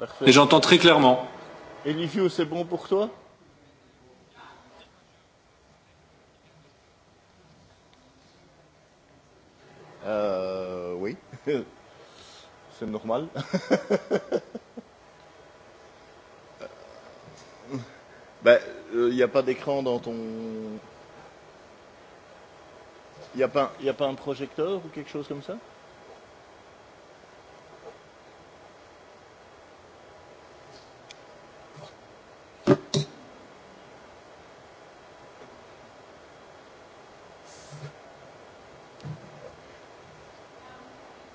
Parfait. Et j'entends très clairement. Et Livio, c'est bon pour toi Euh, oui. c'est normal. Euh, ben, il euh, n'y a pas d'écran dans ton... Il n'y a, a pas un projecteur ou quelque chose comme ça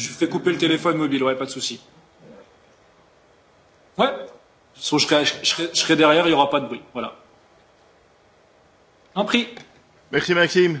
Je fais couper le téléphone mobile, ouais, pas de souci. Ouais. So, je, serai, je, serai, je serai derrière, il n'y aura pas de bruit. Voilà. En prix. Merci Maxime.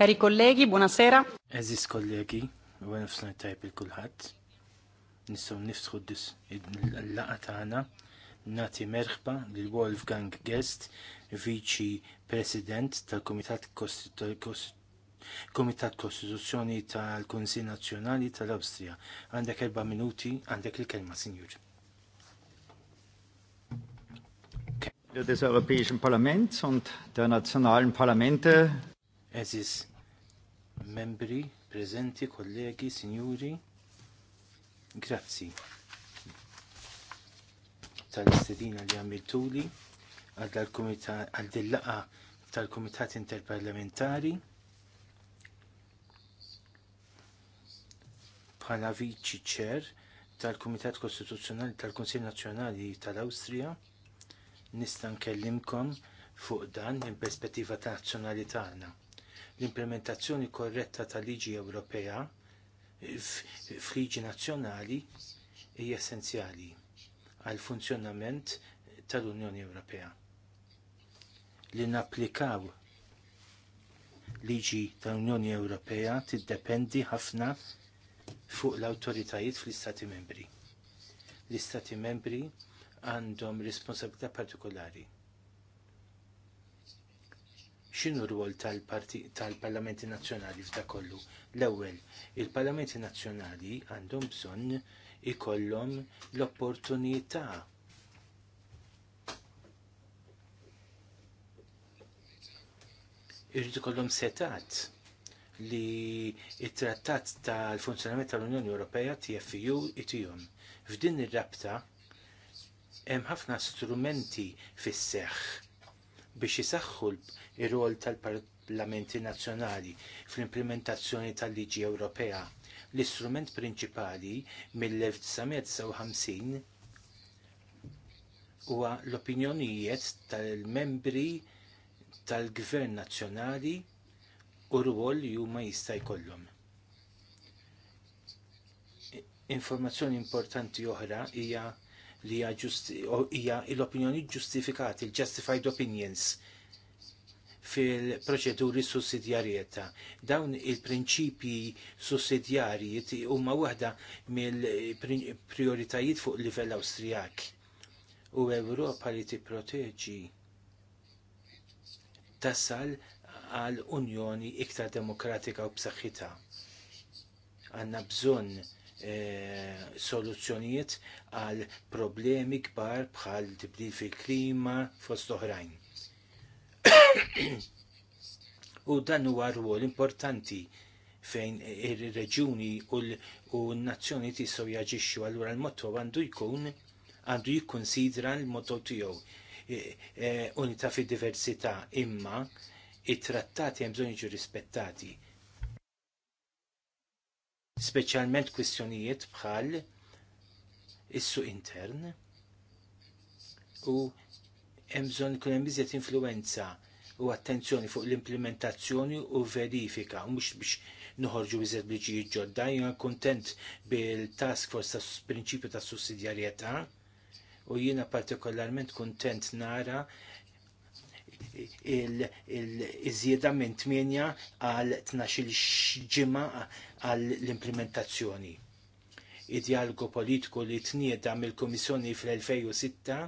Cari colleghi, buonasera. Eżis kollegi, u għen tajp il-kulħat. Nissaw nifsħu l-laqa tagħna nati merħba lil Wolfgang Guest, viċi president tal-Komitat Kostituzzjoni Komitat Kostituzzjoni tal-Kunsil Nazzjonali tal-Awstrija. Għandek erba' minuti, għandek il-kelma, Sinjur. des Europäischen Parlaments und der nationalen Parlamente. Es ist membri prezenti, kollegi, sinjuri, grazzi tal-istedina li għamiltuli għal dillaqa tal-Kumitat Interparlamentari bħala viċi ċer tal-Kumitat Kostituzzjonali tal konsil Nazzjonali tal-Awstrija nista' nkellimkom fuq dan minn perspettiva nazzjonali tagħna l-implementazzjoni korretta tal-liġi Ewropea f'liġi nazzjonali hija essenzjali għal funzjonament tal-Unjoni Ewropea. Li napplikaw liġi tal-Unjoni Ewropea tiddependi ħafna fuq l-awtoritajiet fl-Istati membri. L-Istati membri għandhom responsabilità partikolari x'inhu r-rwol tal-Parlamenti tal Nazzjonali f'da kollu? L-ewwel, il-Parlamenti Nazzjonali għandhom bżonn ikollhom l-opportunità irrid ikollhom setat li it-trattat tal-funzjonament tal-Unjoni Ewropea TFU itihom. F'din ir-rabta hemm ħafna strumenti fis-seħħ biex jisaxħu ir-rol tal-parlamenti nazzjonali fl-implementazzjoni tal-liġi Ewropea. L-istrument prinċipali mill 1957 huwa l-opinjonijiet tal-membri tal-Gvern Nazzjonali u rwol li huma jista' jkollhom. Informazzjoni importanti oħra hija li hija l-opinjoni ġustifikati, il-justified opinions fil-proċeduri sussidjarjeta. Dawn il-prinċipji sussidjarji huma waħda mill-prioritajiet fuq livell Awstrijak u Ewropa li tipproteġi tasal għal Unjoni iktar demokratika u b'saħħitha. Għandna bżonn Eh, soluzzjonijiet għal problemi kbar bħal tibdil fil-klima fost oħrajn. u dan huwa rwol importanti fejn ir-reġuni u n-nazzjoni tistgħu jaġixxu allura l-motto għandu jkun għandu jikkonsidra l-motto tiegħu eh, unità fid-diversità imma it-trattati hemm bżonn jiġu rispettati speċjalment kwistjonijiet bħal is-suq intern u hemm bżonn ikun hemm influenza u attenzjoni fuq l-implementazzjoni u verifika u mhux biex noħorġu iżjed bliġi ġodda, jiena kuntent bil-task force tas prinċipju tas sussidjarjetà u jiena partikolarment kuntent nara il-żieda minn 8 għal 12 ġimma għal l-implementazzjoni. Id-dialogu politiku li tnieda mill-Komissjoni fl-2006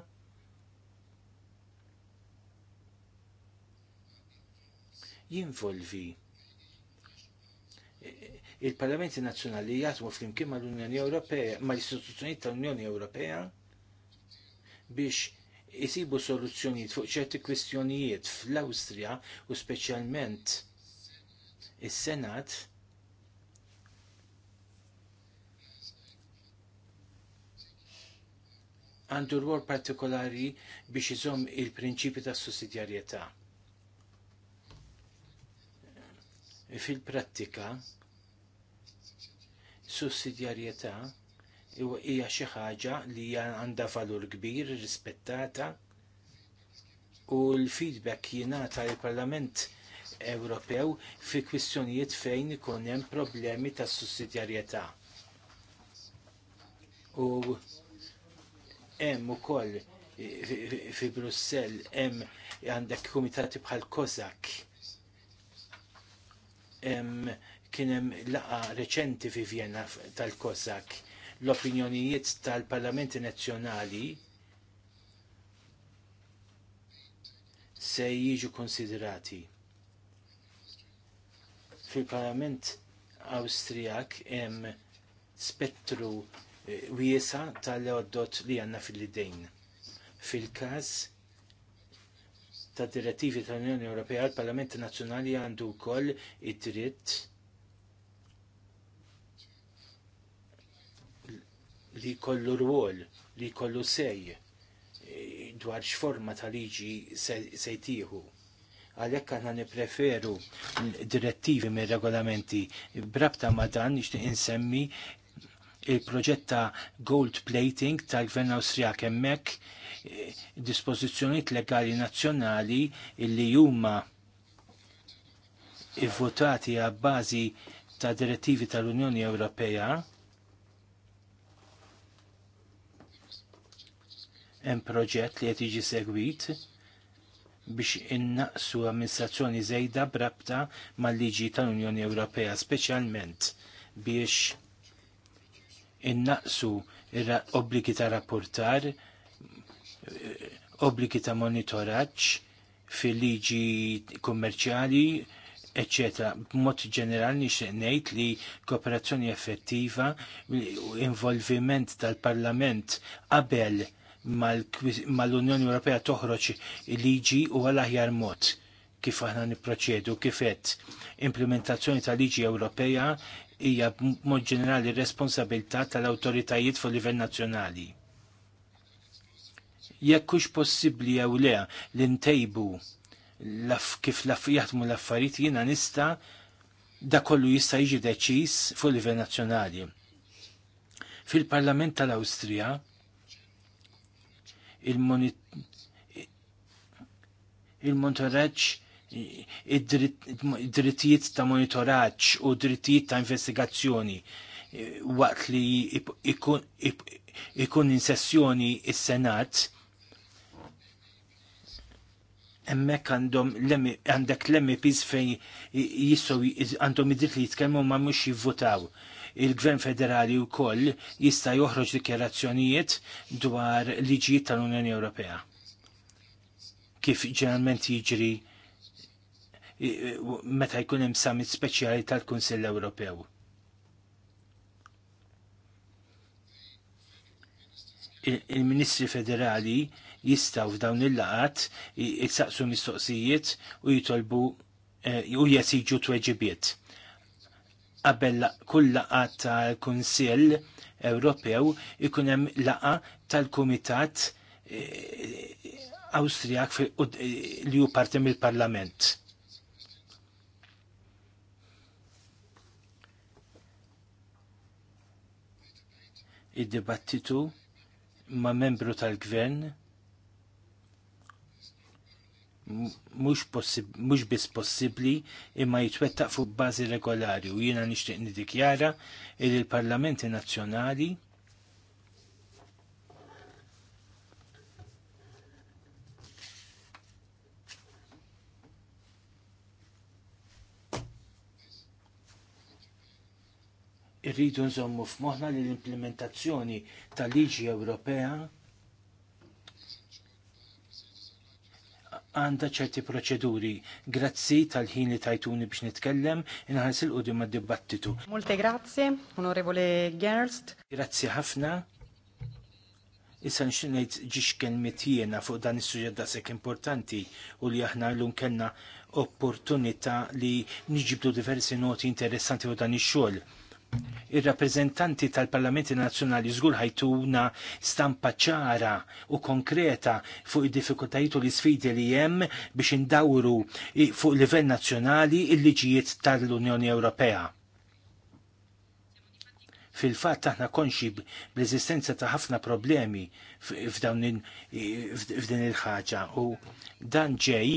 jinvolvi il-Parlamenti Nazzjonali jgħatmu fl-imkien mal-Unjoni Ewropea, mal istituzzjoni tal-Unjoni Ewropea biex isibu soluzzjonijiet fuq ċerti kwistjonijiet fl-Awstrija u speċjalment is-Senat għandu rwol partikolari biex iżomm il-prinċipi ta' sussidjarjetà. Fil-prattika, sussidjarjetà hija xi ħaġa li hija għandha valur kbir, rispettata u l-feedback jingħata l-Parlament Ewropew fi kwistjonijiet fejn ikun hemm problemi tas sussidjarjetà. U hemm ukoll fi Brussell hemm għandek kumitati bħal Kozak. Hemm kien hemm laqa reċenti fi Vienna tal-Kozak l-opinjonijiet tal-Parlamenti Nazzjonali se jiġu konsiderati. Fil-Parlament Awstrijak hemm spettru eh, wiesa tal-oddot li għanna fil-lidejn. Fil-każ ta' direttivi tal-Unjoni Ewropea, l-Parlamenti Nazzjonali għandu wkoll id-dritt li kollu rwol, li kollu sej e, dwar x'forma ta' liġi se jtieħu. Għalhekk aħna nippreferu direttivi mir regolamenti brabta ma' dan nixtieq insemmi il-proġett ta' gold plating tal-Gvern Awstrijak hemmhekk e, dispożizzjonijiet legali nazzjonali li huma votati għal bażi ta' direttivi tal-Unjoni Ewropea hemm proġett li qed jiġi segwit biex innaqsu amministrazzjoni żejda brabta mal-liġi tal-Unjoni Ewropea, speċjalment biex innaqsu obbligi ta' rapportar, obbligi ta' monitoraġġ fil-liġi kummerċjali, eccetera. B'mod ġenerali ngħid li kooperazzjoni effettiva u involviment tal-Parlament qabel mal-Unjoni Ewropea toħroġ liġi u għal aħjar mod kif aħna niproċedu, kif qed implementazzjoni ta' liġi Ewropea hija mod ġenerali responsabilità tal-awtoritajiet fuq livell nazzjonali. Jekk hux possibbli jew le li ntejbu kif jaħdmu l-affarijiet jiena nista' da kollu jista' jiġi deċiż fuq livell nazzjonali. Fil-Parlament tal-Awstrija il monitoraċ id-drittijiet ta' monitoraċ u drittijiet ta' investigazzjoni eh, waqt li ikun in sessjoni il senat emmek għandhom għandek l-MPs fejn jissu għandhom id-dritt li jitkellmu ma mhux jivvotaw il-Gvern Federali u koll jista' joħroġ dikjarazzjonijiet dwar liġijiet tal-Unjoni Ewropea. Kif ġeneralment jiġri meta jkun hemm summit speċjali tal-Kunsill Ewropew. Il-Ministri Federali jistaw f'dawn il-laqat jitsaqsu mistoqsijiet u jitolbu eh, u jesiġu tweġibiet qabel kull laqa tal-Kunsill Ewropew ikun hemm laqa tal-Kumitat eh, Awstrijak eh, li hu parti mill-Parlament. Id-dibattitu ma' membru tal-gvern mhux biss possibbli imma jitwettaq fuq bażi regolari u jiena nixtieq niddikjara il il-Parlamenti Nazzjonali irridu nżommu f'moħħna li l-implementazzjoni tal-liġi Ewropea għanda ċerti proċeduri. Grazzi tal-ħin li tajtuni biex nitkellem, inħas il-qudiem ma' dibattitu. Molte grazie, onorevole Gerst. Grazzi ħafna. Issa nxinajt ġiex kelmetijena fuq dan is-suġġett da sekk importanti u li aħna l kellna opportunità li niġibdu diversi noti interessanti fuq dan ix-xogħol ir-rappreżentanti tal-Parlamenti Nazzjonali żgur ħajtuna stampa ċara u konkreta fuq id-diffikultajiet u l-isfidi li hemm biex indawru fuq livell nazzjonali il-liġijiet tal-Unjoni Ewropea. Fil-fatt aħna konxi bl-eżistenza ta' ħafna problemi f'din il-ħaġa u dan ġej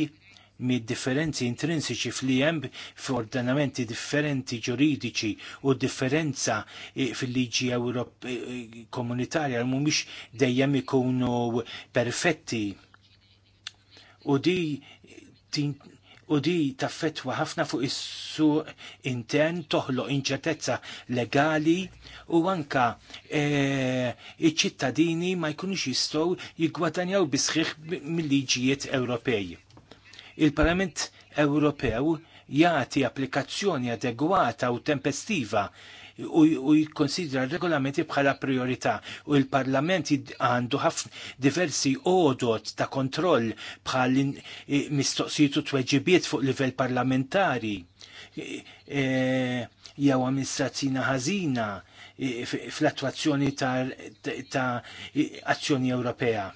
mid-differenzi intrinsiċi fl-jem f'ordinamenti differenti ġuridiċi u differenza e, fil-liġi e, komunitarja mhumiex dejjem ikunu perfetti. U di u di taffetwa ħafna fuq is su intern toħloq inċertezza legali u anka e, iċ-ċittadini ma jkunux jistgħu jiggwadanjaw bisħiħ mill-liġijiet Ewropej Il-Parlament Ewropew jagħti applikazzjoni adegwata u tempestiva u jikkonsidra regolamenti bħala priorità u l-Parlament għandu ħafna diversi odot ta' kontroll bħal mistoqsijiet u tweġibiet fuq livell parlamentari e, jew amministrazzjoni ħażina fl-attwazzjoni ta' azzjoni Ewropea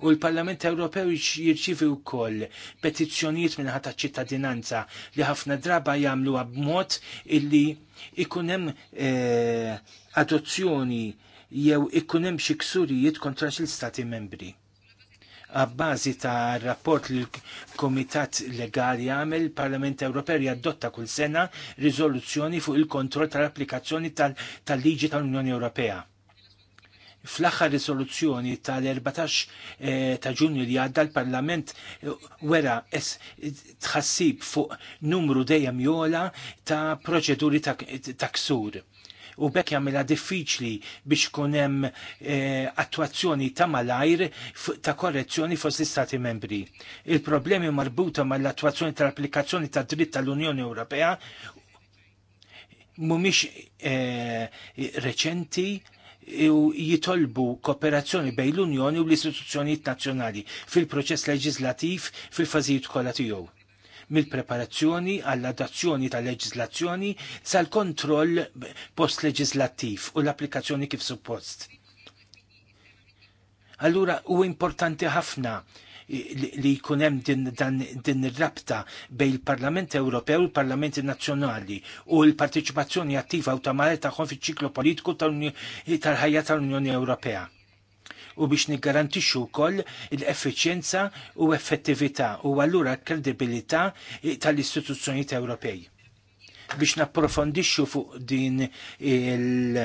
u l-Parlament Ewropew jirċivi wkoll petizzjonijiet minn ħata ċittadinanza li ħafna draba jagħmlu b'mod illi ikun hemm eh, adozzjoni jew ikun hemm xi ksurijiet kontra xil stati membri għabbażi ta' rapport li l-Komitat Legali għamel, il-Parlament Ewropew jadotta kull sena riżoluzzjoni fuq il-kontroll tal-applikazzjoni tal-liġi tal-Unjoni Ewropea fl-aħħar risoluzzjoni tal-14 eh, ta' ġunju li għadda l-Parlament eh, wera tħassib fuq numru dejjem jola ta' proċeduri ta' ksur. U bekk jagħmilha diffiċli biex kun hemm eh, attwazzjoni ta' malajr ta' korrezzjoni fost l-Istati membri. Il-problemi marbuta mal-attwazzjoni tal-applikazzjoni tad dritt tal-Unjoni Ewropea mumiex reċenti u jitolbu kooperazzjoni bejn l-Unjoni u l-istituzzjonijiet nazzjonali fil-proċess leġislativ fil-fażijiet kollha tiegħu mill-preparazzjoni għall-adazzjoni tal leġislazzjoni sal-kontroll post-leġislattiv u l-applikazzjoni kif suppost. Allura, u importanti ħafna li jkun hemm din ir-rabta bejn il-Parlament Ewropew, il-Parlamenti Nazzjonali u l-partiċipazzjoni attiva u tamale tagħhom fiċ-ċiklu politiku tal-ħajja tal-Unjoni Ewropea u biex niggarantixxu wkoll l-effiċjenza u effettività u allura l-kredibilità tal-istituzzjonijiet Ewropej. Biex napprofondixxu fuq din il-,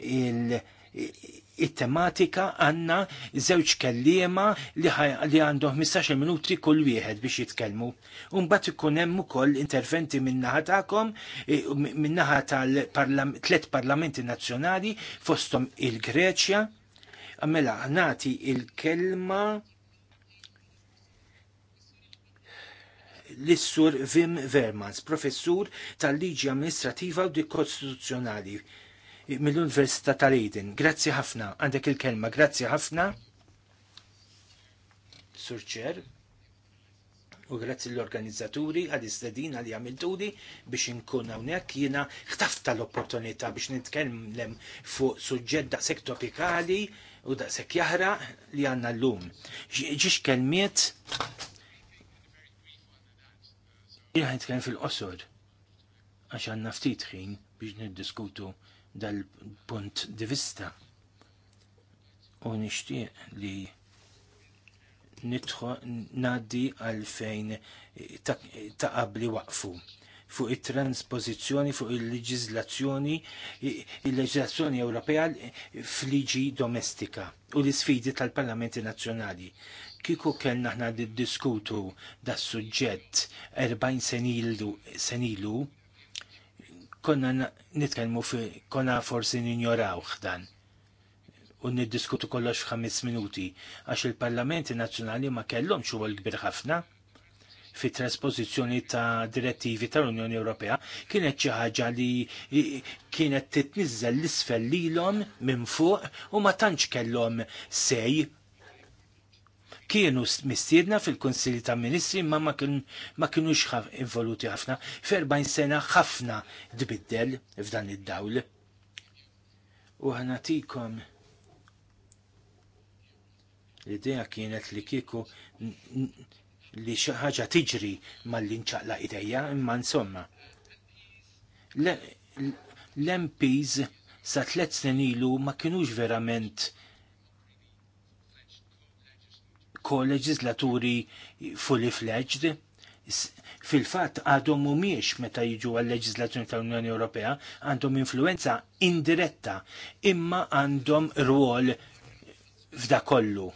il it-tematika għanna żewġ kelliema li għandhom 15 minuti kull wieħed biex jitkellmu. Umbagħad ikun hemm ukoll interventi min-naħa tagħkom eh, min-naħa tal tlet parlamenti nazzjonali fosthom il-Greċja. Mela nagħti il-kelma l-Sur Vim Vermans, professur tal-Liġi Amministrativa u Kostituzzjonali mill-Università ta' Leiden. Grazzi ħafna, għandek il-kelma, grazzi ħafna. Surċer, u grazzi l-organizzaturi għad istedina li għamilturi biex inkun hawnhekk jiena ħtafta l-opportunità biex nitkellem fuq suġġett daqshekk topikali u daqshekk jahra li għandna llum. Ġiex kelmiet jiena nitkellem fil-qosor għax għandna ftit ħin biex niddiskutu dal-punt di vista u nixtieq li nidħol ngħaddi għal fejn ta' qabli waqfu fuq it-transpożizzjoni fuq il-leġiżlazzjoni il-leġiżlazzjoni Ewropea fliġi domestika u l-isfidi tal-Parlamenti Nazzjonali. Kiku kellna aħna diskutu da' suġġett 40 senilu, senilu konna nitkellmu fi konna forsi ninjorawh dan u niddiskutu kollox 5 minuti għax il-Parlamenti Nazzjonali ma kellhom xogħol kbir ħafna fi trasposizjoni ta' direttivi tal-Unjoni Ewropea kienet xi ħaġa li kienet titniżel l-isfel lilhom minn fuq u ma tantx kellhom sej kienu mistiedna fil-Konsilji ta' Ministri ma ma, ma kienux involuti ħafna. F-40 sena ħafna dbiddel f'dan id-dawl. U ħanatikom l-idea kienet li kieku li xaħġa tiġri mal-linċaqla ideja, imma insomma. L-MPs sa tlet snin ilu ma kienux verament koleġislaturi fully fledged fil-fatt għadhom mhumiex meta jiġu għal leġislazzjoni tal-Unjoni Ewropea għandhom influenza indiretta imma għandhom rwol f'da kollu.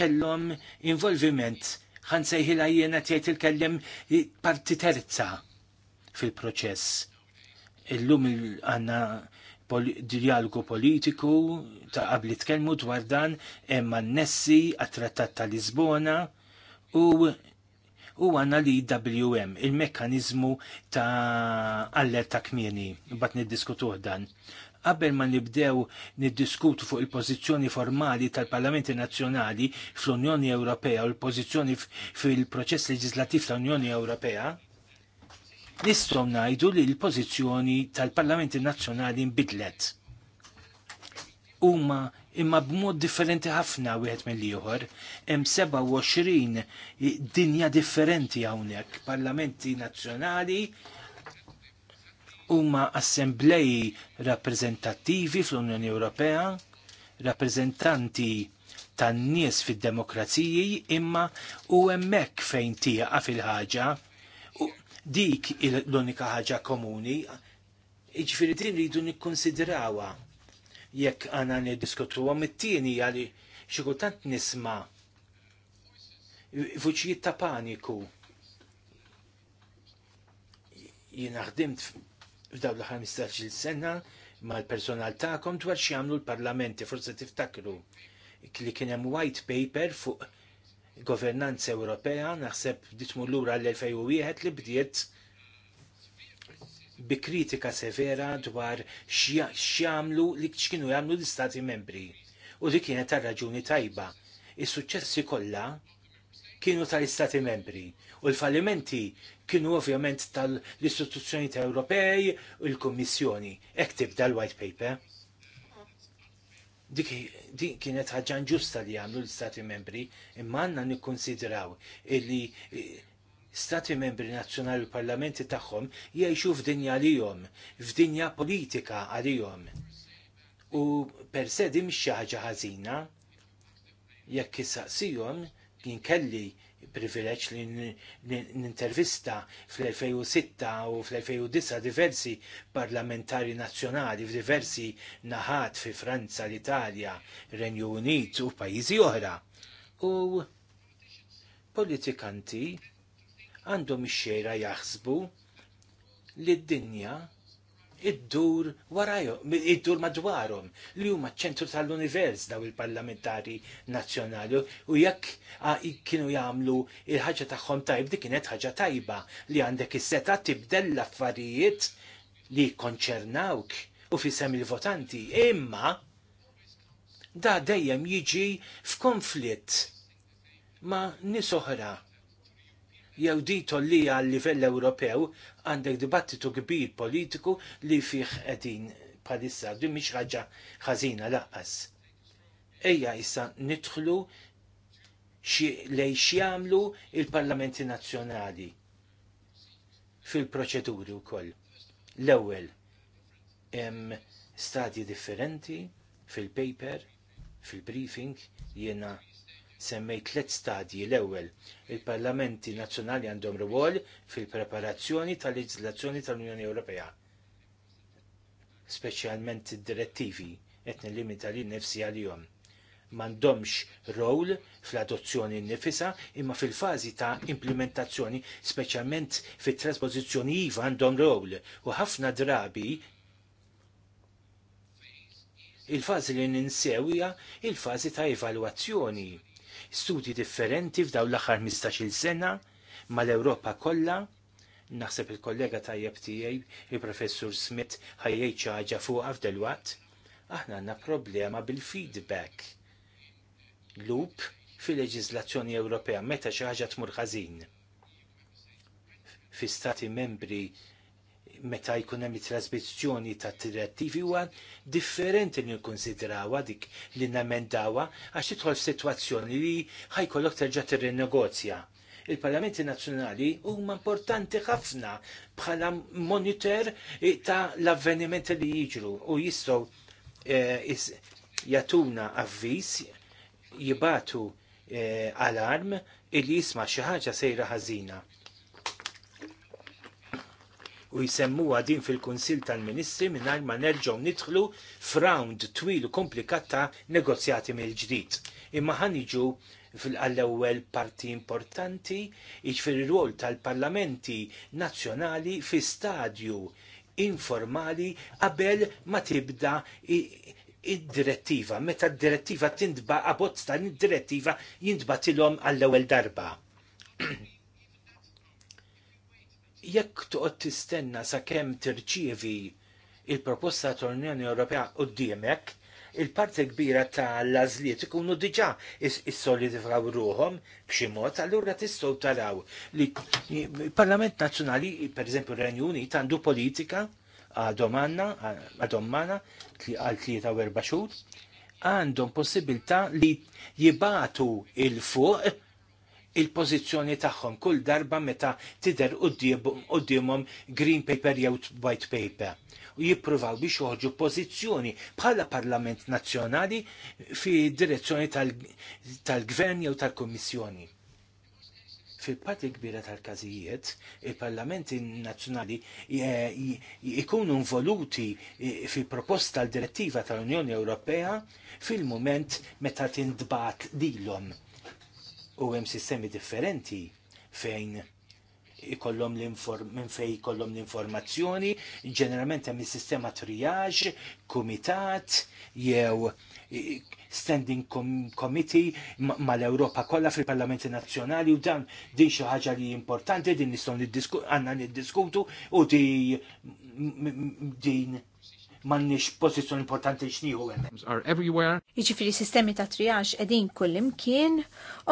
Kellhom involviment ħansejħilha jiena tgħid il-kellem parti terza fil-proċess. Illum għandna il dialogu politiku ta' qabli tkellmu dwar dan hemm an-nessi għat-Trattat ta' Lisbona u u għanna li WM, il-mekkanizmu ta' ta' kmieni, bat niddiskutuh dan. Qabel ma nibdew niddiskutu fuq il-pożizzjoni formali tal-Parlamenti Nazzjonali fl-Unjoni Ewropea u l-pożizzjoni fil-proċess leġislattiv tal-Unjoni Ewropea, nistgħu ngħidu li l-pożizzjoni tal-Parlamenti Nazzjonali nbidlet. Uma imma b'mod differenti ħafna wieħed mill-ieħor, hemm 27 dinja differenti hawnhekk, parlamenti nazzjonali huma assembleji rappreżentattivi fl-Unjoni Ewropea, rappreżentanti tan-nies fid-demokraziji imma u hemmhekk fejn tieqa fil-ħaġa dik l-unika ħaġa komuni, iġifiri din rridu nikkonsidrawa jekk għana niddiskutu għam it tini għali xikultant nisma vuċijiet ta' paniku. Jina ħdimt f'daw l-15 sena mal-personal ta'kom dwar xi jagħmlu l-parlamenti, forse tiftakru li kien hemm white paper fuq governanza Ewropea naħseb ditmu lura l-2001 li bdiet bi kritika severa dwar x'jamlu li x'kienu jagħmlu l-Istati membri. U li kienet ta' raġuni tajba. Is-suċċessi kollha kienu tal-Istati membri u l-fallimenti kienu ovvjament tal-istituzzjoni ta' Ewropej u l-Kummissjoni. Ek tibda l-White Paper. Dik di kienet ħaġa ġusta li għamlu l-Stati membri, imma għanna nikkonsidraw illi eh, stati membri nazzjonali u parlamenti tagħhom jgħixu f'dinja għalihom, f'dinja politika għalihom. U per se di xi ħaġa ħażina, jekk issaqsihom jien kelli privileġġ li nintervista fl-2006 u fl-2009 diversi parlamentari nazzjonali f'diversi naħat fi Franza, l-Italja, Renju Unit u pajjiżi oħra. U politikanti għandhom ix-xejra jaħsbu li d-dinja id-dur warajhom, id-dur madwarhom li huma ċentru tal-univers daw il-parlamentari nazzjonali u jekk kienu jagħmlu il-ħaġa tagħhom tajb dik kienet ħaġa tajba li għandek is-seta tibdel l-affarijiet li konċernawk u fisem il-votanti. Imma da dejjem jiġi f'konflitt ma' nisoħra jew di tollija għal livell Ewropew għandek dibattitu kbir politiku li fih qegħdin bħalissa din mix ħaġa ħażina laqqas. Ejja issa nidħlu lej jamlu il-parlamenti nazzjonali fil-proċeduri wkoll. L-ewwel hemm stadji differenti fil-paper, fil-briefing jiena semmejt tliet stadji l-ewwel. Il-parlamenti nazzjonali għandhom rwol fil-preparazzjoni tal-leġiżlazzjoni tal-Unjoni Ewropea. Speċjalment id-direttivi qed nillimita li nnifsi għalihom. M'għandhomx rol fl-adozzjoni nnifisa imma fil-fażi ta' implementazzjoni, speċjalment fit-trasposizzjoni iva għandhom rol u ħafna drabi il-fazi li ninsewija il-fazi ta' evalwazzjoni studji differenti f'daw l-aħħar 15-il sena mal-Ewropa kollha naħseb il-kollega tajjeb tiegħi il-professur Smith ħajjejt xi ħaġa fuqha f'delwaqt aħna għandna problema bil-feedback loop fil-leġiżlazzjoni Ewropea meta xi ħaġa tmur ħażin fi stati membri meta jkun hemm it-trasmissjoni ta' direttivi huwa differenti li nkonsidrawha dik li namendawha għax tidħol f'sitwazzjoni li ħajkollok terġa' tirrinegozja. Il-Parlamenti Nazzjonali huma importanti ħafna bħala monitor ta' l-avvenimenti li jiġru u jistgħu eh, jatuna avviż jibatu eh, alarm illi jisma' xi ħaġa sejra ħażina u jsemmuha din fil-Kunsil tal-Ministri mingħajr ma nerġgħu nidħlu f'round twil u komplikat ta' negozjati mill-ġdid. Imma ħaniġu fil-għall-ewwel parti importanti jiġifieri rwol tal-parlamenti nazzjonali fi stadju informali qabel ma tibda id-direttiva, meta d-direttiva tindba abbozz ta' id-direttiva jindba tilhom għall-ewwel darba. jekk toqgħod tistenna sakemm tirċievi il-proposta tal-Unjoni Ewropea qudiemek, il-parti kbira tal-lażliet ikunu diġà issolidifikaw ruhom b'xi mod, allura tistgħu taraw li il-Parlament Nazzjonali, per eżempju renju Unit, għandu politika għadhom għandna, għadhom għandna għal tlieta u erba' xhur, għandhom possibilità li jibatu il-fuq il-pozizjoni tagħhom kull darba meta tidher qudiemhom green paper jew white paper u jippruvaw biex joħġu pożizzjoni bħala Parlament Nazzjonali fi direzzjoni tal-Gvern jew tal-Kummissjoni. Fil-parti kbira tal-każijiet, il-Parlamenti Nazzjonali eh, ikunu involuti eh, fi proposta tal-direttiva tal-Unjoni Ewropea fil-moment meta tindbat lilhom u hemm sistemi differenti fejn ikollhom minn fejn ikollhom l-informazzjoni, ġeneralment hemm is-sistema triage, kumitat jew standing committee mal-Ewropa kollha fil-Parlamenti Nazzjonali u dan din xi ħaġa li importanti din nistgħu għandna niddiskutu u di din m'għandniex pozizjon importanti x'nieħu għem. Are everywhere. Jiġifieri sistemi ta' triax qegħdin kullimkien,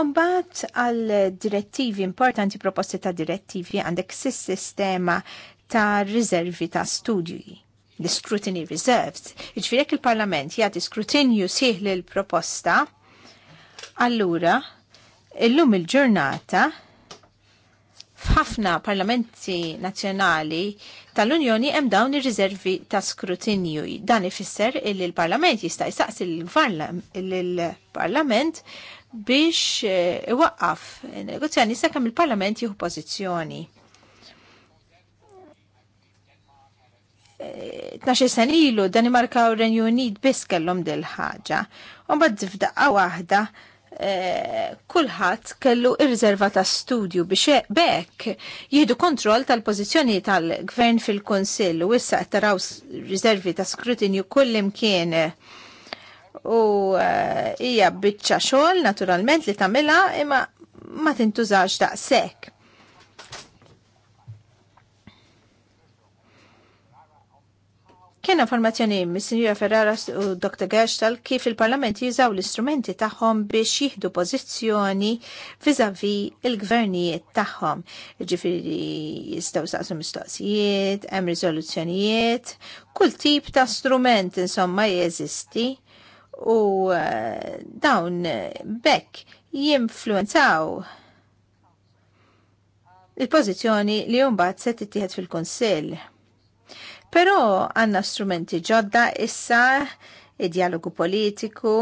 u mbagħad għal direttivi importanti proposti ta' direttivi għandek sis-sistema ta' riservi ta' studji l-scrutiny reserved. Iġfirek il-parlament jgħati skrutinju sieħ l-proposta, allura, illum il-ġurnata, f'ħafna parlamenti nazjonali tal-Unjoni hemm dawn ir-riservi ta' skrutinju. Dan ifisser li l-Parlament jista' jsaqsi l-Parlament biex eh, iwaqqaf negozjani kemm il-Parlament jieħu pożizzjoni. 12 eh, sen ilu Danimarka u Renju Unit biss kellhom dil ħaġa. U mbagħad f'daqqa waħda kulħadd kellu ir-riserva ta' studju biex e- bekk jihdu kontroll tal-pożizzjoni tal-gvern fil-Kunsill u issa qed taraw riservi ta' skrutinju kullim kien u eh, hija biċċa xogħol naturalment li tagħmilha imma ma tintużax daqshekk. Kena informazzjoni mis-Sinjura Ferrara u Dr. Gershtal kif il-Parlament jużaw l-istrumenti tagħhom biex jieħdu pożizzjoni viżavi il-gvernijiet tagħhom. Ġifiri jistgħu saqsu mistoqsijiet, hemm riżoluzzjonijiet, kull tip ta' strument insomma jeżisti u eh, dawn bekk jinfluenzaw il-pożizzjoni li jumbat se tittieħed fil-Kunsill Però għanna strumenti ġodda issa id-dialogu politiku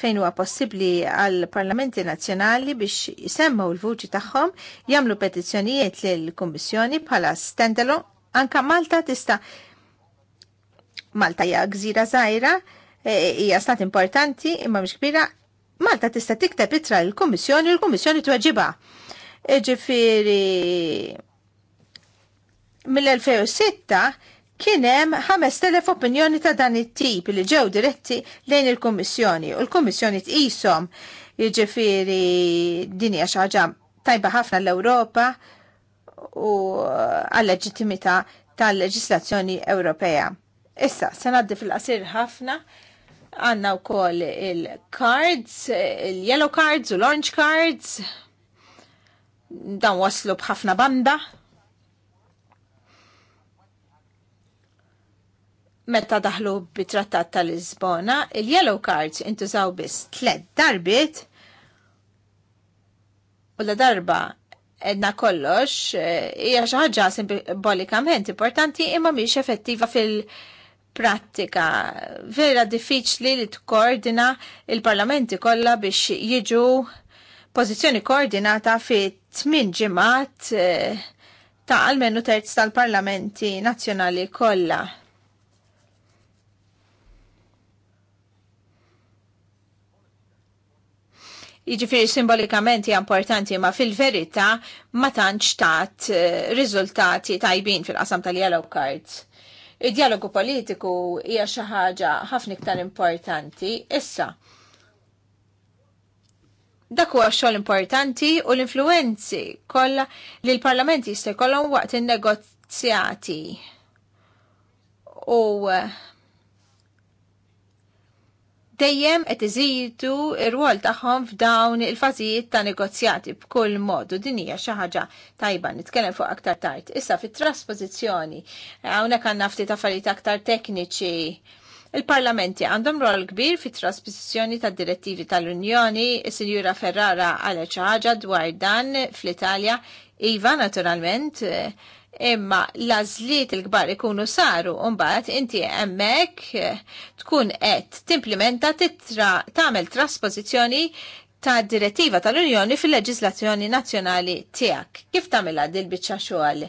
fejn huwa possibbli għal parlamenti nazzjonali biex jisemmaw il-vuċi tagħhom, jagħmlu petizzjonijiet lill kummissjoni bħala standalo anka Malta tista' Malta hija gżira żgħira, e, hija e, stat importanti imma mhix kbira, Malta tista' tikteb itra l-Kummissjoni u l-Kummissjoni tweġibha. Ġifieri mill-2006 kienem 5,000 opinjoni ta' dan it-tip li ġew diretti lejn il-Kommissjoni u l-Kommissjoni tqishom jiġifieri din hija xi ħaġa tajba ħafna l-Ewropa u għall leġittimità tal-leġislazzjoni Ewropea. Issa, se ngħaddi fil-qasir ħafna għanna wkoll il-cards, il-yellow cards u l-orange cards, dan waslu bħafna banda. meta daħlu bit-trattat tal-Lisbona, il-yellow cards intużaw biss tlet darbit u la darba edna kollox eh, hija xi ħaġa simbolikament importanti imma mhix effettiva fil-prattika. Vera diffiċli li tkoordina il-parlamenti kollha biex jiġu pożizzjoni koordinata fi tmien ġimgħat eh, ta' almenu terz tal-parlamenti nazzjonali kollha Jiġifieri simbolikament hija importanti ma fil-verità ma tantx tat eh, riżultati tajbin fil-qasam tal-yellow cards. Id-dialogu politiku hija xi ħaġa ħafna iktar importanti issa. Dak huwa xogħol importanti u l-influenzi kollha li l-Parlament jista' jkollhom waqt in-negozjati. U uh, dejjem qed iżidu r-rwol tagħhom f'dawn il-fażijiet ta' negozjati b'kull modu. Din hija xi ħaġa tajba nitkellem fuq aktar tard. Issa fit-trasposizzjoni hawnhekk għandna ftit affarijiet aktar tekniċi Il-parlamenti għandhom rol kbir fit trasposizzjoni ta' direttivi tal-Unjoni, Sinjura Ferrara għal ħaġa dwar dan fl-Italja, Iva naturalment, imma lażliet il-kbar ikunu saru mbagħad inti hemmhekk tkun qed timplementa titra tagħmel trasposizzjoni ta' direttiva tal-Unjoni fil-leġislazzjoni nazzjonali tiegħek. Kif tagħmilha dil biċċa xogħol?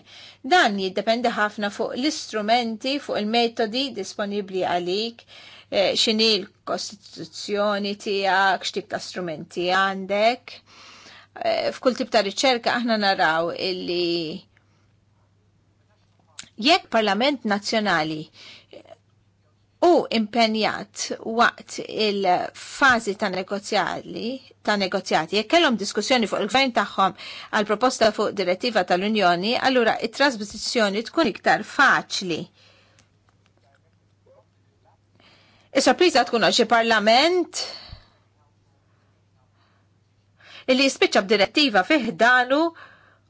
Dan jiddependi ħafna fuq l-istrumenti, fuq il-metodi disponibbli għalik, eh, x'inhi l-kostituzzjoni tiegħek, x'tip ta' strumenti għandek. Eh, f'kull tip ta' riċerka aħna naraw illi Jekk Parlament Nazzjonali u impenjat waqt il-fazi ta' negozjali ta' negozjati, jekk kellhom diskussjoni fuq il-gvern tagħhom għal proposta fuq direttiva tal-Unjoni, allura it-trasposizzjoni tkun iktar faċli. Is-sorpriża tkun xi parlament illi jispiċċa b'direttiva fih danu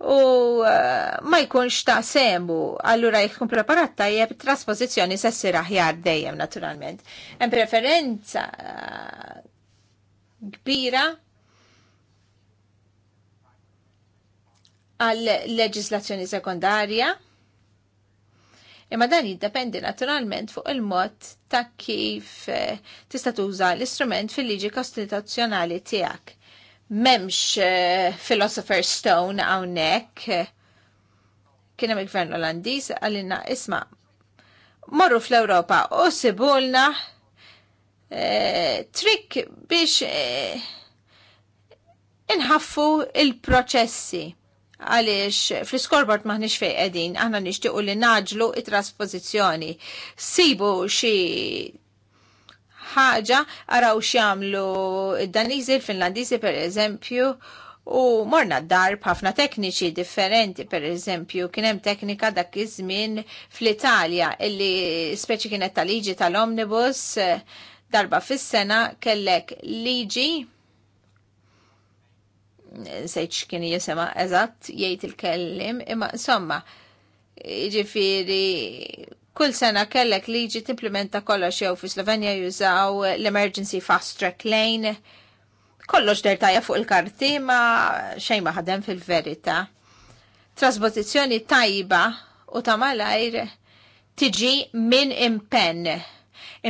u eh, ma jkunx ta' sembu, allura jkun preparat tajjeb trasposizjoni sessir aħjar dejjem naturalment. Hemm preferenza eh, kbira għal leġislazzjoni sekundarja. Imma dan jiddependi naturalment fuq il-mod ta' kif eh, tista' tuża l-istrument fil-liġi kostituzzjonali tiegħek memx eh, Philosopher's Stone għawnek kienem il-gvern Olandiż għalina isma morru fl-Europa u sibulna e, trik biex e, inħaffu il-proċessi għaliex fl-skorbort maħnix fej edin, aħna nixtiqu li naġlu it-trasposizjoni. Sibu xie ħaġa araw x'jagħmlu id-Daniżi, il-Finlandiżi pereżempju. U morna d-dar b'ħafna tekniċi differenti, per eżempju, kien hemm teknika dak iż-żmien fl-Italja illi speċi kienet tal-liġi tal-omnibus darba fis-sena kellek liġi sejċ kien jisema eżatt jgħid il-kellim, imma insomma, ġifiri kull sena kellek liġi timplementa kollox jew fi Slovenja jużaw l-Emergency Fast Track Lane. Kollox dertaja fuq il-karti ma xejn ma ħadem fil-verità. Trasposizzjoni tajba u ta' malajr tiġi minn impenn.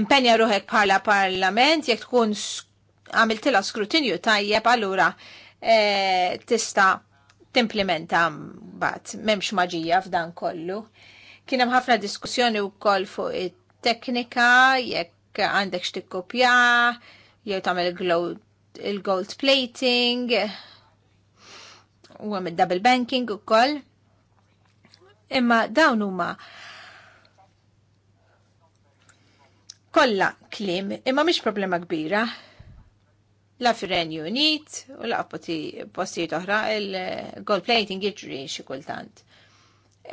Impenja ruħek bħala parlament jekk tkun għamiltila skrutinju tajjeb allura e, tista timplementa mbagħad m'hemmx maġija f'dan kollu. Kien hemm ħafna diskussjoni wkoll fuq it-teknika jekk għandek x'tikkopja, jew tagħmel il-gold plating u hemm double banking ukoll. Imma dawn huma kollha klim, imma mhix problema kbira la fir-Renju Unit u la postijiet oħra il-gold plating jiġri xi kultant.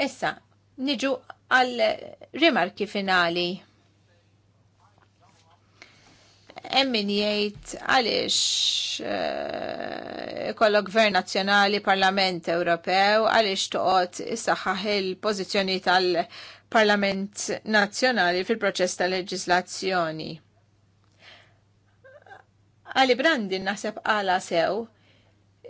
Issa, niġu għal rimarki finali. Emmin jgħid għaliex uh, gvern nazzjonali, Parlament Ewropew, għaliex toqgħod issaħħaħ il-pożizzjoni tal-Parlament Nazzjonali fil-proċess tal-leġislazzjoni. Għali naħseb għala sew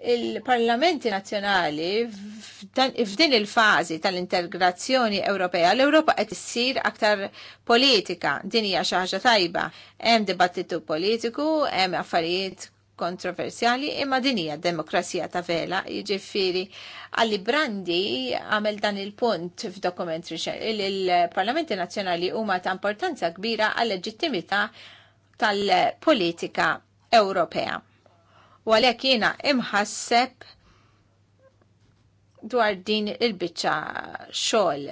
il-parlamenti nazjonali f'din il-fazi tal-integrazzjoni Ewropea l-Ewropa qed issir aktar politika. Din hija xi ħaġa tajba. Hemm dibattitu politiku, hemm affarijiet kontroversjali, imma din hija demokrazija ta' vela, jiġifieri għalli Brandi għamel dan il-punt f'dokument il-Parlamenti Nazzjonali huma ta' importanza kbira għal leġittimità tal-politika Ewropea. U għalhekk jiena imħasseb dwar din il-biċċa xogħol.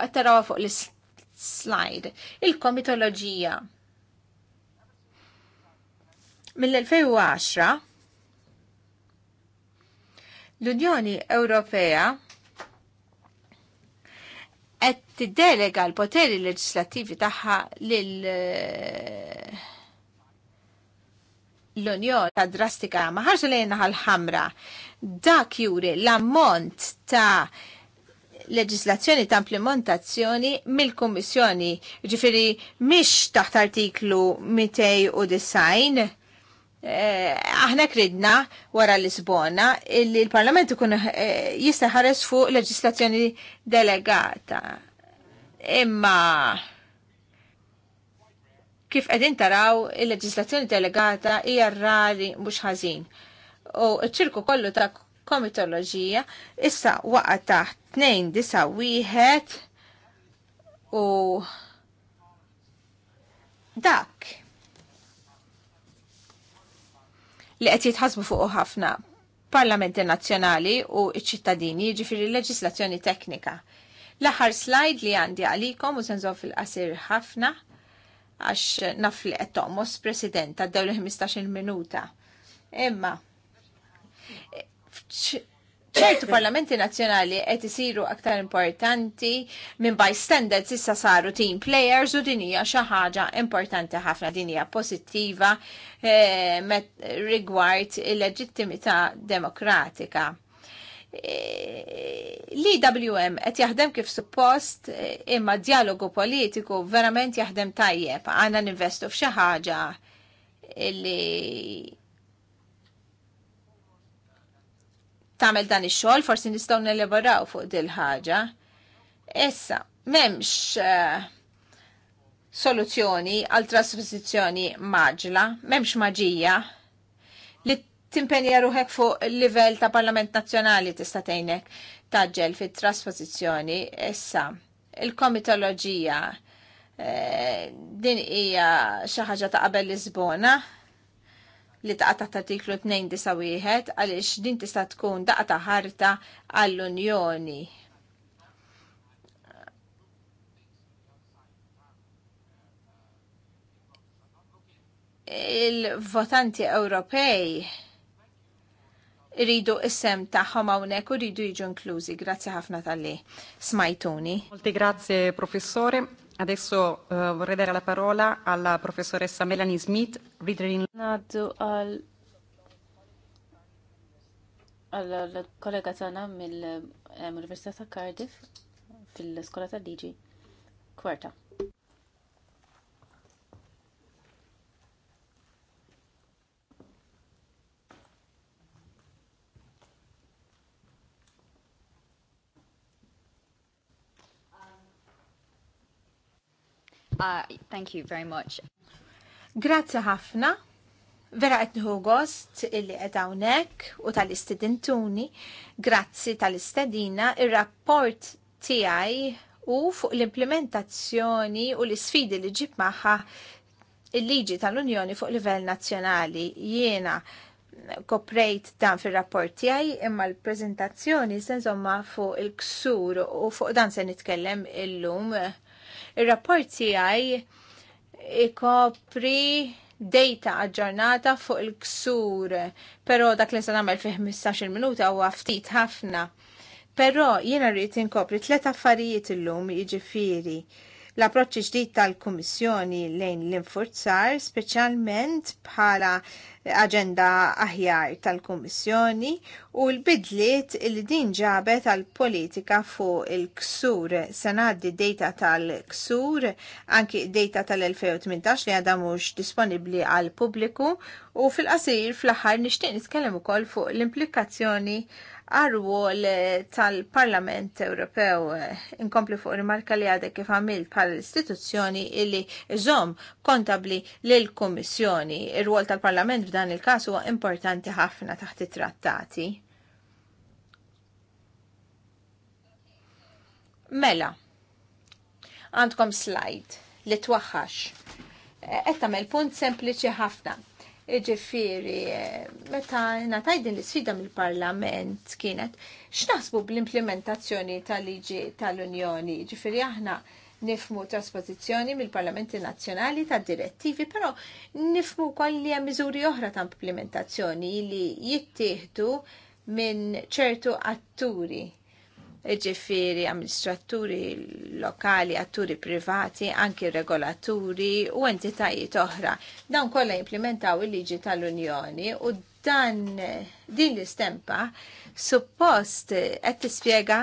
Għattarawa fuq l-slide. Il-komitoloġija. Mill-2010 l-Unjoni Ewropea qed tiddelega l-poteri leġislattivi tagħha lil l-Unjon ta' drastika ma li jenna ħamra. Dak juri l-ammont ta' leġislazzjoni ta' implementazzjoni mill-Kommissjoni, ġifiri mish taħt artiklu 290 eh, aħna kridna wara l-Lisbona illi l-Parlament ikun eh, jista' ħares fuq leġislazzjoni delegata. Imma Kif qegħdin taraw il-leġislazzjoni delegata hija rari mhux ħażin. U ċ-ċirku kollu ta' komitoloġija issa waqa' taħt 291 u dak li qed jitħasbu fuq ħafna parlamenti nazzjonali u ċ-ċittadini ġifiri leġislazzjoni teknika. L-aħħar slide li għandi għalikom u senżon fil-qasir ħafna għax nafli qed toqmos President għaddew li 15-il minuta. Imma ċertu parlamenti nazzjonali qed isiru aktar importanti minn by standards issa saru team players u din hija xi ħaġa importanti ħafna din hija pożittiva eh, rigward il-leġittimità demokratika l-IWM qed jaħdem kif suppost imma dialogu politiku verament jaħdem tajjeb. Għana ninvestu f'xi ħaġa li tagħmel dan ix-xogħol, forsi nistgħu nelaboraw fuq dil ħaġa. Issa, m'hemmx eh, soluzzjoni għal trasposizzjoni maġla, m'hemmx maġija, timpenja ruħek fuq livell ta' Parlament Nazzjonali tista' tgħinek taġġel fit-trasposizzjoni issa il-komitoloġija eh, din hija xi ħaġa ta' qabel Lisbona li taqa' taħt artiklu 291 għaliex din tista' tkun daqa ta' ħarta għall-Unjoni. il-votanti Ewropej iridu is-sem tagħhom hawnhekk u rridu jiġu inklużi. Grazzi ħafna tal-li smajtuni. Molti grazie professore. Adesso uh, vorrei dare la parola alla professoressa Melanie Smith, reader in Nadu al għal kollega Tana eh, mill-Università Cardiff fil-Skola tal-Digi, Kwarta. Uh, thank you very much. Grazzi ħafna. Vera qed nieħu gost illi qed hawnhekk u tal-istidintuni. Grazzi tal-istedina. Ir-rapport tiegħi u fuq l-implementazzjoni u l-isfidi li ġib magħha il-liġi tal-Unjoni fuq livell nazzjonali. Jiena koprejt dan fil-rapport tiegħi imma l-preżentazzjoni se fuq il-ksur u fuq dan se nitkellem illum Ir-rapport tiegħi ikopri data aġġornata fuq il-ksur, però dak li se nagħmel fih 15-il minuta huwa ftit ħafna. Però jiena rrid inkopri tliet affarijiet illum jiġifieri l-approċċ ġdid tal-Kummissjoni lejn l-infurzar, speċjalment bħala aġenda aħjar tal-Kummissjoni u l-bidliet li din ġabet tal-politika fuq il-ksur sanaddi data tal-ksur, anki data tal-2018 li għadha mhux disponibbli għal pubbliku u fil-qasir fl-aħħar nixtieq nitkellem ukoll fuq l-implikazzjoni għarwol eh, tal-Parlament Ewropew eh, inkompli fuq rimarka li għadek kif għamil pal istituzzjoni illi żom kontabli l-Kommissjoni. Ir-rwol tal-Parlament f'dan il-kas huwa importanti ħafna taħt it-trattati. Mela, għandkom slide li twaħħax. Eh, qed tagħmel punt sempliċi ħafna Iġifiri, meta nataj din l-sfida mill-parlament kienet, x'naħsbu bl-implementazzjoni tal-liġi tal-Unjoni? Iġifiri, aħna nifmu trasposizjoni mill-Parlamenti Nazzjonali ta' direttivi, però nifmu koll li hemm miżuri oħra ta' implementazzjoni li jittieħdu minn ċertu atturi ġifiri amministraturi lokali, atturi privati, anki regolaturi u entitajiet oħra. Dan kollha implementaw il-liġi tal-Unjoni u dan din l-istempa suppost qed tispjega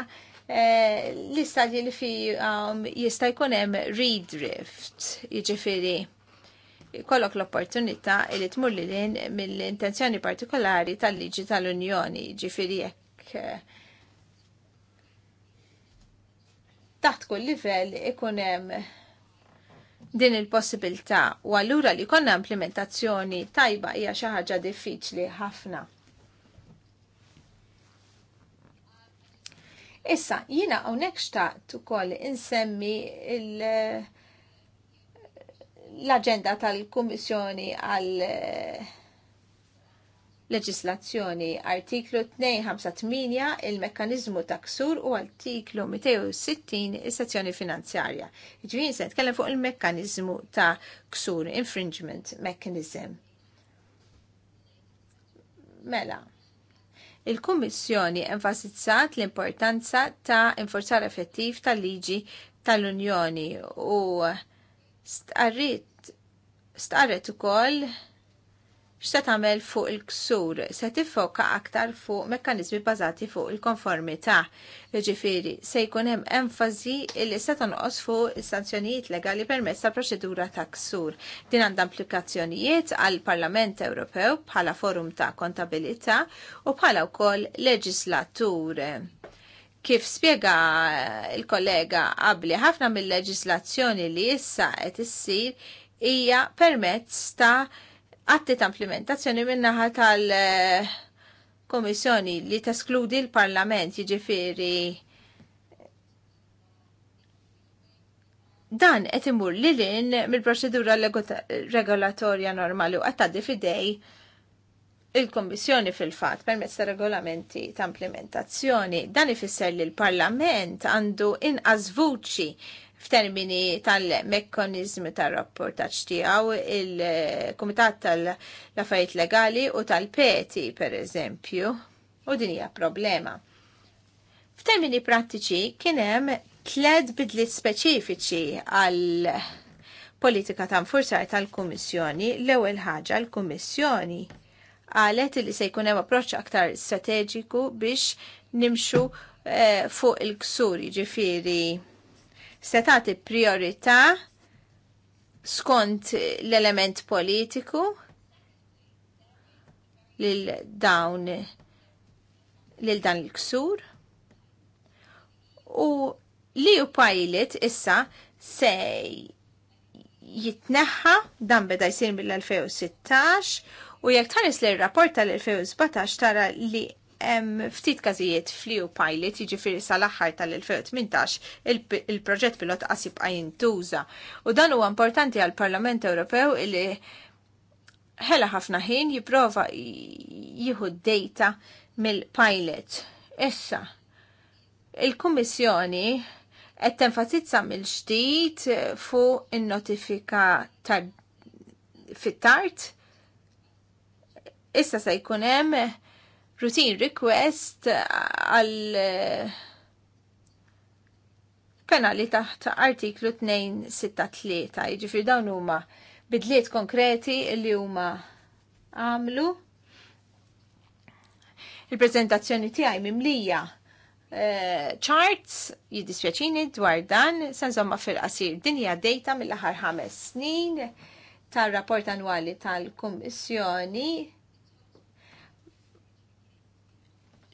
eh, l-istadji li fi jista' jkun hemm redrift, jiġifieri kollok l-opportunità li tmur li mill-intenzjoni partikolari tal-liġi tal-Unjoni, ġifieri jekk eh, taħt kull livell ikun hemm din il-possibilità u allura li konna implementazzjoni tajba hija xi ħaġa diffiċli ħafna. Issa, jina hawnhekk xtaqt ukoll insemmi l-agenda tal-Kummissjoni għal leġislazzjoni. Artiklu 258 il-mekkanizmu ta' ksur u artiklu 260 is-sezzjoni finanzjarja. Ġvien se tkellem fuq il-mekkanizmu ta' ksur, infringement mechanism. Mela, il-Kummissjoni enfasizzat l-importanza ta' inforzar effettiv tal-liġi tal-Unjoni u starret ukoll x'se tagħmel fuq il-ksur, se tiffoka aktar fuq mekkaniżmi bażati fuq il-konformità. Jiġifieri se jkun hemm enfasi li se tonqos fuq is-sanzjonijiet legali permezz tal proċedura ta' ksur. Din għandha implikazzjonijiet għall Parlament Ewropew bħala forum ta' kontabilità u bħala wkoll leġislatur kif spiega il-kollega qabli ħafna mill-leġislazzjoni li issa qed issir hija permezz ta' atti ta' implementazzjoni minnaħa tal-Komissjoni li teskludi l-Parlament jiġifieri dan qed imur li lin mill-proċedura regolatorja normali u għattaddi fidej il-Kommissjoni fil-fatt permezz ta' regolamenti ta' implementazzjoni dan ifisser li l-Parlament għandu inqas vuċi f'termini tal-mekkanizmi tal-rapportaċ tiegħu il-Kumitat tal-Affarijiet Legali u tal-Peti, per eżempju, u din hija problema. F'termini prattiċi kien hemm tled bidliet speċifiċi għal politika ta' nfurzar tal-Kummissjoni l-ewwel ħaġa l-Kummissjoni għalet li se jkun hemm approċċ aktar strateġiku biex nimxu eh, fuq il-ksur, ġifiri se tagħti priorità skont l-element politiku lil dawn lil dan il-ksur u li u pajlit issa se jitneħħa dan beda jsir mill-2016 u jekk tħares li r-rapport tal-2017 tara li ftit każijiet fliw pilot jiġifieri sal-aħħar tal-2018 il-proġett il pilot qasib jintuża. U dan huwa importanti għall parlament Ewropew li ħela ħafna ħin jipprova jieħu data mill-pilot. Issa, il-Kummissjoni qed tenfasizza mill-ġdid fuq in-notifika tar fit-tard. Issa se jkun hemm routine request għal kanali eh, taħt artiklu 263, jiġifieri dawn huma bidliet konkreti li huma għamlu. Il-prezentazzjoni tiegħi mimlija eh, charts jiddispjaċini dwar dan, sanżomma fil-qasir dinja data mill-aħħar ħames snin tar-rapport annwali tal-Kummissjoni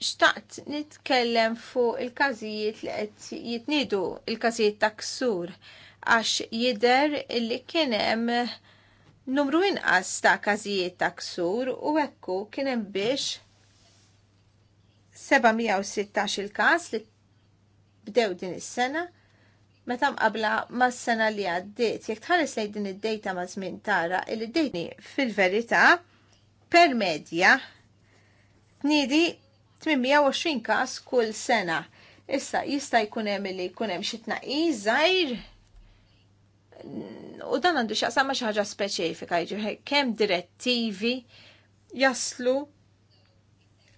xtaqt nitkellem fuq il-każijiet li qed jitniedu il-każijiet ta' ksur għax jidher li kien hemm numru inqas ta' każijiet ta' ksur u hu kien hemm biex 716 il-każ li bdew din is-sena meta mqabla mas-sena li għaddiet. Jekk tħares lejn din id-dejta ma' żmien tara, il-dejni fil-verità per medja 820 każ kull sena. Issa jista' jkun hemm li jkun hemm xi u dan għandu xaqsam ma ħaġa speċifika, jiġri kemm direttivi jaslu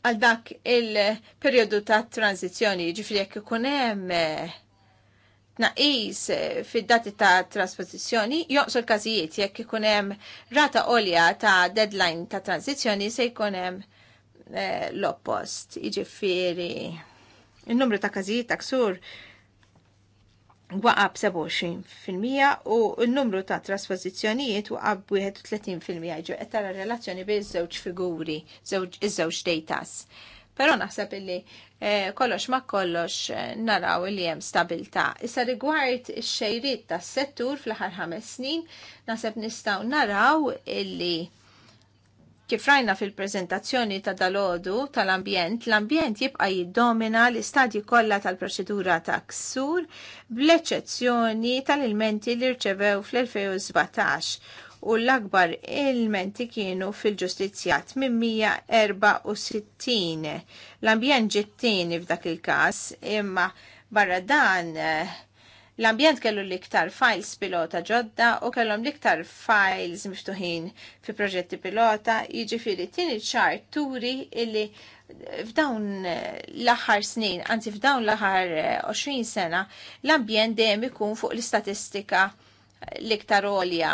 għal dak il-periodu ta' tranzizjoni, ġifri jekk ikun hemm eh, tnaqis eh, fid-dati ta' trasposizjoni, joqsol każijiet jekk ikun hemm rata għolja ta' deadline ta' tranzizjoni se jkun hemm l-oppost, iġifiri. Il-numru ta' kazijiet ta' ksur waqab 27% u n-numru ta' trasposizjonijiet waqab 31% ġo qed tara relazzjoni bejn żewġ figuri, iż-żewġ dejtas. Però naħseb illi eh, kollox ma kollox eh, naraw li hemm stabilta. Issa rigward ix xejrit tas-settur fl-aħħar ħames snin, naħseb nistgħu naraw illi Kif rajna fil-prezentazzjoni ta' dalodu tal-ambjent, l-ambjent jibqa jiddomina l-istadji kollha tal-proċedura ta' ksur, bl-eċezzjoni tal-ilmenti li rċevew fl-2017 u l-akbar ilmenti kienu fil-ġustizzjat minn 164. L-ambjent ġittini f'dak il-każ, imma barra dan eh, L-ambjent kellu l-iktar files pilota ġodda u kellhom l-iktar files miftuħin fi proġetti pilota, jiġifieri tieni ċar turi illi f'dawn l-aħħar snin, anzi f'dawn l-aħħar 20 eh, sena, l-ambjent dejjem ikun fuq l-istatistika l-iktar olja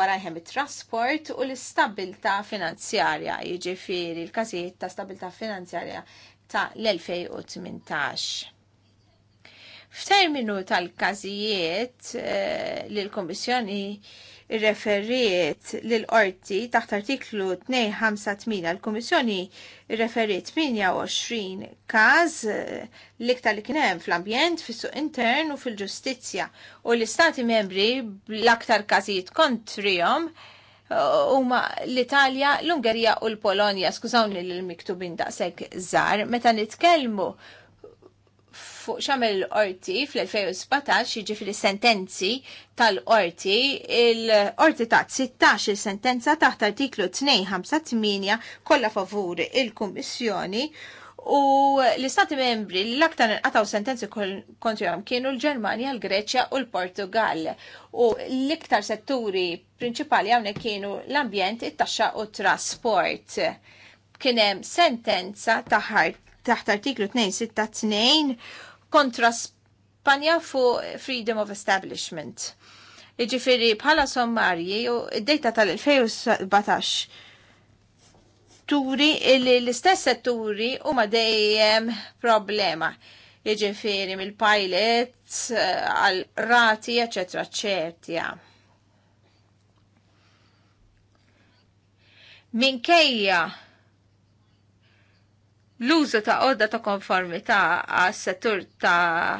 wara jħem it-trasport u l-istabilta finanzjarja, jiġifieri l-każijiet ta' stabilta finanzjarja ta' l-2018. F'terminu tal-każijiet eh, li l komissjoni referiet l-orti taħt artiklu 258 l-Komissjoni referiet 28 każ eh, l-iktar li kienem fl-ambjent, fis-suq intern u fil-ġustizzja u l-istati membri bl-aktar każijiet kontrihom eh, huma l-Italja, l-Ungerija u l-Polonja, skużawni l-miktubin daqshekk żgħar, meta nitkellmu fuq xamel l-orti fl-2017 fil jiġifieri sentenzi tal-orti, il-orti ta' 16 sentenza taħt artiklu 258 kollha favur il-Kummissjoni u l-istati membri l-aktar nqataw sentenzi għam kienu l-Ġermanja, l-Greċja u l-Portugal. U l-iktar setturi prinċipali hawnhekk kienu l-ambjent, it-taxxa u t trasport. Kien hemm sentenza taħart taħt artiklu 262 kontra Spanja fu Freedom of Establishment. Iġifiri bħala sommarji u id-data tal-2017 turi li l-istess setturi u ma dejjem problema. Iġifiri mill-pilots eh, għal-rati, eccetera, eccetera. Minkejja l-użu ta' għodda ta' konformità għas settur ta'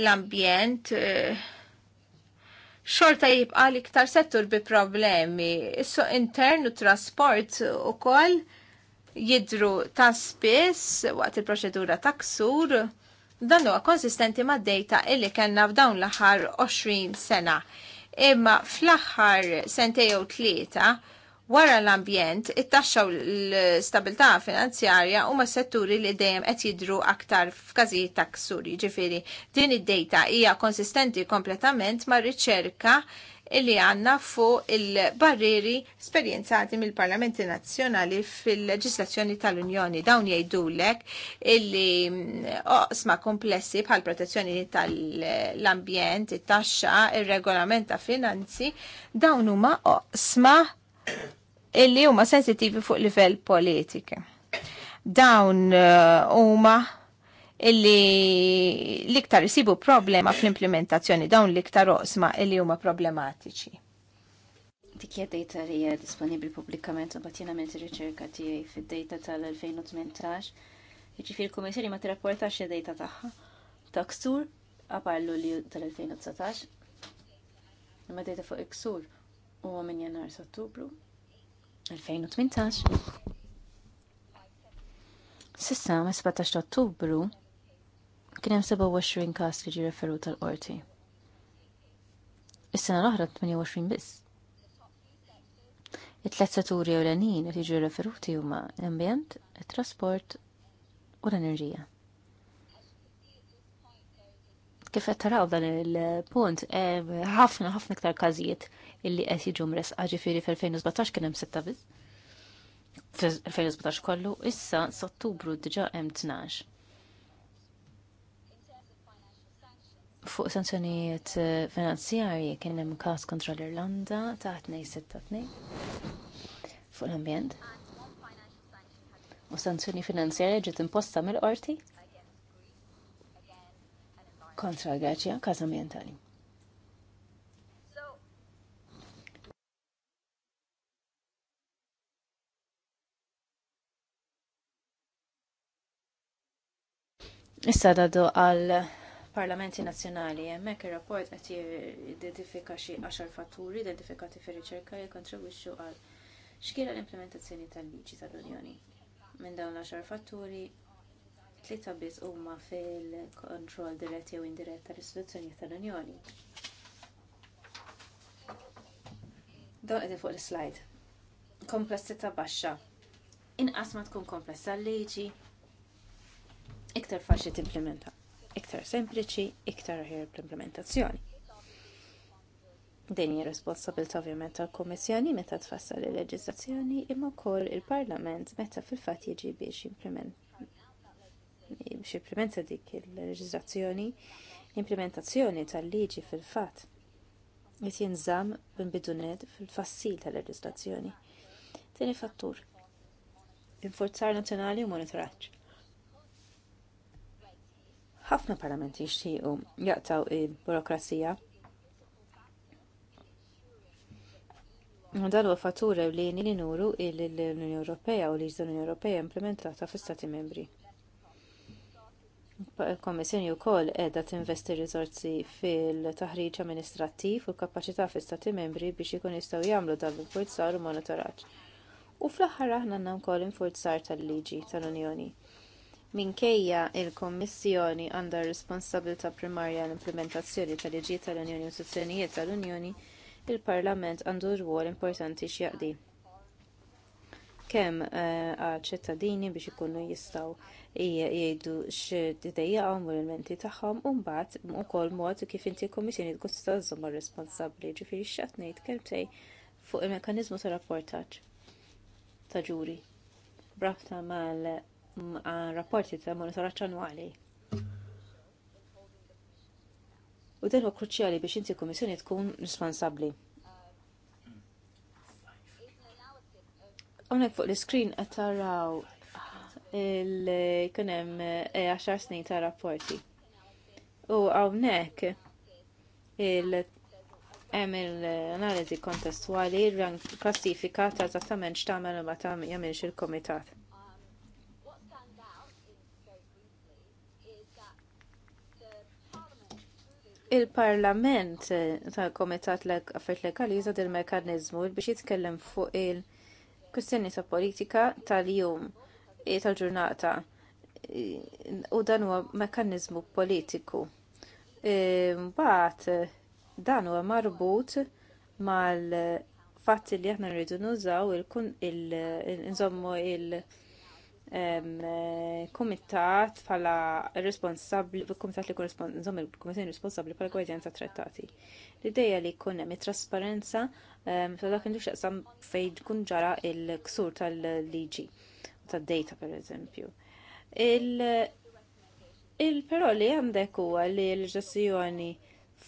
l-ambjent eh, xorta jibqa l-iktar settur bi problemi. Issu internu trasport u kol jidru ta' spiss waqt il-proċedura ta' ksur dan huwa konsistenti ma' dejta illi kellna f'dawn l-aħħar 20 sena. Imma fl-aħħar sentej u tlieta Wara l-ambjent, it-taxxa u l-stabilità finanzjarja huma setturi li dejjem qed jidru aktar f'każijiet ta' ksur, jiġifieri din id-dejta hija konsistenti kompletament ma' riċerka li għanna fuq il-barriri sperjenzati mill-Parlamenti Nazzjonali fil-leġislazzjoni tal-Unjoni. Dawn jgħidulek illi mm, oqsma komplessi bħal protezzjoni tal-ambjent, it-taxxa, ir-regolament ta' finanzi, dawn huma oqsma illi huma sensitivi fuq livell politika. Dawn eh, huma illi l-iktar jisibu problema fl-implementazzjoni dawn l-iktar osma illi huma problematiċi. Dik hija data li hija disponibbli pubblikament u bagħad jiena għamilt ir-riċerka tiegħi fid-data tal-2018. Jiġifieri l-Kummissjoni ma tirrapportax id-data tagħha ta' ksur għaparlu li tal-2019. Imma dejta fuq iksur huwa minn jannar sa' ottubru. 2018. Sissa ma' 17 ta' Ottubru kien hemm 27 każ li ġie referut tal-qorti. Is-sena l-oħra 28 biss. It-tlet setturi ewlenin li jiġu referuti huma l-ambjent, it-trasport u l-enerġija kif qed taraw dan il-punt eh, ħafna ħafna iktar każijiet illi qed jiġu mres ġifieri fil-2017 kien hemm sitta biss. Fil-2017 kollu, issa s-Ottubru diġà hemm tnax. Fuq sanzjonijiet eh, finanzjarji kien hemm każ kontra l-Irlanda taħt 262 fuq l-ambjent. U sanzjoni finanzjarji ġiet imposta mill-qorti kontra l-Greċja Issa dadu għal parlamenti nazzjonali, hemmhekk ir-rapport qed jidentifika xi għaxar fatturi identifikati fir-riċerka li kontribuċu għal xkira l-implementazzjoni tal-liġi tal-Unjoni. Minn dawn l-għaxar fatturi tlieta biss huma fil-kontroll dirett jew indirett tal-istituzzjonijiet tal-Unjoni. Dawn qegħdin fuq l-slide. Komplessità baxxa. Inqas ma tkun komplessa l-liġi, iktar faċli timplementa. Iktar sempliċi, iktar ħir l-implementazzjoni. Din hija responsabilta ovvjament tal-Kummissjoni meta tfassal il-leġiżlazzjoni imma wkoll il-Parlament meta fil-fatt jiġi biex jimplementa biex implementa dik il-leġizzazzjoni, implementazzjoni tal-liġi fil-fat qed jinżamm b'inbidunet fil-fassil tal-leġizzazzjoni. Tieni fattur. Infurzar nazzjonali u monitoraġġ. Ħafna parlamenti jixtiequ jaqtaw il-burokrazija Dan fattura li nuru il unjoni Ewropea u l-Unjoni Ewropea implementata fl-Stati membri. Il-Kommissjoni wkoll qiegħda tinvesti rizorzi fil-taħriġ amministrattiv u l-kapaċità stati membri biex ikun jistgħu jagħmlu dan l forzar u monitoraġġ. U fl-aħħar aħna għandna l infurzar tal-liġi tal-Unjoni. Minkejja il komissjoni għandha responsabilità primarja l-implementazzjoni tal-liġi tal-Unjoni u sezzjonijiet tal-Unjoni, il-Parlament għandu rwol importanti x'jaqdi kemm eh, għal ċittadini biex ikunu jistgħu jgħidu x'idejjaqhom u l-elementi tagħhom u mbagħad ukoll mod kif inti l tkun tista' żżomm responsabbli ġifieri x'qed ngħid kelmtej fuq il-mekkaniżmu ta' rapportaġġ ta' ġuri b'rabta mal rapporti ta' monitoraġġ annwali. U dan huwa kruċjali biex inti kummissjoni tkun responsabbli. Għonek fuq l-screen qed taraw il-kien hemm 10 eh, snin ta' rapporti. U hawnhekk il hemm il analiżi kontestwali klassifika ta' esattament x'tagħmel u ma jagħmilx il-kumitat. Il-Parlament tal-Komitat Affert Legali jiżad il-mekanizmu biex jitkellem fuq il- kwestjoni ta' politika tal-jum e, tal-ġurnata e, u dan huwa mekkaniżmu politiku. E, mbagħad dan huwa marbut mal-fatti li aħna nridu nużaw il-nżommu il-, il, il, il, il, il, il, il, il Eh, kumitat bħala responsabbli, kumitat li korrespondżom il-kumitat responsabbli bħala gwardjan ta' trattati. L-ideja li jkun hemm trasparenza ta' dak indux xaqsam fejn kun ġara il-ksur tal-liġi tad-data pereżempju. il Il-pero li għandek huwa li l-ġassjoni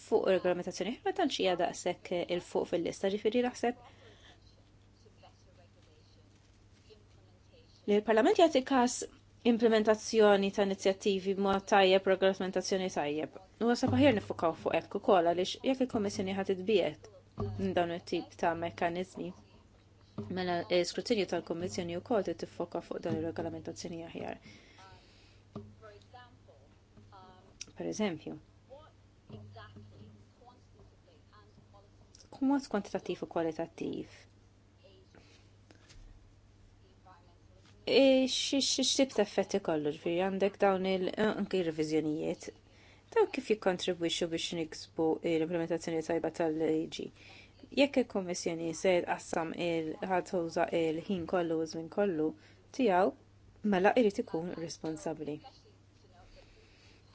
fuq regolamentazzjoni ma tanċi hija daqshekk il-fuq fil-lista, ġifiri naħseb li l-Parlament jagħti każ implementazzjoni ta' inizjattivi ma' tajjeb regolamentazzjoni tajjeb. U għasa paħir nifukaw fuq hekk ukoll għaliex jekk il-Kommissjoni ħadd idbiet dawn it-tip ta' mekkaniżmi. Mela skrutinju tal-Kommissjoni wkoll trid tiffoka fuq dan ir-regolamentazzjoni aħjar. Per eżempju, kumot kwantitattiv u kwalitattiv x'tip ta' effetti kollu ġifieri għandek dawn il-anki eh, revizjonijiet. Daw kif jikkontribwixxu biex niksbu l-implementazzjoni tajba tal-liġi. Jekk il-Kommissjoni se tqassam il ħatuża il-ħin kollu u żmien kollu tiegħu, mela irrit ikun responsabbli.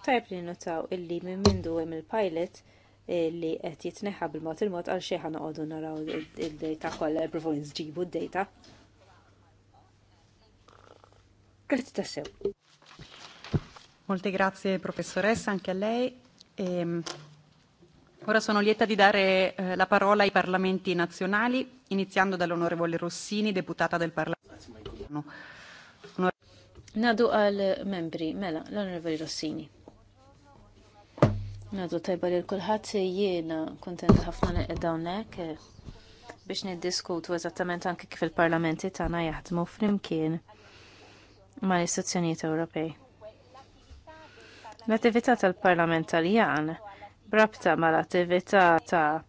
Tajb li notaw illi minn mindu hemm il-pilot li qed jitneħħa bil-mod il-mod għal xi ħanoqogħdu naraw id-data kollha provaw nġibu d-data. Grazie a te. Molte grazie professoressa, anche a lei. E, ora sono lieta di dare eh, la parola ai parlamenti nazionali, iniziando dall'onorevole Rossini, deputata del Parlamento. Nadu al membri, mela, l'onorevole Rossini. Nadu tajba li l-kulħat jiena kontenta ħafna li dawnek eh, biex niddiskutu eżattament anke kif il-parlamenti tagħna jaħdmu flimkien ma' l-istituzzjonijiet Ewropej. L-attività tal-Parlament Taljan brabta ma' l-attività ta'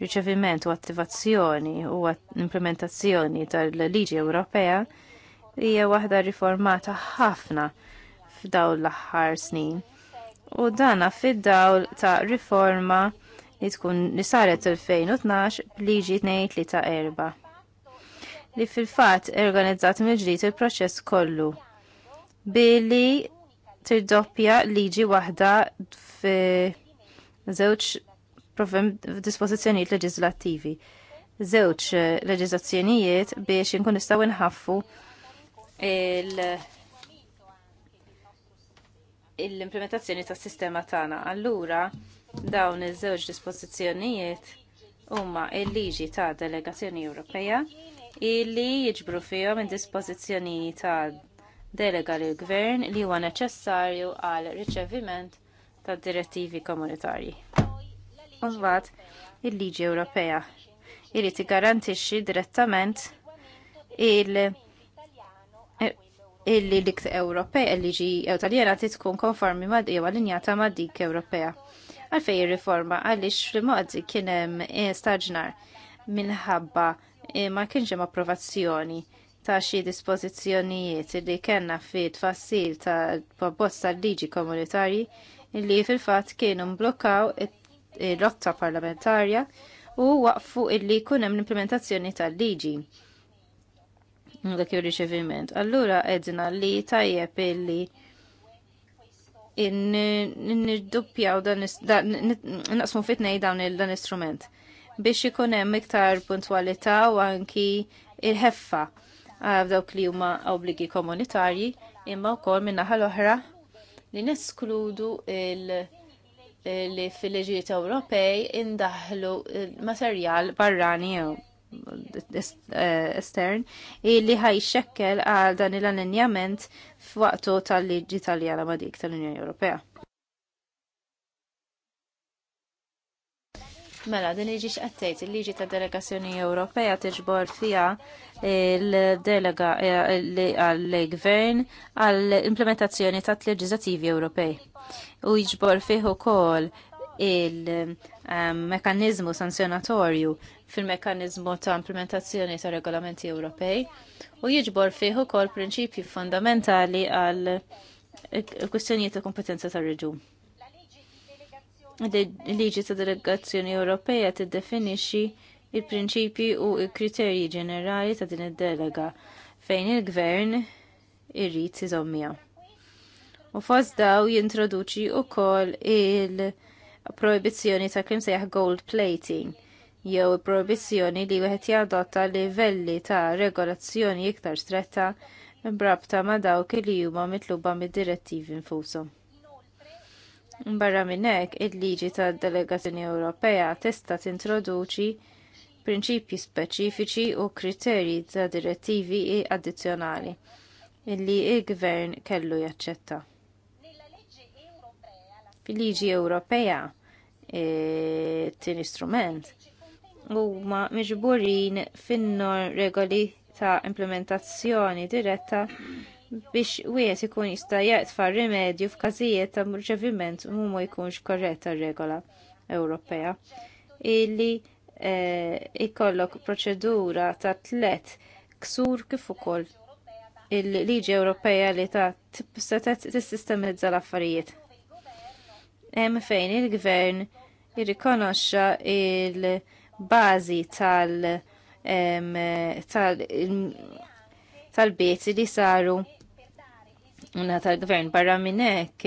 riċeviment u attivazzjoni u implementazzjoni tal-liġi Ewropea hija waħda riformata ħafna f'dawl l-aħħar snin. U dana fid-dawl ta' riforma li tkun li saret 2012 b'liġi 2 ta' erba' li fil-fatt organizzat mill-ġdid il-proċess kollu billi tirdoppja liġi waħda f żewġ dispożizzjonijiet leġislattivi. Żewġ eh, leġizlazzjonijiet biex inkun nistaw nħaffu il- l-implementazzjoni tas sistema tagħna. Allura dawn iż-żewġ dispożizzjonijiet huma l-liġi ta' delegazzjoni Ewropea illi jiġbru fihom id dispożizzjonijiet ta' delega l gvern li huwa neċessarju għal riċeviment ta' direttivi komunitarji. Użbat, il-liġi Ewropea irrid tigarantixxi direttament il- illi l-ikt Ewropea liġi ti tkun konformi ma' jew injata ma' dik Ewropea. Għalfej ir-riforma għaliex fil-mod kien hemm eh, staġnar minħabba eh, ma kienx hemm approvazzjoni ta' xi dispożizzjonijiet li kellna fi tfassil ta' proposta liġi komunitarji illi fil-fatt kienu mblokkaw ir-rotta parlamentarja u waqfu illi jkun hemm l-implementazzjoni tal-liġi. Dak ir-riċeviment. Allura edna li tajjeb illi nirduppjaw dan naqsmu fitnej dawn dan istrument biex ikun hemm iktar puntwalità u anki il-ħeffa f'dawk li huma obbligi komunitarji imma wkoll min-naħa l-oħra li neskludu il- li fil leġiet Ewropej indaħlu materjal barrani jew eh, estern li ħajxekkel għal dan il-allinjament f'waqtu tal-liġi Taljana ma' dik tal-Unjoni Ewropea. Mela, din liġi xqattajt, il-liġi ta' delegazzjoni Ewropea tiġbor fija il-delega eh, għall-gvern għall-implementazzjoni ta' t-leġizativi Ewropej. U jġbor fiħu kol il-mekanizmu eh, sanzjonatorju fil-mekanizmu ta' implementazzjoni ta' regolamenti Ewropej u jiġbor fiħu kol prinċipji fondamentali għal kwistjonijiet ta' kompetenza ta' reġum. Il-liġi ta' delegazzjoni Ewropea tiddefinixxi il-prinċipji u il-kriterji ġenerali ta' din id-delega fejn il-gvern irrid iżommija. U fost daw jintroduċi wkoll il-proibizzjoni ta' klim sejħ gold plating jew il-proibizzjoni li wieħed jadotta livelli ta' regolazzjoni iktar stretta brabta ma' dawk li huma mitluba mid-direttivi nfushom. Barra minn hekk, il-liġi tad-delegazzjoni Ewropea tista' tintroduċi prinċipji speċifiċi u kriterji ta' direttivi addizzjonali illi l gvern kellu jaċċetta. Fil-liġi Ewropea e, tin istrument huma miġburin fin-nor regoli ta' implementazzjoni diretta biex wieħed ikun jista' jaqtfa' rimedju f'każijiet ta' rċeviment mu ma jkunx korretta regola Ewropea. Illi eh, ikollok proċedura ta' tlet ksur kif ukoll il-liġi Ewropea li ta' tissistemizza l-affarijiet. Hemm fejn il-gvern jirrikonoxxa il-bażi tal- tal-biet li saru Una tal-gvern barra minnek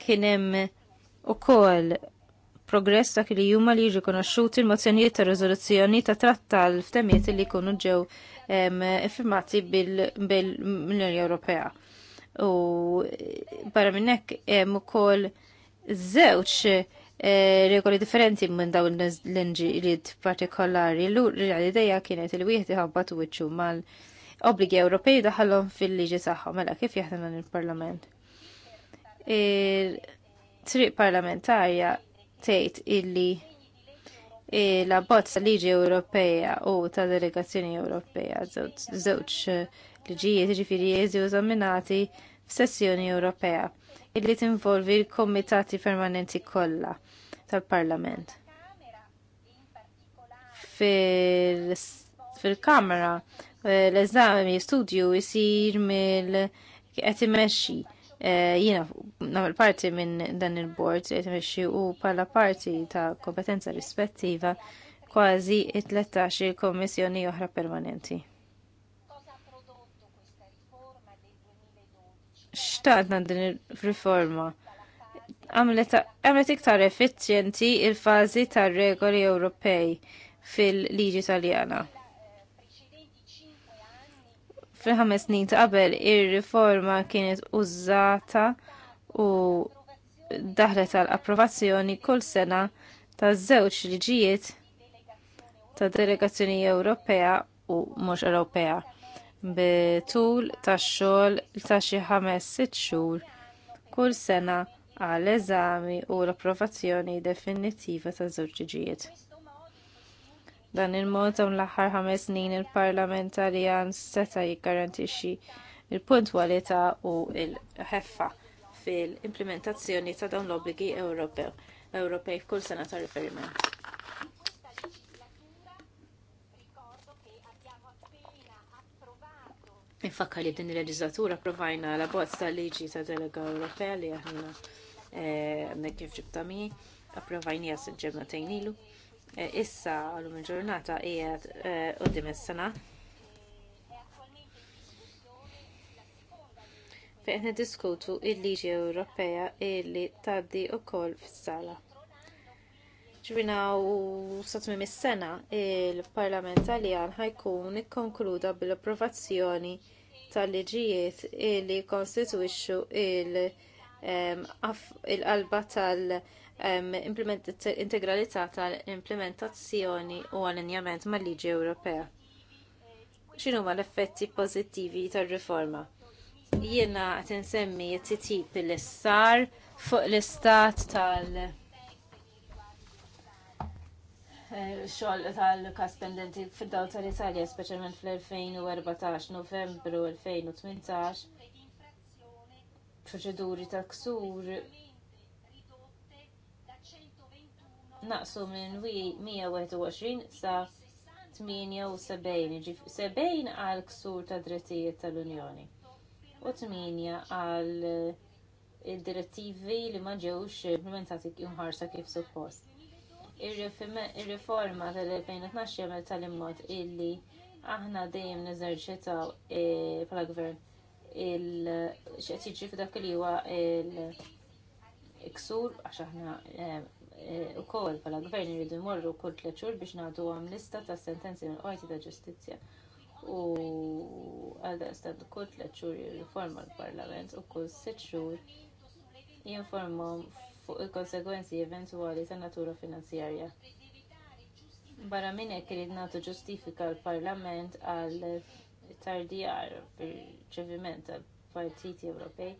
kienem u kol progress dak li juma li rikonoxxuti l-mozzjonijiet ta' rezoluzzjoni ta' tratta l-ftemiet li kunu ġew firmati bil-Unjoni Ewropea. U barra minnek hemm ukoll żewġ eh, regoli differenti minn daw l-inġiliet partikolari. l għalideja ideja kienet il-wieħed iħabbat wiċċu mal- obbligi Ewropej daħallhom fil-liġi tagħhom mela kif jaħdem dan il-Parlament. Il-triq parlamentarja tgħid illi la bozz tal-liġi Ewropeja u ta' delegazzjoni Ewropeja żewġ liġijiet ġifieri jeżi eżaminati f'sessjoni Ewropea illi tinvolvi l-komitati permanenti kollha tal-Parlament. Fil-Kamra Eh, l-eżami studju jisir mill qed imexxi eh, jiena nagħmel parti minn dan il-bord qed imexxi u bħala parti ta' kompetenza rispettiva kważi it il-Kommissjoni oħra permanenti. Xtaqna din il-riforma għamlet iktar effiċjenti il-fazi tar-regoli Ewropej fil-liġi Taljana fil-ħames snin ta' qabel ir-riforma kienet użata u daħlet għal approvazzjoni kull sena ta' żewġ liġijiet ta' delegazzjoni Ewropea u mhux Ewropea bitul ta' xogħol ta' xi ħames sitt xhur kull sena għal eżami u l-approvazzjoni definittiva ta' żewġ liġijiet. Dan il-mod dawn l-aħħar ħames snin il-Parlament Taljan seta' jiggarantixxi il-puntwalità u l-ħeffa fil-implementazzjoni ta' dawn l-obbligi Ewropew Ewropej f'kull sena ta' riferiment. Infakka li din il-leġislatura provajna la bozz ta' liġi ta' delega Ewropea li aħna eh, kif ġibtami, approvajnija s-ġemna tajnilu. ilu Eh, issa għallum il-ġurnata ijed eh, għoddim il-sena. Fejn diskutu il-liġi Ewropea illi taddi u koll fissala. sala Ġbina u satmi mis-sena il-Parlament Taljan ħajkun ikkonkluda bil-approvazzjoni tal-liġijiet illi konstituixxu il-qalba tal-, -liġijiet, integralità tal-implementazzjoni u allinjament mal-liġi Ewropea. X'inhu ma l-effetti pożittivi tar-riforma? Jiena qed insemmi t-titip li sar fuq l-istat tal- eh, xogħol tal-kas pendenti fid-dawl tal-Italja, speċjalment fl-2014 Novembru 2018, proċeduri ta' ksur naqsu minn 121 sa 78, 70 għal ksur ta' drittijiet tal-Unjoni u 8 għal eh, id-direttivi li ma ġewx implementati imħarsa kif suppost. Ir-riforma tal-2012 jagħmel tal-immod illi aħna dejjem neżerċitaw bħala eh, gvern il-xqed f'dak li huwa il-ksur għax aħna eh, Eh, u kol pala gvern jridu jmorru kull tliet xhur biex nagħtu għam lista ta' sentenzi mill qorti ta' ġustizzja u għalda stad kull tliet xhur jirriforma l-Parlament u kull sitt xhur jinformhom fuq il-konsegwenzi eventwali ta' natura finanzjarja. Barra minn hekk irid nagħtu ġustifika l-Parlament għal tardijar fil-ċeviment tal-partiti Ewropej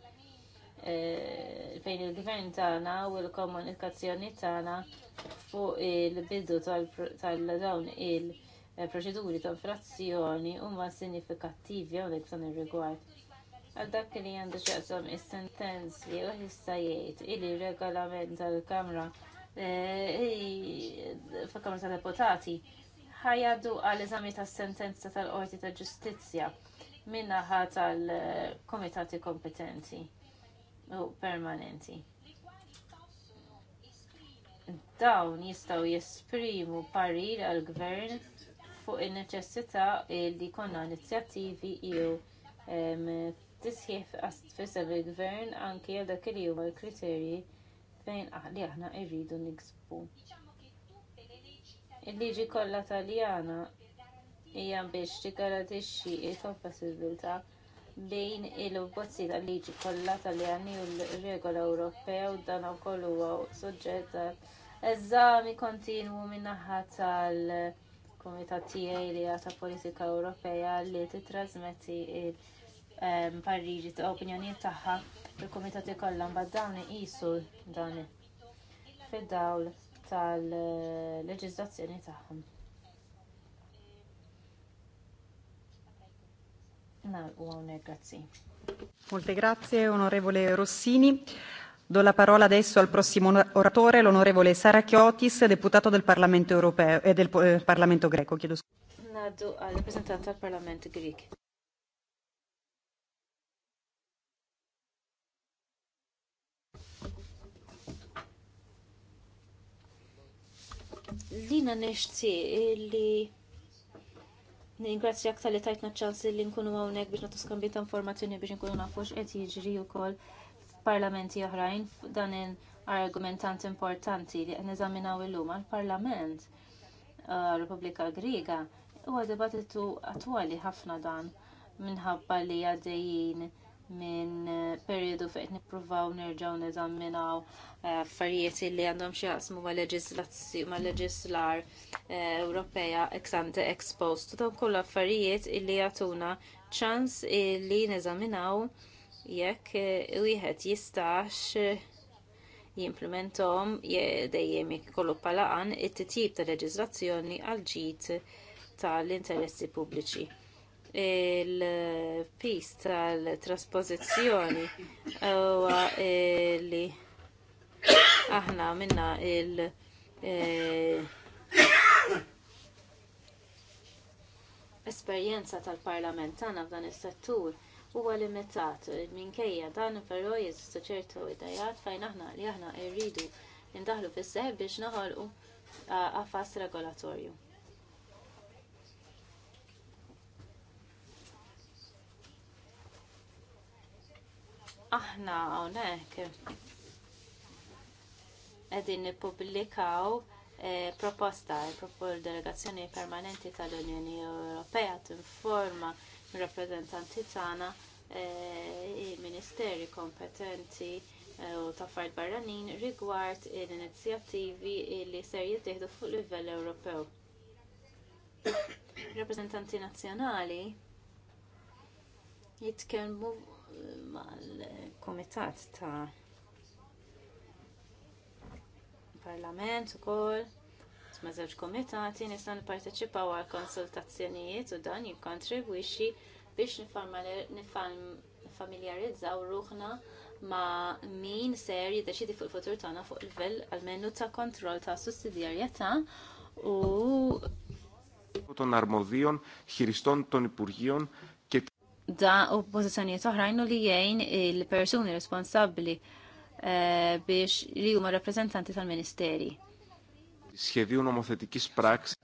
Eh, fejn il-gvern tagħna u l-komunikazzjoni tagħna fuq il-bidu tal-dawn il-proċeduri ta' frazzjoni huma sinifikattivi hawnhekk dan ir-rigward. Għal dak li għandu x'jaqsam is-sentenz li wieħed jista' jgħid ili regolament tal-Kamra eh, fil-Kamra tal-Deputati ħajadu għal eżami tas-sentenza tal-Qorti ta' Ġustizzja minnaħa tal-Komitati Kompetenti u permanenti. Dawn jistgħu jesprimu parir għall gvern fuq in-neċessità li jkollna inizjattivi jew tisħif fisem il-gvern anke għal dak li huma l-kriterji fejn li aħna irridu niksbu. Il-liġi kollha Taljana hija biex tigarantixxi l kompatibilità bejn il-bozzi tal-liġi kollha tal-jani u l-regola Ewropew dan ukoll huwa suġġett eżami kontinwu min-naħa tal- Kumitat tiegħi li għata politika Ewropea li titrasmetti il-parriġi ehm, ta' opinjonijiet tagħha il kumitati kollha, mbagħad dan iqisu dan fid-dawl tal-leġiżlazzjoni tagħhom. Molte grazie onorevole Rossini. Do la parola adesso al prossimo oratore, l'onorevole Sara Chiotis, deputato del Parlamento europeo e del eh, Parlamento greco, chiedo scusa. Nadu al rappresentante del Parlamento greco. Lina nixtieq li Ningrazzja aktar li tajtna ċansi li nkunu hawnhekk biex natu skambju ta' informazzjoni biex nkunu nafu x'qed jiġri wkoll f'parlamenti oħrajn f'dan argumentant importanti li qed neżaminaw illum għall-Parlament uh, Repubblika Griega huwa dibattitu attwali ħafna dan minħabba li għaddejjin minn eh, periodu fejn nippruvaw nerġgħu nizamminaw eh, affarijiet li għandhom xi jaqsmu mal leġislar eh, Ewropea ex ante ex post. Dawn kollha affarijiet li jagħtuna ċans li neżaminaw jekk wieħed jistax jimplementom dejjem jkollu palaqan it-titjib ta' leġislazzjoni għal ġid tal-interessi pubbliċi il-pis tal-trasposizjoni huwa eh, li aħna minna il- eh, esperjenza tal-parlament tagħna f'dan is-settur huwa limitat minkejja dan però jeżistu ċertu idejat fejn aħna li aħna rridu indaħlu fis-seħ biex naħolqu qafas regolatorju. aħna hawnhekk qegħdin nippubblikaw eh, proposta il delegazzjoni permanenti tal-Unjoni Ewropea tinforma r-rappreżentanti tagħna eh, il-ministeri kompetenti eh, u e, barranin rigward l-inizjattivi li ser jittieħdu fuq livell Ewropew. Rappreżentanti nazzjonali jitkellmu mal-komitat ta' parlament u koll ma' żewġ komitati nista' nipparteċipaw għal konsultazzjonijiet u dan jikkontribwixxi biex nifamiljarizzaw ruħna ma' min ser jiddeċidi fuq il-futur tagħna fuq livell għalmenu ta' kontroll ta' sussidjarjetà u των αρμοδίων χειριστών των Υπουργείων da u pożizzjonijiet oħrajn u li jgħin il-persuni responsabbli eh, biex li huma rappreżentanti tal-Ministeri. Scheviju nomothetikis prax.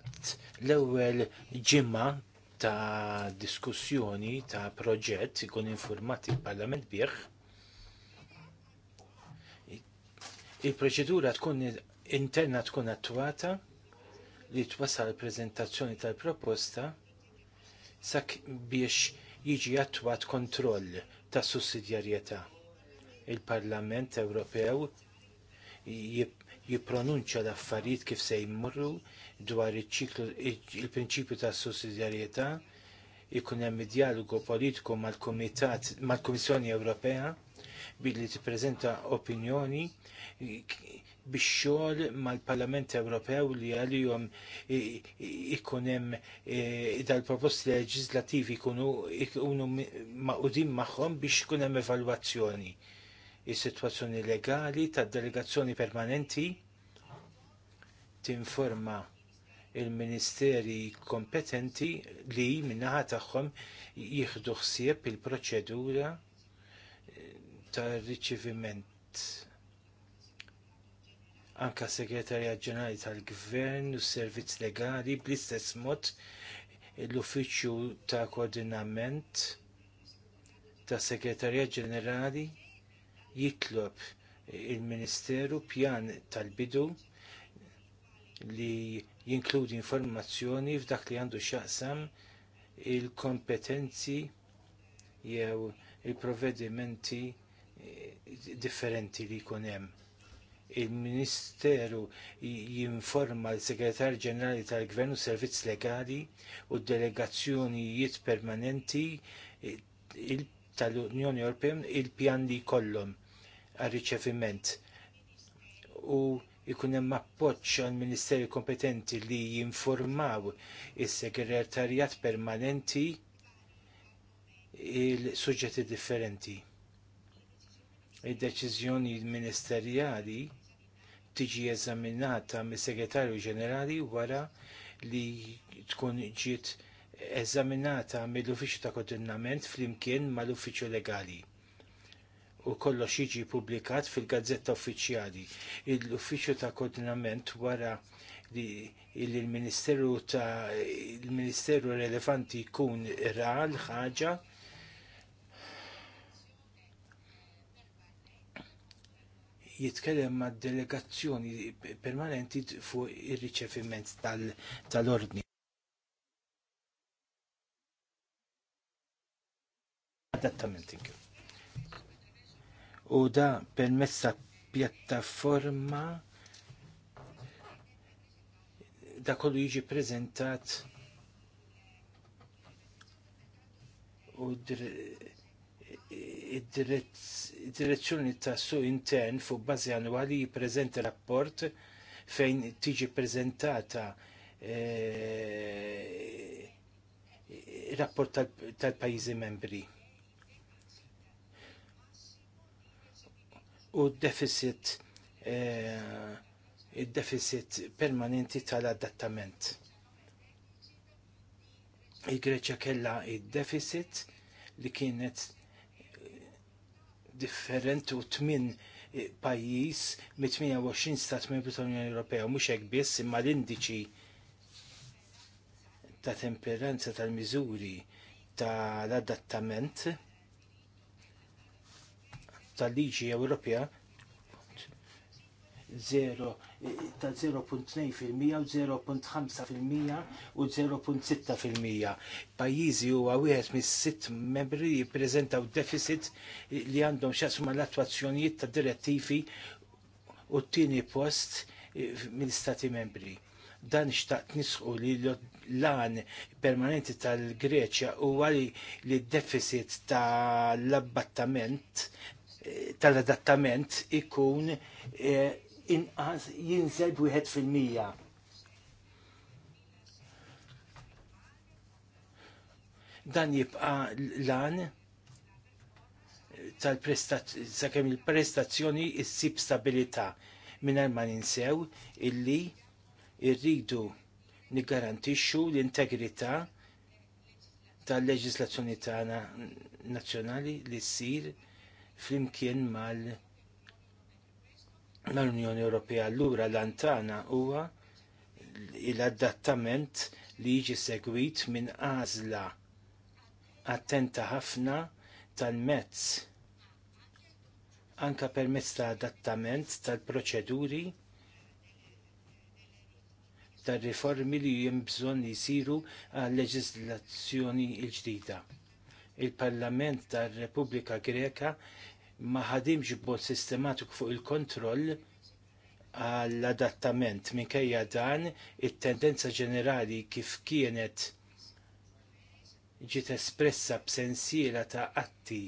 L-ewwel ġimma ta' diskussjoni ta' proġett ikun informati il-Parlament bieħ. il-proċedura tkun interna tkun attuata li twasal prezentazzjoni tal-proposta sak biex jiġi attwat kontroll ta' sussidjarjetà. Il-Parlament Ewropew jippronunċja l-affarijiet kif se jmurru dwar il-prinċipju ta' sussidjarjetà ikun hemm dialogu politiku mal-Kumitat mal-Kummissjoni Ewropea billi tippreżenta opinjoni bixxol xogħol mal-Parlament Ewropew li għalihom ikun hemm e, dal-proposti leġislattivi jkunu maqudim magħhom biex ikun hemm evalwazzjoni. Is-sitwazzjoni legali tad-delegazzjoni permanenti tinforma il-ministeri kompetenti li min-naħa tagħhom jieħdu ħsieb il-proċedura tar-riċiviment anka segretarja ġenerali tal-gvern u s servizz legali bl-istess mod l-uffiċċju ta' koordinament ta' segretarja ġenerali jitlob il-Ministeru pjan tal-bidu li jinkludi informazzjoni f'dak li għandu xaqsam il-kompetenzi jew il-provvedimenti differenti li jkun hemm il-Ministeru jinforma l-Segretar Ġenerali tal-Gvern u Servizz Legali u delegazzjonijiet permanenti tal-Unjoni Ewropea il-pjan li jkollhom għar-riċeviment. U ikun hemm appoġġ għal ministeri kompetenti li jinformaw is-segretarjat permanenti il-suġġetti differenti. Id-deċiżjoni ministerjali tiġi eżaminata mis-Segretarju Ġenerali wara li tkun ġiet eżaminata mill-Uffiċċju ta' Koordinament flimkien mal-Uffiċċju Legali u kollox jiġi publikat fil-gazzetta uffiċjali. L-Uffiċċju ta' Koordinament wara li l-Ministeru ta' il-Ministeru relevanti jkun ra l-ħaġa jitkellem ma' delegazzjoni permanenti fuq ir-riċeviment tal-ordni. Tal Adattament U da permessa pjattaforma da kollu jiġi prezentat u id-direzzjoni ta' su intern fuq bażi annwali jippreżenta rapport fejn tiġi preżentata eh, rapport tal-pajjiżi membri. U d-deficit il deficit eh, permanenti tal-adattament. Il-Greċja kellha id-deficit li kienet differenti u tmin eh, pajjiż mit 28 stat membru tal-Unjoni Ewropea mhux hekk biss imma l-indiċi ta' temperanza tal-miżuri tal-adattament tal-liġi Ewropea 0 eh, ta' 0.2% u 0.5% u 0.6%. Pajjiżi huwa wieħed mis-sitt membri jippreżentaw deficit li għandhom x'asma l-attwazzjonijiet ta' direttivi u t-tieni post eh, mill-Stati membri. Dan xtaqt nisqu li l-lan permanenti tal-Greċja huwa li deficit tal-abbattament eh, tal-adattament ikun eh, inqas jinżel wieħed fil-mija. Dan jibqa lan tal-prestazzjoni, sakemm il-prestazzjoni issib stabilità mingħajr ma ninsew illi irridu niggarantixxu l-integrità tal-leġislazzjoni tagħna nazzjonali li ssir flimkien mal- mal-Unjoni Ewropea allura l-antana huwa l-adattament li jiġi segwit minn għażla attenta ħafna tal-mezz anka permezz ta' adattament tal-proċeduri tar-riformi li hemm bżonn jisiru għal leġiżlazzjoni l-ġdida. Il-Parlament tar-Repubblika Greka ma ħadimx b'mod sistematiku fuq il-kontroll għall-adattament minkejja dan it-tendenza ġenerali kif kienet ġiet espressa b'sensiela ta' atti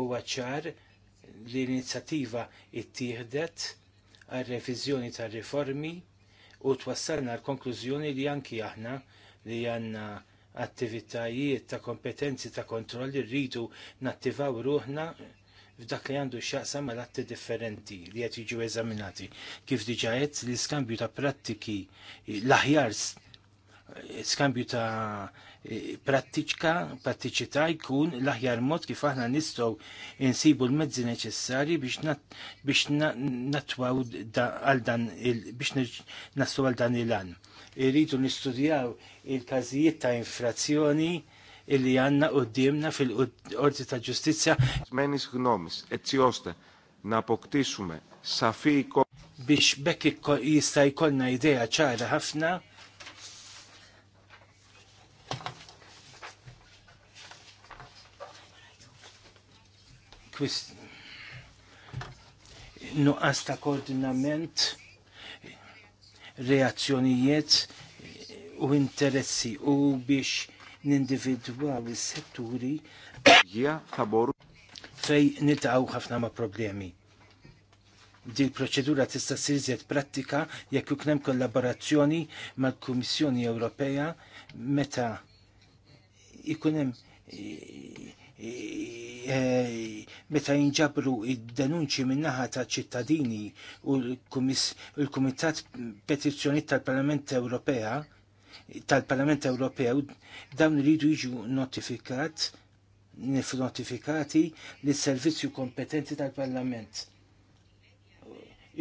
Huwa ċar li l-inizjattiva ttieħdet għal reviżjoni tar riformi u twassalna l-konklużjoni li anki aħna li għandna attivitajiet ta' kompetenzi ta' kontrolli rridu nattivaw ruħna f'dak li għandu x'jaqsam mal atti differenti li qed jiġu eżaminati. Kif diġa għedt l-iskambju ta' prattiki l-aħjar skambju ta' e, prattiċka, prattiċità jkun l-aħjar mod kif aħna nistgħu insibu l-mezzi neċessarji biex natwaw għal dan biex naslu għal dan il-an irridu nistudjaw il-każijiet ta' infrazzjoni illi għanna qoddimna fil-Qorti ta' Ġustizzja. Menis gnomis, etzjosta, napoktisume, safiko. Biex bekk jista' jkollna idea ċara ħafna nuqqas ta' koordinament reazzjonijiet u interessi u biex nindividwaw is-setturi fej nitqaw ħafna ma' problemi. Di l-proċedura tista' ssir prattika jekk ikun hemm kollaborazzjoni mal-Kummissjoni Ewropea meta ikun hemm Eh, meta jinġabru id-denunċi minnaħa ta' ċittadini u l-Kumitat Petizzjoni tal-Parlament Ewropea tal-Parlament Ewropew dawn iridu jiġu notifikat notifikati li servizzju kompetenti tal-Parlament.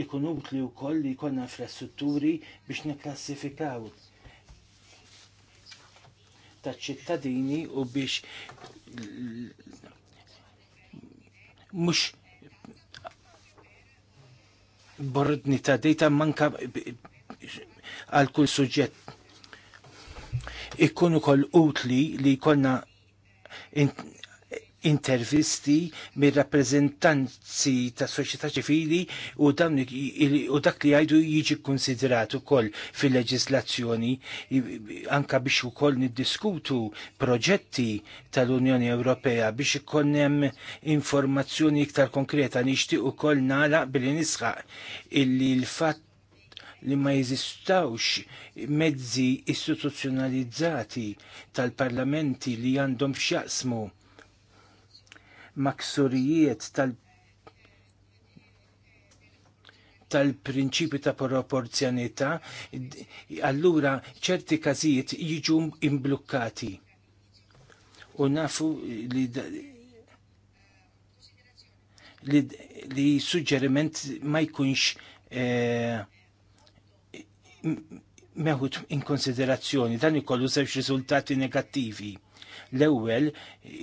Ikun utli wkoll li jkollna infrastrutturi biex niklassifikaw taċ ċittadini u biex mux borridni ta' dejta manka għal kull suġġett. Ikkun ukoll utli li jkollna intervisti mir rappreżentanzi ta' soċjetà ċivili u dan u dak li għajdu jiġi konsiderat ukoll fil-leġislazzjoni anka biex ukoll niddiskutu proġetti tal-Unjoni Ewropea biex ikoll hemm informazzjoni iktar konkreta nixtieq ukoll nara billi nisħaq illi l-fatt li ma jeżistawx mezzi istituzzjonalizzati tal-parlamenti li għandhom xjaqsmu maksurijiet tal- tal-prinċipju ta' proporzjonità, allura ċerti każijiet jiġu imblukkati. U nafu li li, li suġġeriment ma jkunx eh, meħut in konsiderazzjoni, dan ikollu żewġ riżultati negattivi. L-ewwel,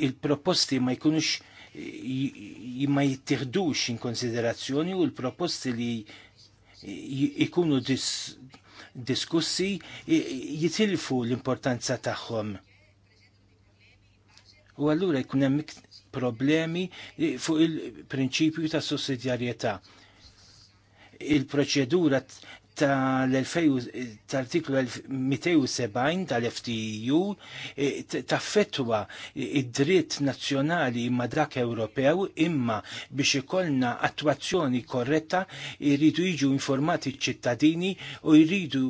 il-proposti ma jkunux ma jittieħdux in konsiderazzjoni u l-proposti li ikunu dis diskussi jitilfu l-importanza tagħhom. U allura jkun hemm problemi fuq il-prinċipju ta' sussidjarjetà. Il-proċedura tal-artiklu 270 tal-FTU e, taffetwa id-dritt nazzjonali imma dak Ewropew imma biex ikollna attwazzjoni korretta jridu jiġu informati ċ-ċittadini u jridu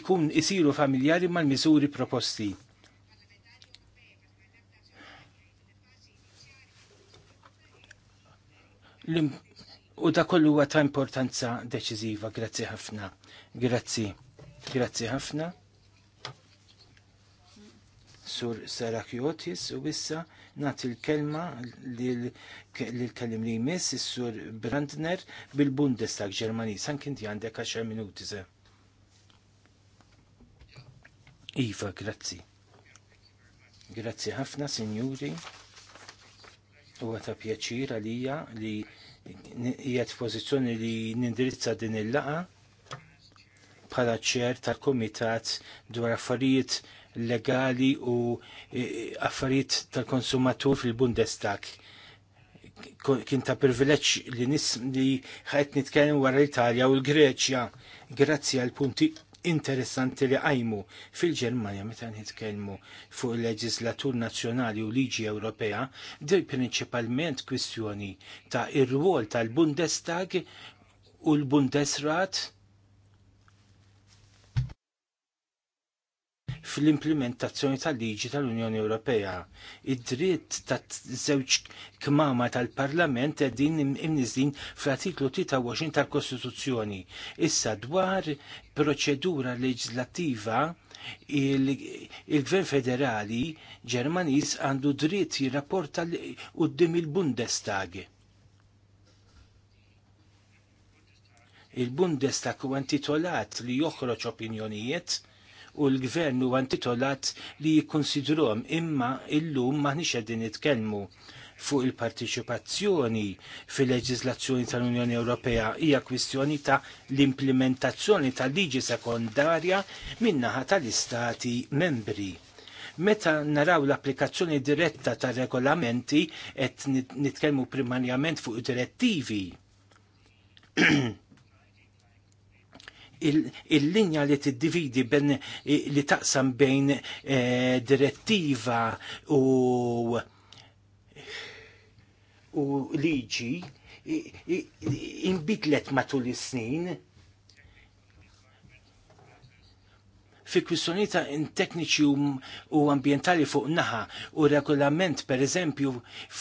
ikun isiru familjari mal-miżuri proposti. l U da kollu huwa ta' importanza deċiżiva, grazzi ħafna. Grazzi, grazzi ħafna. Sur Sara Kjotis u issa nagħti l-kelma l kellim li jmiss is-Sur Brandner bil-Bundestag Ġermani. anke inti għandek 10 minuti ze. Iva, grazzi. Grazzi ħafna, Sinjuri. Huwa ta' pjaċir għalija li jgħet pozizjoni li nindirizza din il-laqa bħala ċer tal-Komitat dwar affarijiet legali u e, affarijiet tal-konsumatur fil-Bundestag. Kien ta' privileġġ li nis li ħajt nitkellem wara l-Italja u l-Greċja. Grazzi għal punti interessanti li għajmu fil-Ġermanja meta nitkellmu fuq il-leġislatur nazzjonali u liġi Ewropea, dir prinċipalment kwistjoni ta' ir-rwol tal-Bundestag u l-Bundesrat fl-implementazzjoni tal-liġi tal-Unjoni Ewropea. Id-dritt ta' żewġ kmama tal-Parlament din imniżin fl-artiklu 23 tal-Kostituzzjoni. Issa dwar proċedura leġislattiva il-Gvern Federali Ġermaniż għandu dritt jirrapporta quddiem il-Bundestag. il-Bundestag huwa intitolat li joħroġ opinjonijiet u l-gvern huwa intitolat li jikkonsidruhom imma illum maħniex qegħdin nitkellmu fuq il-partiċipazzjoni fil-leġiżlazzjoni tal-Unjoni Ewropea hija kwistjoni ta' l-implementazzjoni tal-liġi sekondarja min-naħa tal-istati membri meta naraw l-applikazzjoni diretta ta' regolamenti et nitkelmu primarjament fuq direttivi. il-linja li tiddividi ben li taqsam bejn eh, direttiva u u liġi imbidlet matul is-snin fi kwistjoni ta' tekniċi u ambientali fuq naħa u regolament per eżempju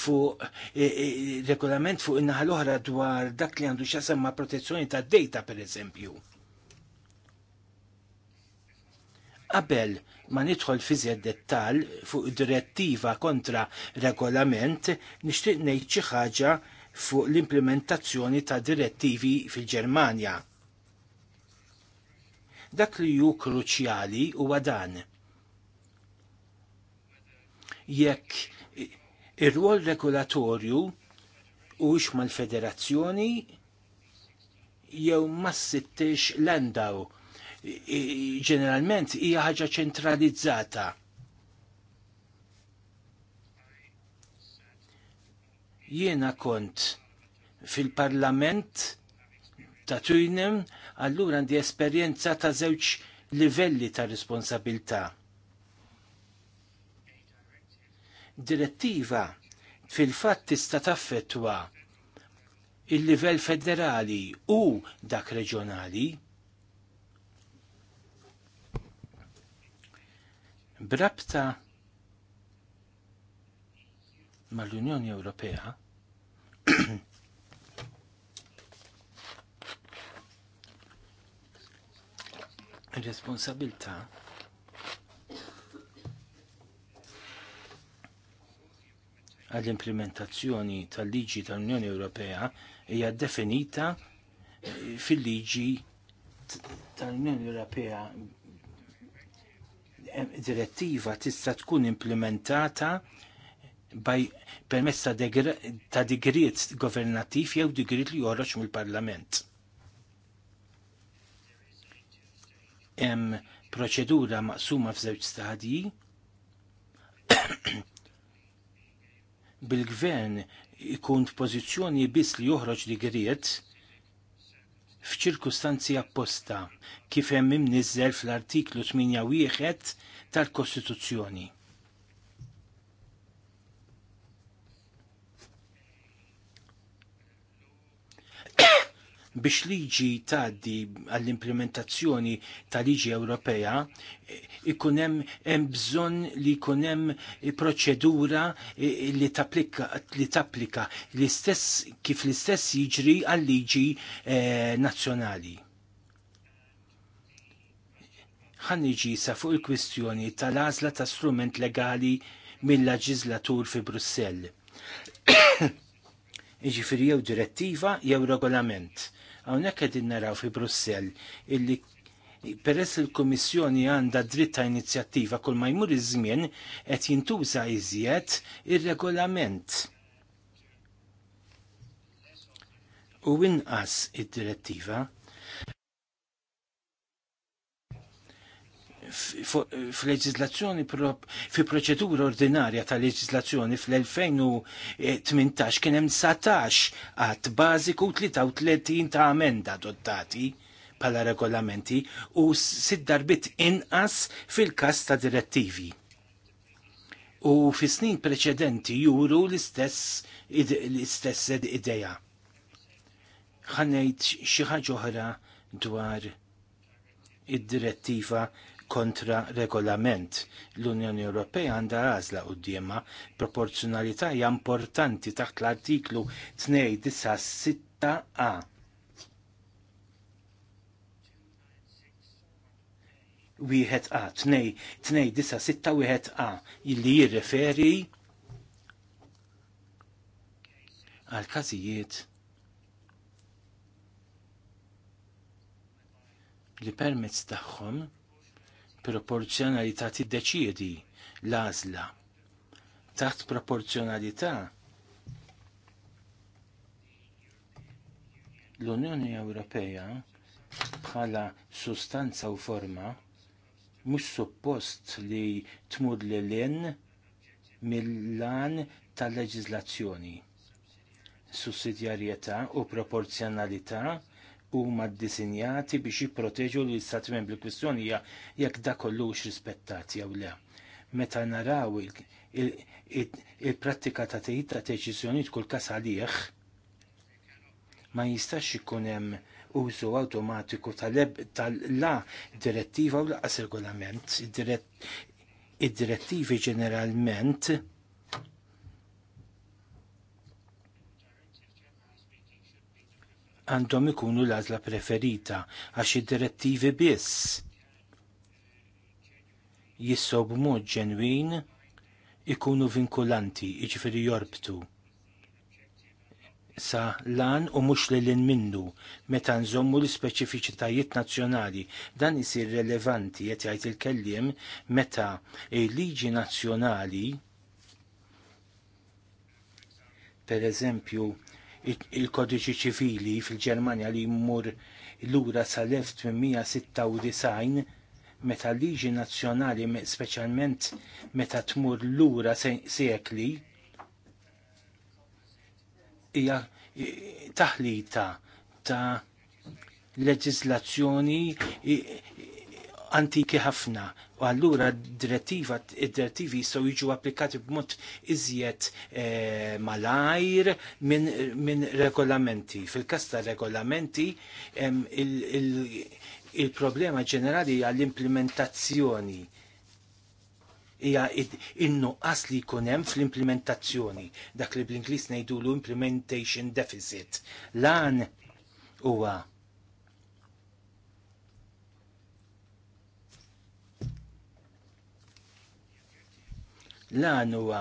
fuq regolament fuq naħa l-oħra dwar dak li għandu xasem ma' protezzjoni ta' data per eżempju. Qabel ma nidħol fi żjed dettal fuq direttiva kontra regolament, nixtieq ngħid xi ħaġa fuq l-implementazzjoni ta' direttivi fil-Ġermanja. Dak li ju kruċjali huwa dan. Jekk ir-rwol regolatorju ux mal-federazzjoni jew ma s-sittix l-endaw ġeneralment hija ħaġa ċentralizzata. Jiena kont fil-parlament ta' Twinem, allura għandi esperjenza ta' żewġ livelli ta' responsabilità. Direttiva fil-fatt tista' taffettwa il-livell federali u dak reġjonali Brabta mal-Unjoni Ewropea responsabilta għall-implementazzjoni tal-liġi tal-Unjoni Ewropea hija definita fil-liġi tal-Unjoni Ewropea direttiva tista' tkun implementata by permessa ta' digriet governativ jew digriet li joħroġ mill-Parlament. Hemm proċedura maqsuma f'żewġ stadji bil-gvern ikun pożizzjoni biss li joħroġ digriet f'ċirkustanzi apposta kif hemm imniżżel fl-artiklu 8 tal-Kostituzzjoni. biex liġi tgħaddi għall-implementazzjoni ta' liġi Ewropea ikun hemm bżonn li jkun hemm proċedura eh, li tapplika li tapplika l-istess kif l-istess jiġri għall-liġi eh, nazzjonali. Ħanniġi sa fuq il-kwistjoni tal-għażla ta' strument legali mill laġislatur fi Brussell. Iġifiri jew direttiva jew regolament Hawnhekk qegħdin naraw fi Brussell illi peress il-Kummissjoni għandha dritta inizjattiva kull ma jmur iż-żmien qed jintuża iżjed ir-regolament. U inqas id-direttiva fil-leġizlazzjoni fi proċedura ordinarja ta' leġizlazzjoni fl-2018 kien hemm 19 għat bażiku 33 ta' amenda adottati pala regolamenti u sid darbit inqas fil-kas ta' direttivi u fi snin preċedenti juru l-istess l-istess ideja. Ħanejt xi ħaġa oħra dwar id-direttiva kontra regolament. L-Unjoni Ewropea għandha għażla qudiemha proporzjonalità hija importanti taħt l-artiklu 296a. Wieħed A, tnej, tnej disa sitta wieħed A, illi jirreferi għal każijiet li permezz tagħhom proporzjonalità tiddeċiedi l-għażla. Taħt proporzjonalità l-Unjoni Ewropea bħala sustanza u forma mhux suppost li tmur l in mill-lan tal-leġizlazzjoni. Sussidjarjetà u proporzjonalità huma ddisinjati biex jipproteġu l istati membri kwistjoni jekk da kollux rispettat jew le. Meta naraw il-prattika ta' tejt ta' deċiżjonijiet kull kas għalih ma jistax ikun hemm użu awtomatiku tal-la direttiva u laqas regolament. Id-direttivi ġeneralment għandhom ikunu l-għażla preferita għax id-direttivi biss jissob b'mod ġenwin ikunu vinkulanti, jiġifieri jorbtu sa lan u mhux li lin minnu meta nżommu l-ispeċifiċitajiet nazzjonali. Dan isir relevanti qed jgħid il-kelliem meta il-liġi nazzjonali per eżempju il-kodiċi ċivili fil-Ġermanja li jmur lura sal-1896 meta liġi nazzjonali speċjalment meta tmur lura sekli hija taħlita ta' leġislazzjoni antiki ħafna u allura direttiva id-direttivi jistgħu jiġu applikati b'mod iżjed eh, malajr minn regolamenti. Fil-każ ta' regolamenti il-problema ġenerali hija l-implementazzjoni hija in-nuqqas li jkun hemm fl-implementazzjoni dak li bl-Ingliż ngħidulu implementation deficit. Lan huwa Lan huwa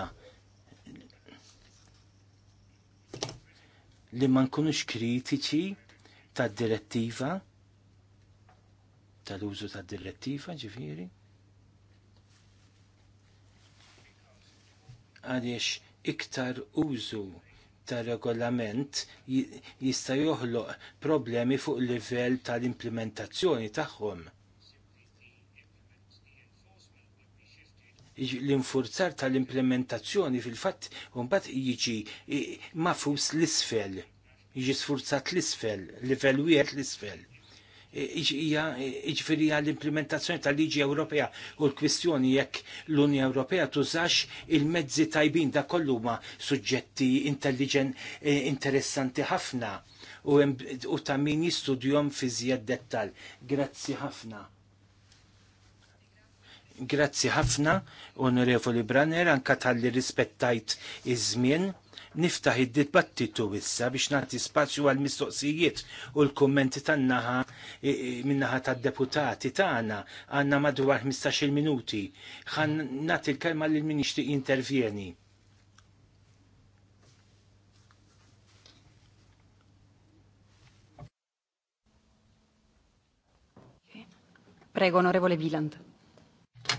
li ma nkunux kritiċi tad-direttiva tal-użu tad-direttiva ġifieri. Għaliex iktar użu tar regolament jista' joħloq problemi fuq livell tal-implementazzjoni tagħhom. l-infurzar tal-implementazzjoni fil-fatt unbat jiġi mafus l-isfel, jiġi sfurzat l-isfel, level wieħed l-isfel. Iġveri għall-implementazzjoni tal-liġi Ewropea u l-kwistjoni jekk l-Unja Ewropea tużax il-mezzi tajbin da kollu ma suġġetti intelligent e, interessanti ħafna u ta' min jistudjom fi zjed dettal. Grazzi ħafna. Grazzi ħafna, Onorevoli Branner, anka tal-li rispettajt iż-żmien. Niftaħ id-dibattitu issa biex nagħti spazju għall mistoqsijiet u l-kummenti tan-naħa min-naħa tad-deputati tagħna għandna madwar 15-il minuti. Ħan nagħti l-kelma lil min jixtieq intervjeni. Prego, onorevole Viland.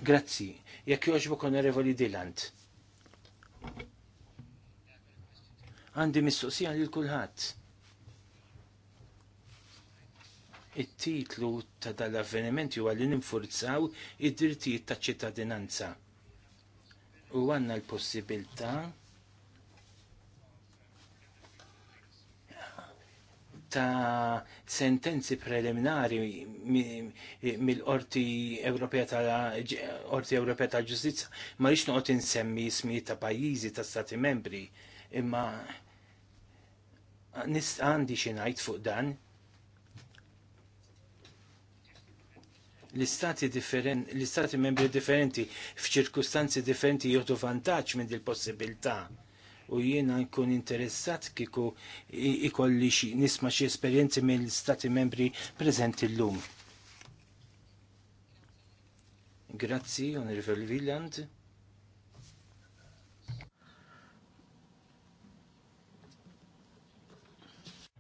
Grazzi. Jekk kon revoli Dilant. Għandi mistoqsija lil kulħadd. It-titlu ta' dal-avveniment huwa li ninfurzaw id-drittijiet ta' ċittadinanza. U għanna l-possibilta' ta' sentenzi preliminari mill-Qorti Ewropea tal orti Ewropea tal-Ġustizzja ma rix noqgħod insemmi ismijiet ta' pajjiżi ta' stati membri imma għandi xi ngħid fuq dan. L-istati differen, l-istati membri differenti f'ċirkustanzi differenti jieħdu vantaġġ minn il possibilità u jiena nkun interessat kiku ikolli xi nisma' xi esperjenzi mill-Stati membri preżenti llum. Grazzi, Onorevol Villand.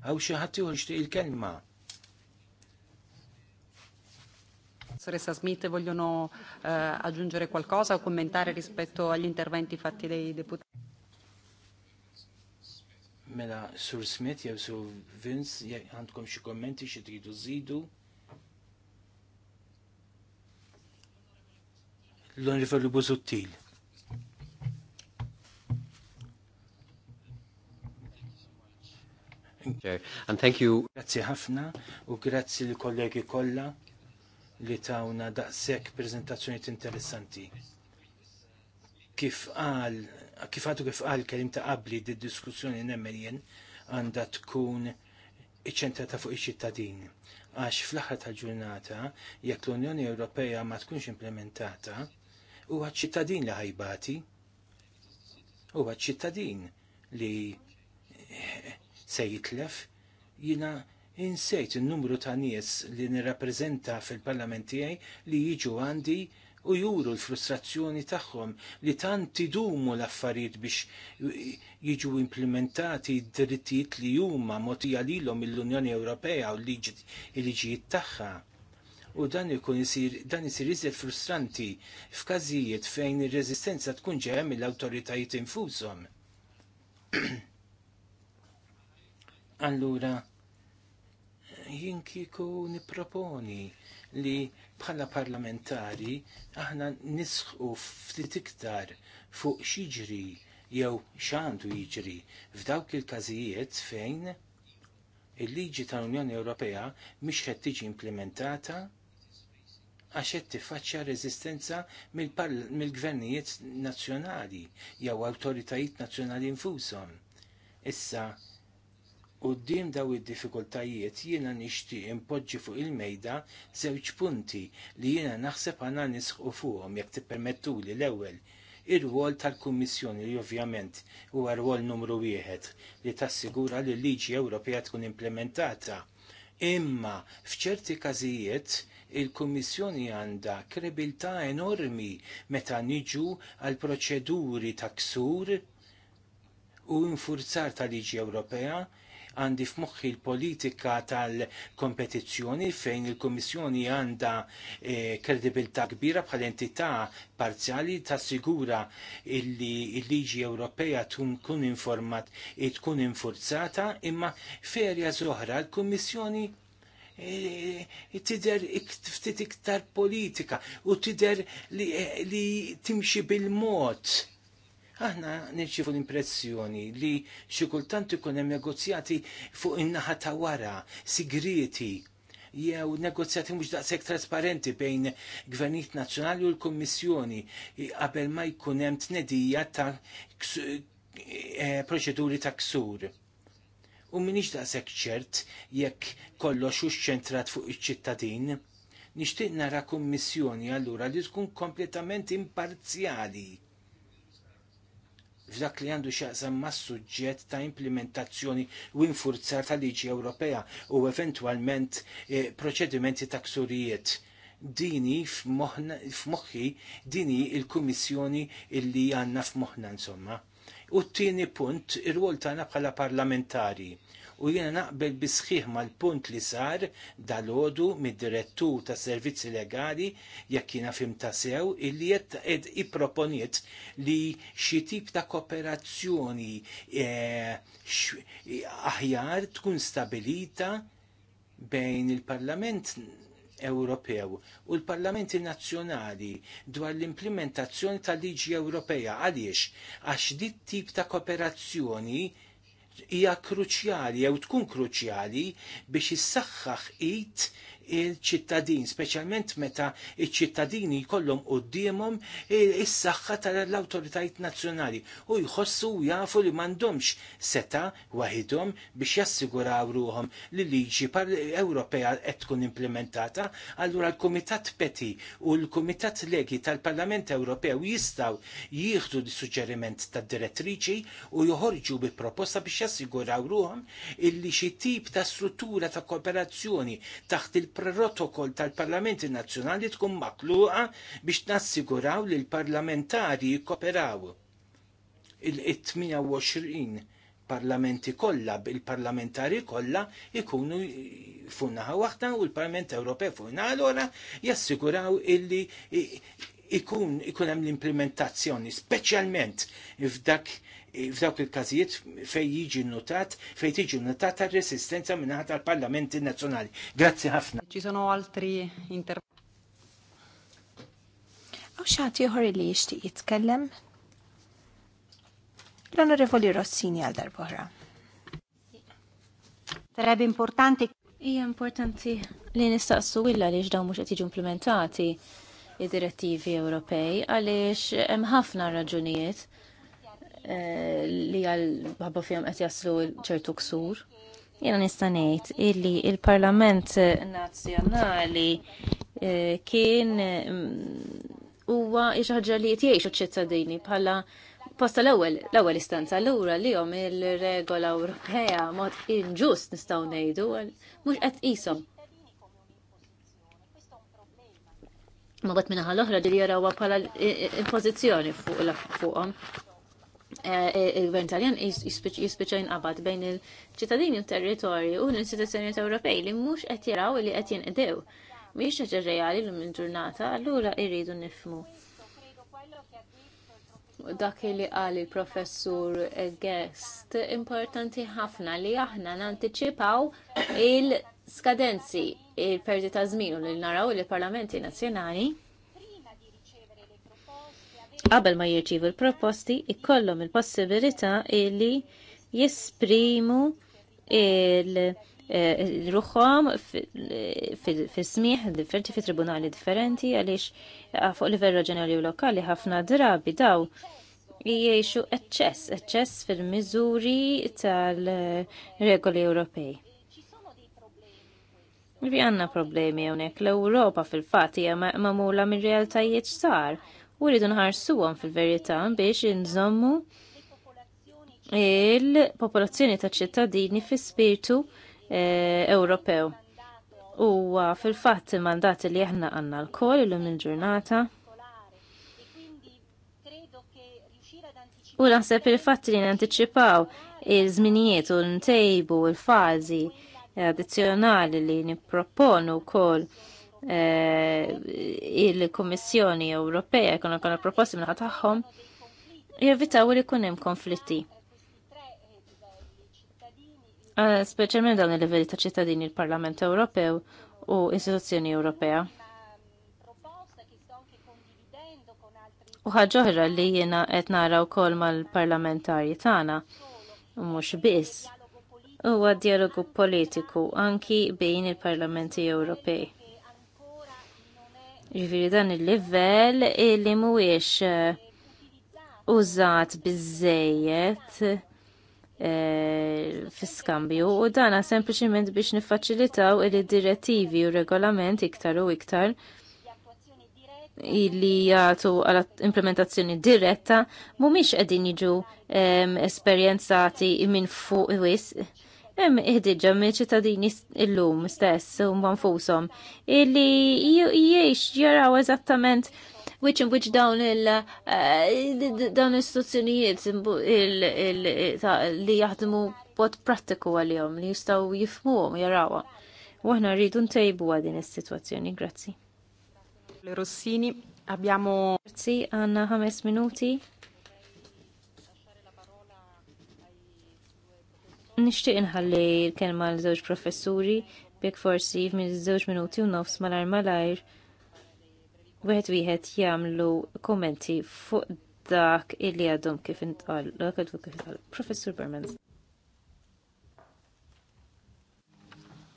Għaw xaħati u il-kelma. Soressa Smith vogliono eh, aggiungere qualcosa o commentare rispetto agli interventi fatti dai deputati? Mela, Sur Smith, jew Sur Vince, għandkom xi kommenti xi tridu żidu. L-Onrifellu Buzuttil. And thank you. Grazzi ħafna u grazzi li kollegi kollha li tawna daqshekk prezentazzjonijiet interessanti. Kif qal kif kif għal kelim ta' qabli di diskussjoni nemmen jen għanda tkun ta' fuq iċittadin, Għax fl-aħħar tal-ġurnata, jekk l-Unjoni Ewropea ma tkunx implementata, huwa ċittadin li ħajbati, huwa ċittadin li se jitlef, jina insejt il-numru ta' nies li nirrappreżenta fil-parlament tiegħi li jiġu għandi u juru l-frustrazzjoni tagħhom li tant idumu l-affarijiet biex jiġu implementati d-drittijiet li huma mogħtija lilhom mill-Unjoni Ewropea u l-liġijiet tagħha. U dan ikun isir dan isir iżjed frustranti f'każijiet fejn ir-reżistenza tkun ġeja mill-awtoritajiet infushom. Allura, jinkiku niproponi li bħala parlamentari aħna nisħu ftit iktar fuq xiġri jew x'għandu jiġri f'dawk il-każijiet fejn il-liġi tal-Unjoni Ewropea mhix qed tiġi implementata għax qed tiffaċċja reżistenza mill-gvernijiet nazzjonali jew awtoritajiet nazzjonali infushom. Issa U d-dim daw id-difikultajiet jiena nixti impoġġi fuq il-mejda żewġ punti li jiena naħseb għana nisħu fuqhom jekk tippermettu li l-ewwel ir-rwol tal-Kummissjoni li ovvjament huwa rwol numru wieħed li tassigura li l-liġi Ewropea tkun implementata. Imma f'ċerti każijiet il-Kummissjoni għandha kredibilità enormi meta niġu għal proċeduri ta' ksur u nfurzar tal-liġi Ewropea għandi f'moħħi l-politika tal-kompetizzjoni fejn il-Kummissjoni għandha eh, kredibilità kbira bħal entità parzjali ta' sigura illi il-liġi Ewropea tkun informat tkun infurzata imma ferja zoħra l-Kummissjoni eh, tider ftit iktar politika u tider eh, li, timxi bil-mod aħna nirċifu l-impressjoni li xi kultant ikun hemm negozjati fuq in-naħa ta' wara, sigriti, jew negozjati mhux daqshekk trasparenti bejn gvernijiet nazzjonali u l-Kummissjoni qabel ma jkun hemm tnedija ta' eh, proċeduri ta' ksur. U minix daqshekk ċert jekk kollox hux ċentrat fuq iċ-ċittadin. Nixtieq nara kummissjoni allura li tkun kompletament imparzjali f'dak li għandu xaqsam ma' suġġett ta' implementazzjoni u infurzar ta' liġi Ewropea u eventualment eh, proċedimenti ta' ksurijiet. Dini f'moħħi dini il-Kummissjoni illi għanna f'moħħna insomma. U t-tieni punt, ir-rwol tagħna bħala parlamentari u jiena naqbel bisħiħ mal-punt li sar dal-ħodu mid-direttur ta' servizzi legali jekk jina fim ta' sew illi jett ed iproponiet li xi tip ta' kooperazzjoni eh, aħjar tkun stabilita bejn il-Parlament Ewropew u l-Parlamenti Nazzjonali dwar l-implementazzjoni tal-Liġi Ewropea għaliex għax dit tip ta' kooperazzjoni hija kruċjali jew tkun kruċjali biex issaħħaħ id il-ċittadin, speċjalment meta il-ċittadini jkollhom qudiemhom is-saħħa tal-awtoritajiet nazzjonali u jħossu jafu li m'għandhomx seta waħidhom biex jassiguraw ruhom li liġi Ewropea qed tkun implementata, allura l-Kumitat Peti u l-Kumitat Legi tal-Parlament Ewropew jistgħu jieħdu suġġeriment tad-direttriċi u joħorġu bi proposta biex jassiguraw ruhom illi xi tip ta' struttura ta' kooperazzjoni taħt il il-protokoll tal-Parlamenti Nazzjonali tkun makluqa biex nassiguraw li l-parlamentari jikoperaw. Il-28 parlamenti kollha il-parlamentari kollha ikunu fuq naħa waħda u l-Parlament Ewropew fuq naħa l-ora jassiguraw illi ikun ikun hemm l-implementazzjoni, speċjalment f'dak f'dawk il-każijiet fejn jiġi notat, fejn tiġi notata r-resistenza minn ħadd tal-Parlamenti Nazzjonali. Grazzi ħafna. Ci sono altri inter Għaw xagħti oħra li jishtiq jitkellem? L-Onorevoli Rossini għal darbohra. Sarebbe importanti. Hija importanti li nistaqsu illa li ġdaw mhux qed jiġu implementati id-direttivi Ewropej għaliex hemm ħafna raġunijiet eh, li għal ħabba fihom qed jaslu ċertu ksur. Jena nista' ngħid illi l parlament Nazzjonali eh, kien mm, huwa xi ħaġa li qed jgħixu ċ-ċittadini bħala posta l-ewwel l-ewwel istanza allura li hom il-regola Ewropea mod inġust nistgħu ngħidu mhux qed qishom Ma bat minna ħal-oħra li jarawa pala impozizjoni fuqom. Il-gvern e, e, e, taljan jispiċajn qabad bejn il-ċittadini u territorju u l-istituzzjonijiet Ewropej li mhux qed jaraw li qed jinqdew. Mhix ħaġa reali l minn ġurnata, allura jridu nifmu. Dak li qal il-professur Guest importanti ħafna li aħna nantiċipaw il- skadenzi il-perdi ta' żmien li naraw li parlamenti nazzjonali qabel ma jirċivu l-proposti ikollhom il-possibilità li jesprimu il-ruħom eh, fil-smiħ differenti fi tribunali differenti għaliex eh, fuq livell reġjonali u lokali ħafna drabi daw jiexu eċċess, eċċess fil-miżuri tal-regoli Ewropej. Vi għanna problemi hawnhekk l-Ewropa fil-fatt hija magħmula minn realtajiet sar u rridu nħarsuhom fil-verità biex inżommu il-popolazzjoni ta' ċittadini fi spiritu eh, Ewropew. U fil-fatt mandat li aħna għanna l-koll illum il-ġurnata. U naħseb il-fatt li nanticipaw il-żminijiet u ntejbu il-fazi il fazi Eh, addizzjonali li nipproponu wkoll eh, il-Kummissjoni Ewropea jkun ukoll proposti minn tagħhom jevitaw li jkun hemm konflitti. Eh, speċjalment dawn il-livelli ta' ċittadini il-Parlament Ewropew u istituzzjoni Ewropea. U ħagġoħra li jena qed nara wkoll mal parlamentari tagħna u mhux biss huwa dialogu politiku anki bejn il-Parlamenti Ewropej. Ġifiri dan il-livell li mhuwiex eh, użat biżejjed eh, fiskambju u dana sempliciment biex nifaċilitaw il direttivi u regolament iktar u iktar li jgħatu għal implementazzjoni diretta mumiex qegħdin jiġu ehm, esperjenzati minn fuq wis hemm iħdiġa minn ċittadini illum stess u manfusom illi jiex jaraw eżattament which in which dawn il eh, dawn istituzzjonijiet li jaħdmu bot prattiku għalihom li jistgħu jifhmuhom jaraw. U aħna rridu ntejbu għadin is-sitwazzjoni, grazzi. Rossini, abbiamo Grazzi, għandna ħames minuti Nixtieq inħalli l-kelma l-żewġ professuri bekk forsi minn żewġ minuti u nofs malar malajr wieħed wieħed jagħmlu kommenti fuq dak illi għadhom kif intqal, dak Professur Bermans.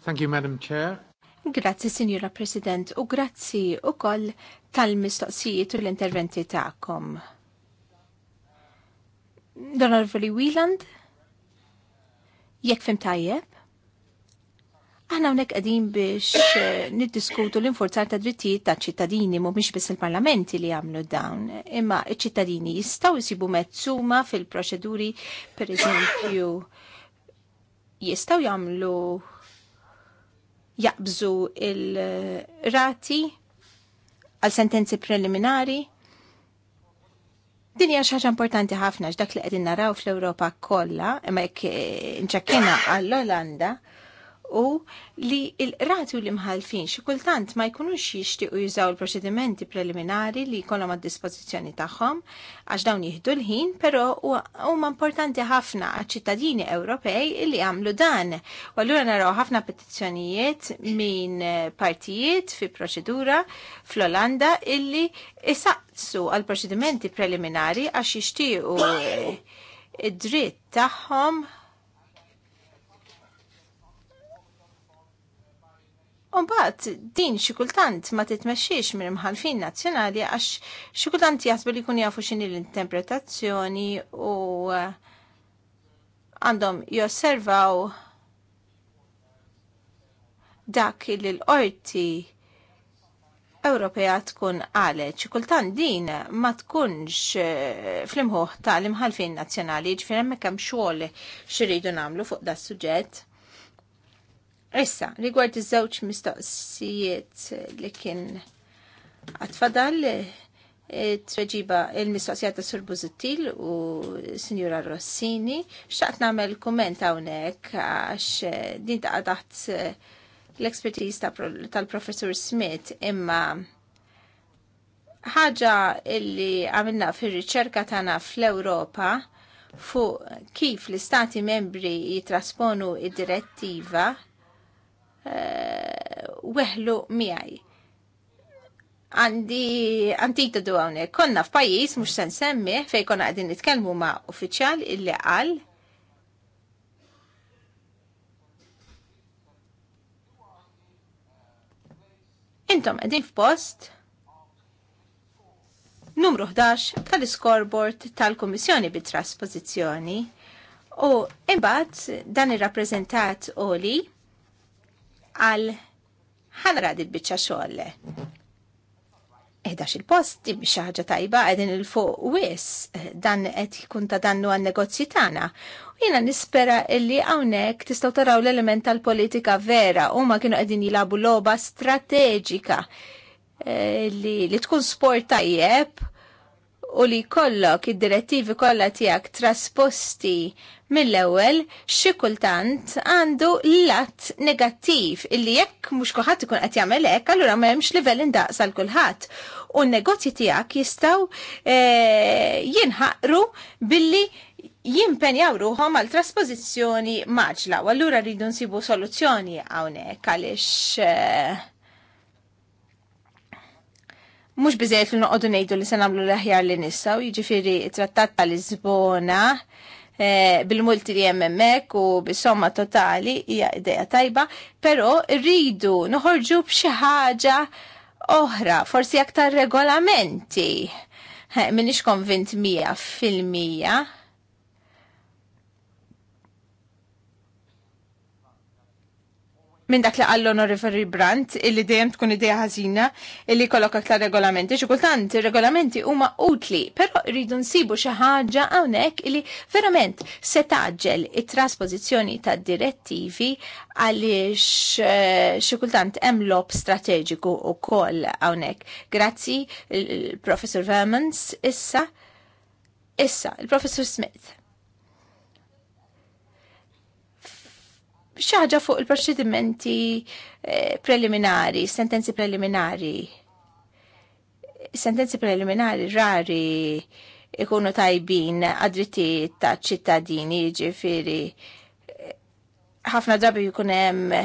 Thank you, Madam Chair. Grazzi, Signora President, u grazzi u koll tal-mistoqsijiet u l-interventi ta'kom. Donorvoli Wieland? Jekk fim tajjeb? Aħna hawnhekk qegħdin biex eh, niddiskutu l-infurzar ta' drittijiet ta' ċittadini mhumiex biss il-parlamenti li jagħmlu dawn, imma ċ-ċittadini jistgħu jsibu mezzuma fil-proċeduri pereżempju jistgħu jagħmlu jaqbżu il-rati għal sentenzi preliminari Din hija xi ħaġa importanti ħafna x'dak li qegħdin naraw fl-Ewropa kollha, imma jekk inċekkina għall-Olanda, u li il ratu li mħalfin imħalfin kultant ma jkunux u jużaw il-proċedimenti preliminari li jkollhom għad dispożizzjoni tagħhom għax dawn jieħdu l-ħin, u huma importanti ħafna ċittadini Ewropej li għamlu dan. U allura naraw ħafna petizzjonijiet minn eh, partijiet fi proċedura fl-Olanda illi isaqsu għal proċedimenti preliminari għax jixtiequ eh, id-dritt tagħhom Umbat, din xikultant ma titmexxiex minn mħalfin nazzjonali għax xikultant jasbu li kun jafu xini l-interpretazzjoni u uh, għandhom josservaw dak li l-qorti Ewropea tkun għalet, kultant din ma tkunx uh, fl-imħuħ tal-imħalfin nazzjonali ġifir hemm hemm xogħol xiridu namlu fuq da suġġett. Issa, rigward iż-żewġ mistoqsijiet li kien għatfadal e, tweġiba il-mistoqsija ta' Sur Buzittil u Signora Rossini. Xtaqt namel komment hawnhekk għax e, din e, ta' taħt l-ekspertiż tal-Professur Smith imma ħaġa illi għamilna fir-riċerka tagħna fl-Ewropa fuq kif l-istati membri jitrasponu id-direttiva weħlu miħaj. għandi antita du għawne. Konna f'pajis, mux sen semmi, fej konna għadin nitkelmu ma' uffiċjal illi għal. Intom għadin f'post numru 11 tal-scoreboard tal-Komissjoni bit-Trasposizjoni u imbagħad dan ir-rappreżentat Oli għal ħanra di bicċa xolle. Eħdax il-post biex ħaġa tajba għedin il-fuq wis dan qed jkun ta' dannu għan negozji tagħna. U jiena nispera illi hawnhekk tistaw taraw l-element tal-politika vera huma kienu qegħdin jilabu loba strateġika eh, li, li tkun sport tajjeb u li kollok id-direttivi kollha tiegħek trasposti mill-ewwel xi kultant għandu lat negattiv illi jekk mhux kulħadd ikun qed jagħmel hekk allura m'hemmx livell indaqs għal kulħadd. U n-negozji tiegħek jistgħu eh, jinħaqru billi jimpenjaw ruħom għal traspożizzjoni maġla u allura rridu nsibu soluzzjoni hawnhekk għaliex eh, mux bizzejt li noqodu nejdu li sanamlu l-ħjar li nissa u jġifiri trattat tal Lisbona eh, bil-multi li jemmek u bil-somma totali hija ideja tajba, pero rridu noħorġu b'xi ħaġa oħra, forsi aktar regolamenti. Eh, minix konvint mija fil-mija minn dak li għall onorevoli Brandt illi dejjem tkun idea ħażina illi kollok aktar regolamenti. Xi kultant ir-regolamenti huma utli, però rridu nsibu xi ħaġa hawnhekk illi verament se taġġel it traspożizzjoni tad-direttivi għaliex eh, xi kultant hemm lob strateġiku wkoll hawnhekk. Grazzi il-Professor Vermans issa. Issa, il-Professor Smith. xaħġa fuq il-proċedimenti eh, preliminari, sentenzi preliminari. Sentenzi preliminari rari ikunu tajbin għadriti ta' ċittadini ġifiri. Eh, ħafna drabi jkun hemm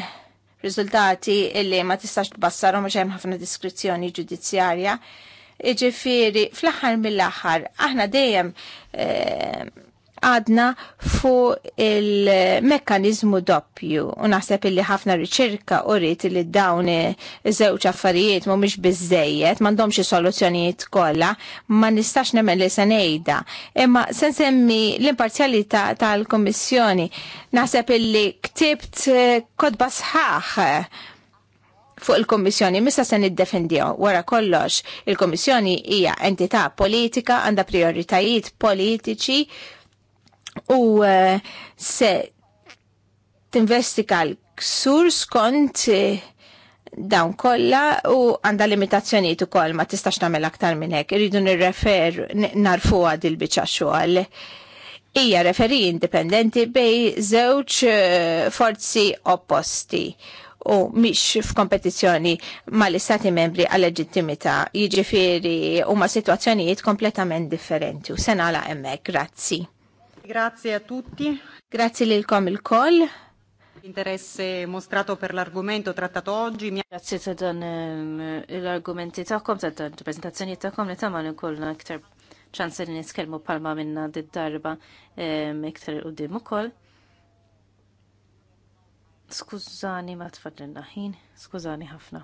riżultati illi ma tistax tbassarom ma hemm ħafna diskrizzjoni ġudizzjarja. Ġifiri, fl-aħħar mill-aħħar, aħna dejjem eh, għadna fuq il-mekkanizmu doppju u naħseb illi ħafna riċerka u rrit li dawn żewġ affarijiet mhumiex biżejjed m'għandhomx soluzzjonijiet kollha ma nistax nemmen li se ngħidha. Imma se nsemmi l-imparzjalità tal-Kummissjoni naħseb illi ktibt kodba sħaħ fuq il-Kommissjoni sen se niddefendiha wara kollox. Il-Kommissjoni hija entità politika għandha prioritajiet politiċi u eh, se tinvestiga l-ksur skont eh, dawn kollha u għandha limitazzjonijiet ukoll ma tistax tagħmel aktar minn hekk. Irridu nirrefer narfuha il-bicċa xogħol. Hija referi indipendenti bej żewġ eh, forzi opposti u mhix f'kompetizzjoni mal-istati membri għal leġittimità jiġifieri huma sitwazzjonijiet kompletament differenti u sena għala hemmhekk grazzi. Grazie a tutti. Grazie lilkom il-koll. Interesse mostrato per l'argomento trattato oggi. Mi... Grazie ta' dan eh, l-argumenti ta'kom, ta' dan l-prezentazzjoni ta'kom li ta' ma' nkollna iktar ċanser li niskelmu palma minna did darba eh, iktar u dim ukoll. Skużani ma tfadlilna ħin, skużani ħafna.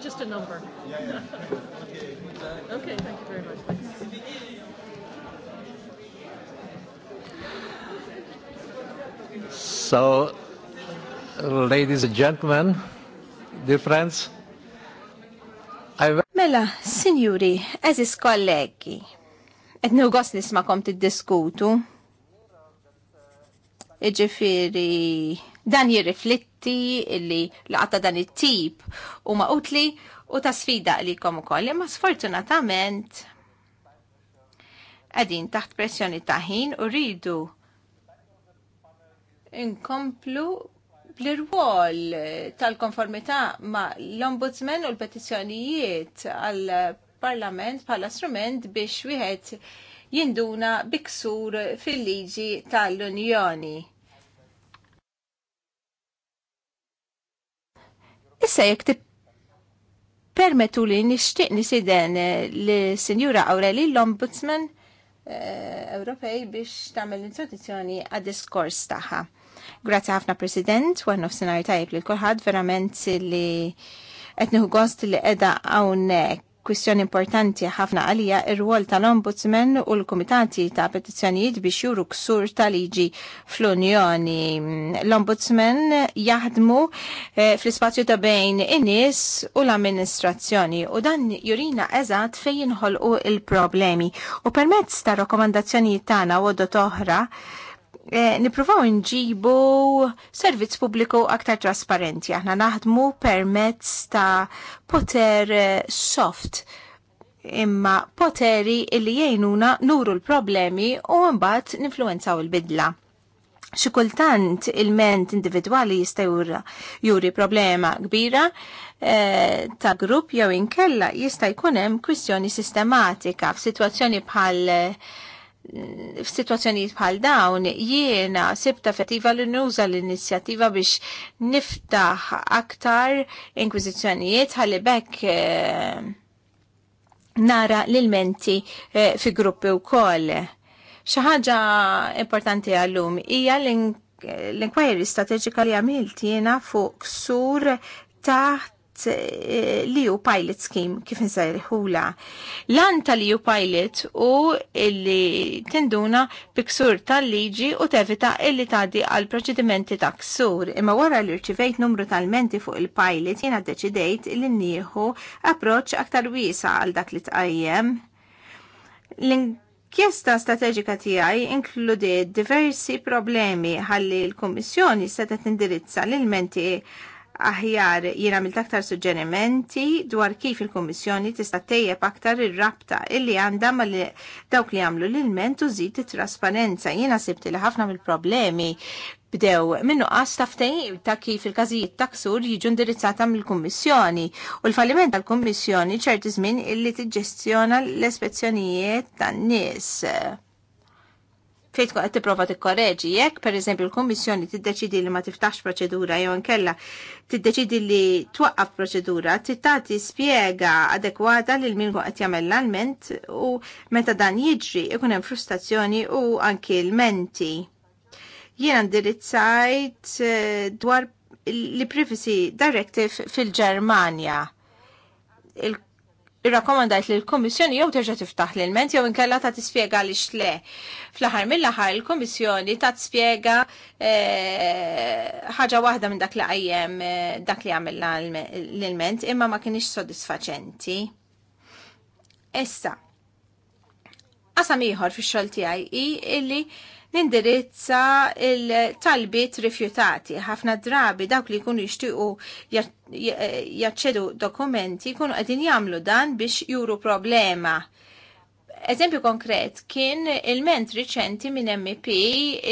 just a number. Yeah, yeah. okay, okay, thank you very much. Thanks. So, ladies and gentlemen, dear friends, I... Mela, signori, eżis kollegi, et nugos nismakom t-diskutu. Iġifiri, Dan jirrifletti li laqta dan it-tip u ma' utli u ta' sfida li kom u koll, imma sfortunatament għedin taħt pressjoni taħin u rridu inkomplu l-irwol tal-konformità ma' l-ombudsman u l-petizzjonijiet għal-parlament bħala strument biex wieħed jinduna biksur fil-liġi tal-Unjoni. Issa jek ti permetu li nishtiq nisiden eh, li Sinjura Aureli l-Ombudsman eh, Ewropej biex tamil introduzzjoni għad-diskors taħħa. Grazie ħafna President, għan nofsenar tajb li l-kolħad verament li etniħu gost li edha għawnek kwistjoni importanti ħafna għalija ir-rwol tal-Ombudsman u l-Kumitati ta' Petizzjonijiet biex juru ksur tal-liġi fl-Unjoni. L-Ombudsman jaħdmu eh, fl-ispazju ta' bejn in-nies u l-amministrazzjoni u dan jurina eżat fejn jinħolqu il-problemi u permezz ta' rakkomandazzjonijiet tagħna u oħra Eh, niprofaw nġibu servizz pubbliku aktar trasparenti. Aħna naħdmu permezz ta' poter eh, soft imma poteri illi jgħinuna nuru l-problemi u mbagħad ninfluenzaw il-bidla. Xi kultant il-ment individwali jista' juri problema kbira eh, ta' grupp jew inkella jista' jkun hemm kwistjoni sistematika f'sitwazzjoni bħal f'sitwazzjonijiet bħal dawn jiena sibta fettiva li nuża l-inizjattiva biex niftaħ aktar inkwiżizzjonijiet ħalli bekk eh, nara l-menti eh, fi gruppi wkoll. Xi ħaġa importanti għallum hija l inkwajri strateġika li għamilt jiena fuq ksur taħt Li u eh, Pilot Scheme kif nsejħula. Lan tal-EU Pilot u illi tinduna biksur tal-liġi u tevita illi tadi għal proċedimenti ta' ksur. Imma wara li rċivejt numru tal-menti fuq il-pilot jena deċidejt li nieħu approċ aktar wiesa għal dak li tqajjem. Kjesta strateġika tiegħi inkludi diversi problemi ħalli l-Kummissjoni seta tindirizza l-menti aħjar jien għamilt aktar suġġerimenti dwar kif il-Kummissjoni tista' tejjeb aktar ir-rabta illi għandha ma li dawk li għamlu l-ilment u żid it-trasparenza. Jiena sibti li ħafna mill-problemi bdew minnu qas taftejn ta' kif il-każijiet ta' ksur jiġu indirizzata mill-Kummissjoni u l-falliment tal-Kummissjoni ċerti żmien illi tiġġestjona l-ispezzjonijiet tan-nies fejt qed tipprova tikkoreġi jekk pereżempju l-Kummissjoni tiddeċidi li ma tiftax proċedura jew inkella tiddeċidi li twaqqaf proċedura, tagħti spjega adekwata lil min qed jagħmel l-alment u meta dan jiġri ikun hemm frustrazzjoni u anki l-menti. Jiena ndirizzajt eh, dwar li privacy Directive fil-Ġermanja. il irrakomandajt li l-Komissjoni jew terġa' tiftaħ l-ilment jew inkella ta' tispjega li xle. Fl-aħħar mill-aħħar il-Komissjoni ta' tispjega eh, ħaġa waħda minn dak li qajjem eh, dak li għamel l-ilment imma ma kienx sodisfaċenti. Issa, qasam ieħor fix-xogħol tiegħi hi illi nindirizza il-talbiet rifjutati. Ħafna drabi dawk li jkunu jixtiequ jaċċedu dokumenti jkunu qegħdin jagħmlu dan biex juru problema Eżempju konkret kien il-ment riċenti minn MP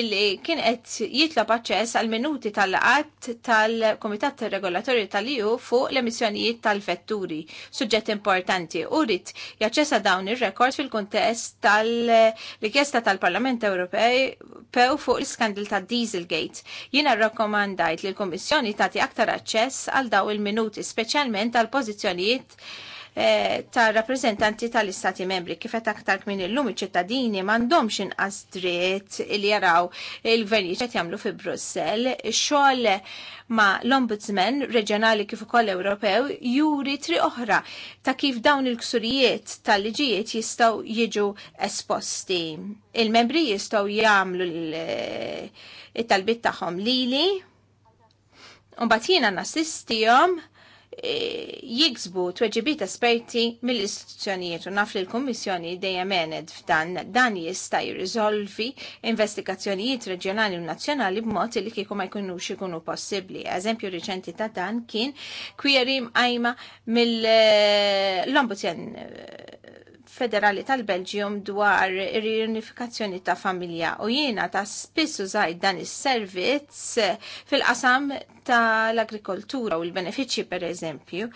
li kien qed jitlob aċċess għal minuti tal-qatt tal kumitat Regolatorju tal-EU fuq l-emissjonijiet tal-vetturi, suġġett importanti, u rrid jaċċessa dawn ir-rekords fil-kuntest tal-rikjesta tal-Parlament pew fuq l-skandil ta' Dieselgate. Jiena rrakkomandajt li l kummissjoni tagħti aktar aċċess għal daw il-minuti, speċjalment tal pożizzjonijiet Eh, ta' rappresentanti tal-istati membri kifet aktar minn illum lumi ċittadini m'għandhomx inqas dritt il jaraw il-gvernijiet qed jagħmlu fi Brussell. Xogħol ma' l-Ombudsman reġjonali kif ukoll Ewropew juri tri oħra ta' kif dawn il-ksurijiet tal-liġijiet jistgħu jiġu esposti. Il-membri jistgħu jagħmlu eh, it-talbit tagħhom lili, Un-batjina nasistijom E, jiksbu tweġibiet esperti mill-istituzzjonijiet u naf li l-Kummissjoni dejjem għened f'dan dan jista' jirriżolvi investigazzjonijiet reġjonali u nazzjonali b'mod li kieku ma jkunux ikunu possibbli. Eżempju riċenti ta' dan kien kwierim għajma mill-Ombudsman federali tal-Belġium dwar ir-riunifikazzjoni ta' familja u jiena ta' spissu zaħid dan is-servizz fil-qasam tal-agrikoltura u l-benefiċċji per eżempju.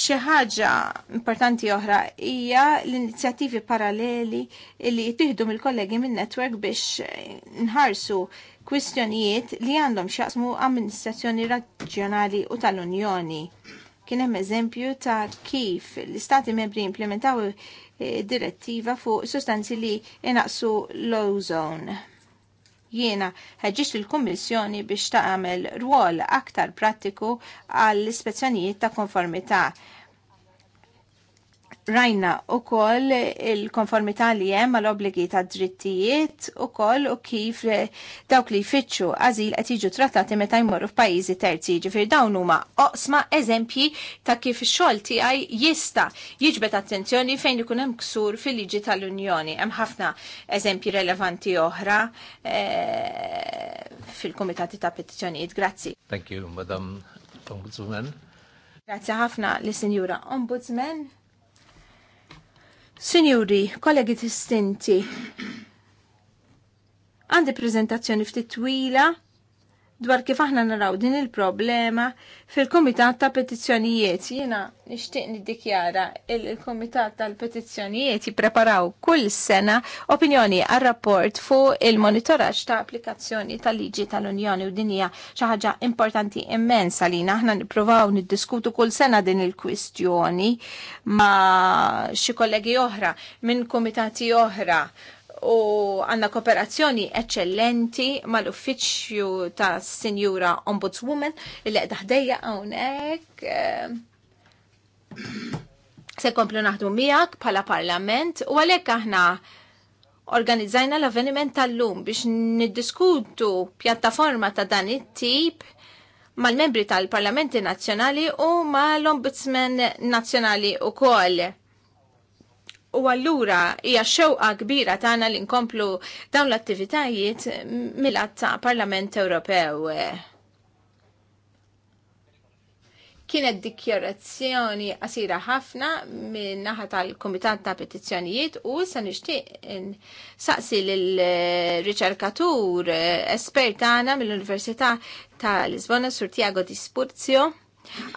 Xi ħaġa importanti oħra hija l-inizjattivi paralleli li jittieħdu mill-kollegi min-netwerk biex nħarsu kwistjonijiet li għandhom x'jaqsmu amministrazzjoni raġjonali u tal-Unjoni Kien hemm eżempju ta' kif l-istati membri implementaw eh, direttiva fuq sostanzi li inaqsu l-ozone. Jiena ħeġġiex il-Kummissjoni biex tagħmel rwol aktar prattiku għall ispezzjonijiet ta' konformità rajna u koll il-konformità li jem mal obligi ta' drittijiet u koll u kif dawk li jfittxu għazil qed jiġu trattati meta jmorru f'pajjiżi terzi. ġifir dawn huma oqsma eżempji ta' kif ix-xogħol tiegħi jista' jiġbed attenzjoni fejn ikun hemm ksur fil-liġi tal-Unjoni. Hemm ħafna eżempji relevanti oħra eh, fil-Kumitati ta' Petizzjonijiet. Grazzi. Thank you, Madam Ombudsman. Grazzi ħafna li Sinjura Ombudsman. Signori, kollegi distinti, għandi prezentazzjoni ftit twila dwar kif aħna naraw din il-problema fil-Komitat ta' Petizzjonijiet. Jiena nixtieq niddikjara il-Komitat tal-Petizzjonijiet jippreparaw kull sena opinjoni għar rapport fuq il-monitoraġġ ta' applikazzjoni tal-liġi tal-Unjoni u din hija xi ħaġa importanti immensa li aħna nippruvaw niddiskutu kull sena din il-kwistjoni ma' xi kollegi oħra minn komitati oħra u għanna kooperazzjoni eccellenti mal-uffiċju ta' Sinjura Ombudswoman il qed ħdejja hawnhekk. Eh, se komplu naħdu miegħek bħala parlament u għalhekk aħna organizzajna l-avveniment tal-lum biex niddiskutu pjattaforma ta' dan it-tip mal-membri tal-Parlamenti Nazzjonali u mal-Ombudsman Nazzjonali u koll U allura hija xewqa kbira tagħna li nkomplu dawn l-attivitajiet mill ta' Parlament Ewropew. Kienet dikjarazzjoni qasira ħafna minn naħa tal-Kumitat ta' Petizzjonijiet u se nixtieq saqsi l riċerkatur eh, espert tagħna mill-Università ta' Lisbona Sur Tiago Di Spurzio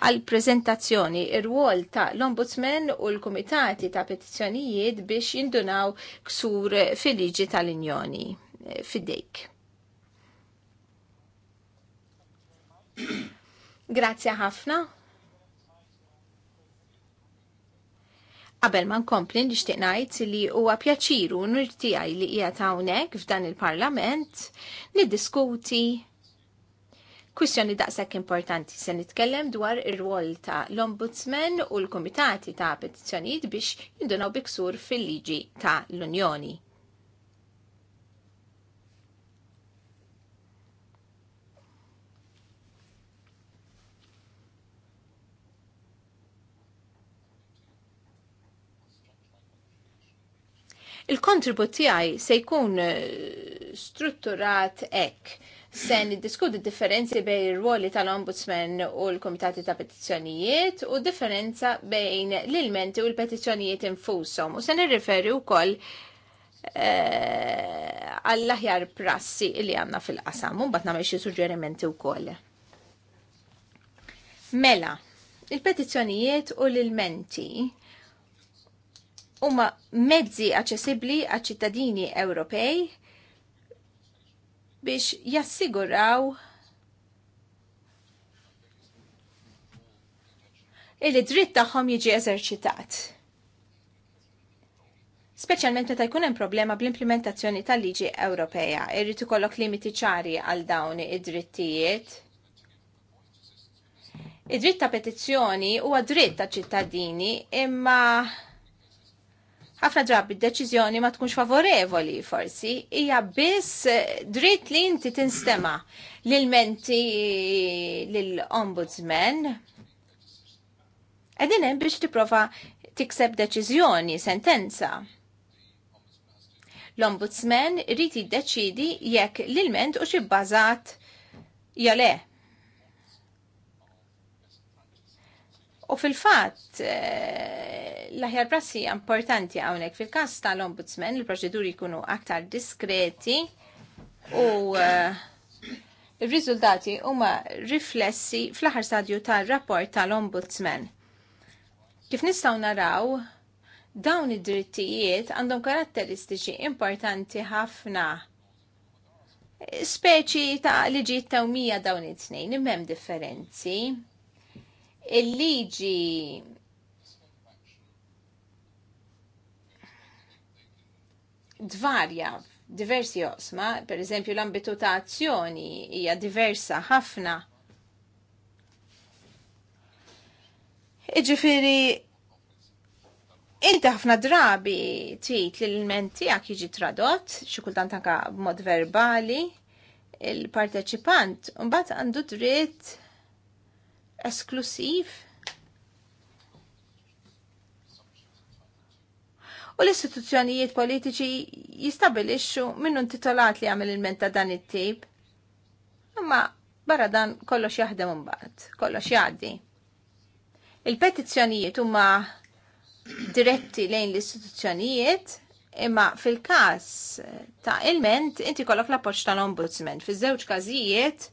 għal-prezentazzjoni ir-rwol ta' l-Ombudsman u l-Kumitati ta' Petizzjonijiet biex jindunaw ksur fil-liġi tal-Unjoni eh, fidejk. Grazie ħafna. Qabel ma nkompli nixtieq ngħid li huwa pjaċiru nirtijaj li qiegħed hawnhekk f'dan il-Parlament niddiskuti kwistjoni daqshekk importanti se nitkellem dwar ir-rwol ta' l-Ombudsman u l-Kumitati ta' Petizzjonijiet biex jindunaw biksur fil-liġi ta' l-Unjoni. Il-kontribut tiegħi se jkun eh, strutturat hekk se niddiskutu differenzi bejn ir-ruoli tal-Ombudsman u l-Komitati ta' Petizzjonijiet u differenza bejn l-ilmenti u l-petizzjonijiet infushom u se nirriferi wkoll eh, għall-aħjar prassi li għanna fil-qasam, un bat namel suġġerimenti u koll. Mela, il-petizzjonijiet u l-ilmenti huma mezzi aċċessibbli għal ċittadini Ewropej biex jassiguraw illi dritt tagħhom jiġi eżerċitat. Speċjalment meta jkun hemm problema bl-implementazzjoni tal-liġi Ewropea, irrid ikollok limiti ċari għal dawn id-drittijiet. Id-dritt ta' petizzjoni huwa dritt ta' ċittadini imma ħafna drabi d-deċiżjoni ma tkunx favorevoli forsi, hija biss eh, dritt li inti tinstema l-menti l-ombudsman. Edin hemm biex tipprova tikseb deċiżjoni, sentenza. L-ombudsman rrit jiddeċidi jekk l-ilment u xi bbażat le. U fil-fatt, eh, l-aħjar prassi importanti għawnek fil-kas tal-ombudsman, il-proċeduri jkunu aktar diskreti u eh, il-rizultati huma riflessi fl ħar stadju tal-rapport tal-ombudsman. Kif nistaw naraw, dawn id-drittijiet għandhom karatteristiċi importanti ħafna speċi ta' liġi tawmija dawn it-tnejn, immem differenzi il-liġi dvarja diversi osma, per eżempju l-ambitu ta' azzjoni hija diversa ħafna. Iġifiri, Inti ħafna drabi tit li l-ilment tiegħek jiġi tradott, xi kultant anke b'mod verbali, il-parteċipant mbagħad għandu dritt esklusiv. U l-istituzzjonijiet politiċi jistabilixxu minnu intitolat li għamil il-menta dan it-tip. Imma barra dan kollox jaħdem imbagħad, kollox jgħaddi. Il-petizzjonijiet huma diretti lejn l-istituzzjonijiet, imma fil-każ ta' ilment inti kollok l-appoġġ tal-ombudsman. Fiż-żewġ każijiet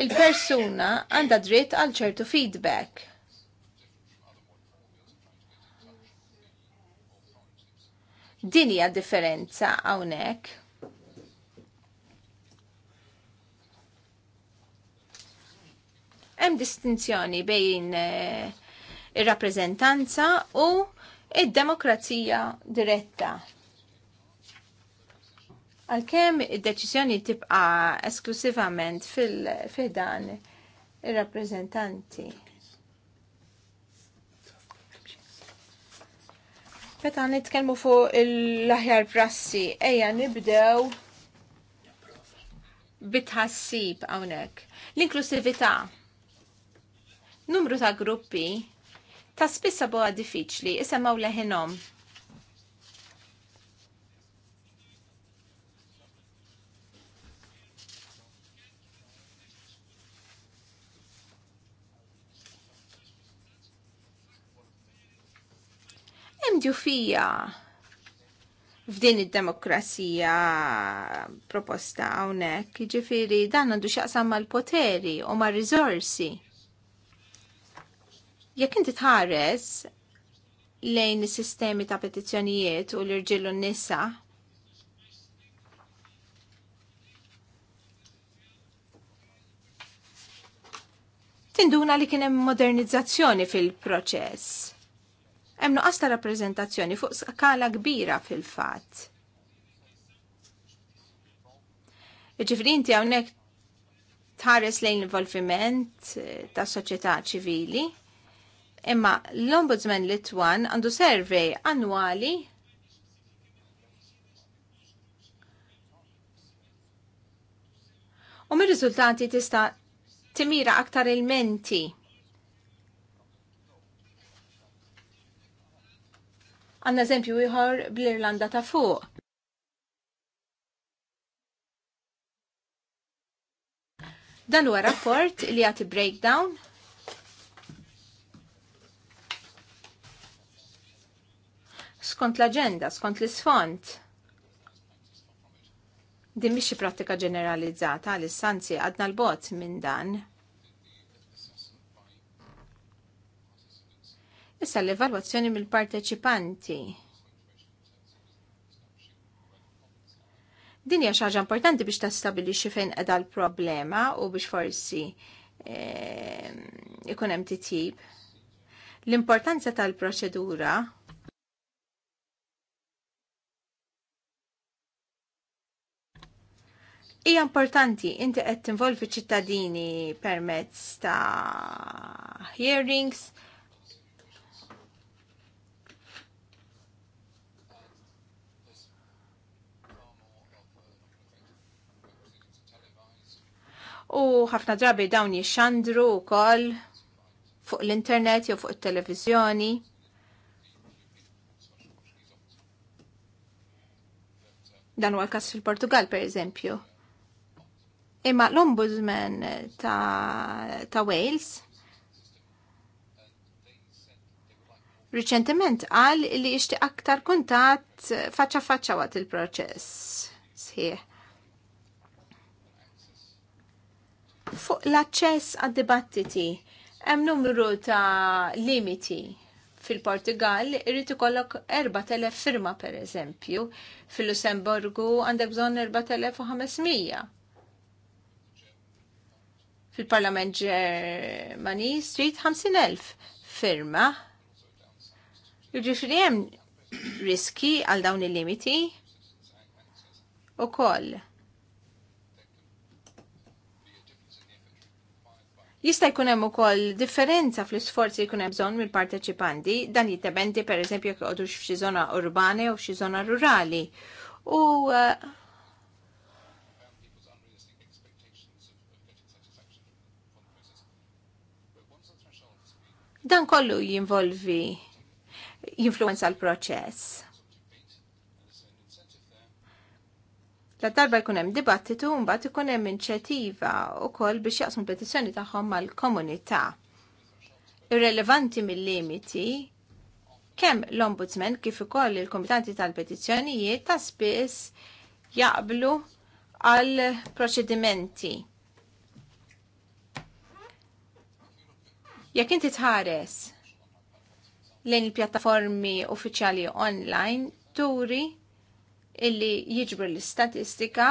il-persuna għandha dritt għal ċertu feedback. Din hija differenza hawnhekk. Hemm distinzjoni bejn eh, ir-rappreżentanza u id-demokrazija diretta. Għalkemm id-deċiżjoni tibqa' esklusivament fil-fidan ir-rappreżentanti. Meta nitkellmu fuq l-aħjar prassi, ejja nibdew bitħassib hawnhekk. L-inklusività. Numru ta' gruppi ta' spissa boha diffiċli isemgħu leħinhom hemm fija f'din id-demokrazija proposta hawnhekk, jiġifieri dan għandu x'jaqsam mal-poteri u mar-riżorsi. Jekk inti tħares lejn is-sistemi ta' petizzjonijiet u l-irġiel u n-nisa tinduna li kien hemm modernizzazzjoni fil-proċess. Hemm nuqqas ta' rappreżentazzjoni fuq skala kbira fil-fatt. Ġifri inti hawnhekk tħares lejn l-involviment eh, ta' soċjetà ċivili, imma l-Ombudsman Litwan għandu servej annwali u mir-riżultati tista' timira aktar il-menti Għanna eżempju ieħor bl-Irlanda ta' fuq. Dan huwa rapport li jagħti breakdown skont l-agenda, skont l sfont Din mhix pratika ġeneralizzata li sanzi għadna l-bot minn dan. Issa l-evalwazzjoni mill-parteċipanti. Din hija xi ħaġa importanti biex tastabilixxi fejn qiegħda l-problema u biex forsi ehm, ikun hemm titjib. L-importanza tal-proċedura Hija importanti, inti qed tinvolvi ċittadini permezz ta' hearings, u ħafna drabi dawn jixxandru wkoll fuq l-internet jew fuq it-televiżjoni. Dan huwa l-każ fil-Portugal pereżempju. Imma l-Ombudsman ta', ta Wales Riċentement qal li jixtieq aktar kuntat faċċa faċċa waqt il-proċess. Sħiħ. Fuq l-aċċess għad-dibattiti, hemm numru ta' limiti fil-Portugal irrid ikollok 4000 firma per eżempju, fil-Lussemburgu għandek bżonn 4500. Fil-Parlament Germani Street 50,000 firma. Jiġifieri hemm riski għal dawn il-limiti koll. Jista' jkun hemm ukoll differenza fl-isforzi jkun hemm bżonn mill-parteċipanti, dan jiddependi pereżempju jekk jgħodux f'xi żona urbana jew f'xi żona rurali. U uh, dan kollu jinvolvi jinfluenza l-proċess. La darba jkun hemm dibattitu mbagħad ikun hemm inċettiva wkoll biex jaqsmu petizzjoni tagħhom mal-komunità. Irrelevanti mill-limiti kemm l-Ombudsman kif ukoll il komitanti tal-Petizzjonijiet ta' spiss jaqblu għal proċedimenti. Jekk inti tħares lejn il-pjattaformi uffiċjali online, turi illi jiġbru l-istatistika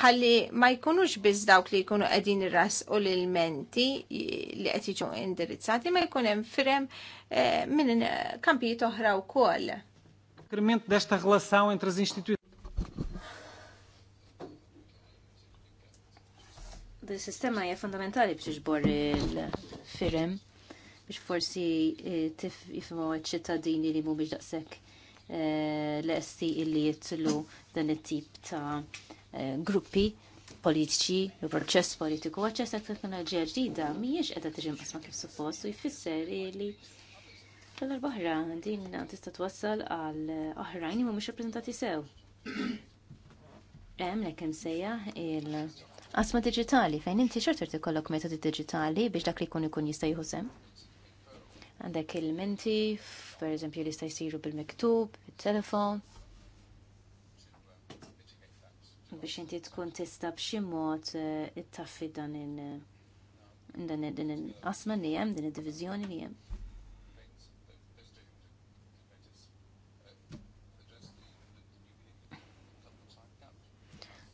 ħalli ma jkunux biss dawk li jkunu qegħdin ras u l-menti li qed jiġu indirizzati ma jkun hemm firem eh, minn kampijiet oħra wkoll. d desta relação entre z instituições. Il-sistema hija fundamentali biex iġbor il-firem biex forsi eh, tifhmu ċ-ċittadini li mhumiex daqshekk Eh, l-esti illi jitlu dan it-tip ta' eh, gruppi politiċi, proċess politiku, għacċess għak teknoloġija ġdida, miex edha tiġi mqasma kif suppost u jfisser li tal-arbaħra din tista' twassal għal oħrajn ma mux rappreżentati sew. Hemm hemm sejja il qasma digitali fejn inti xorter tikollok metodi digitali biex dak li jkun ikun jista' jieħu sem. Għandek il-menti, per eżempju, li sta' siru bil-miktub, bil telefon Biex inti tkun tista' b'xi mod eh, it-taffi eh, dan il- din il-qasma li hemm, din id divizjoni li hemm.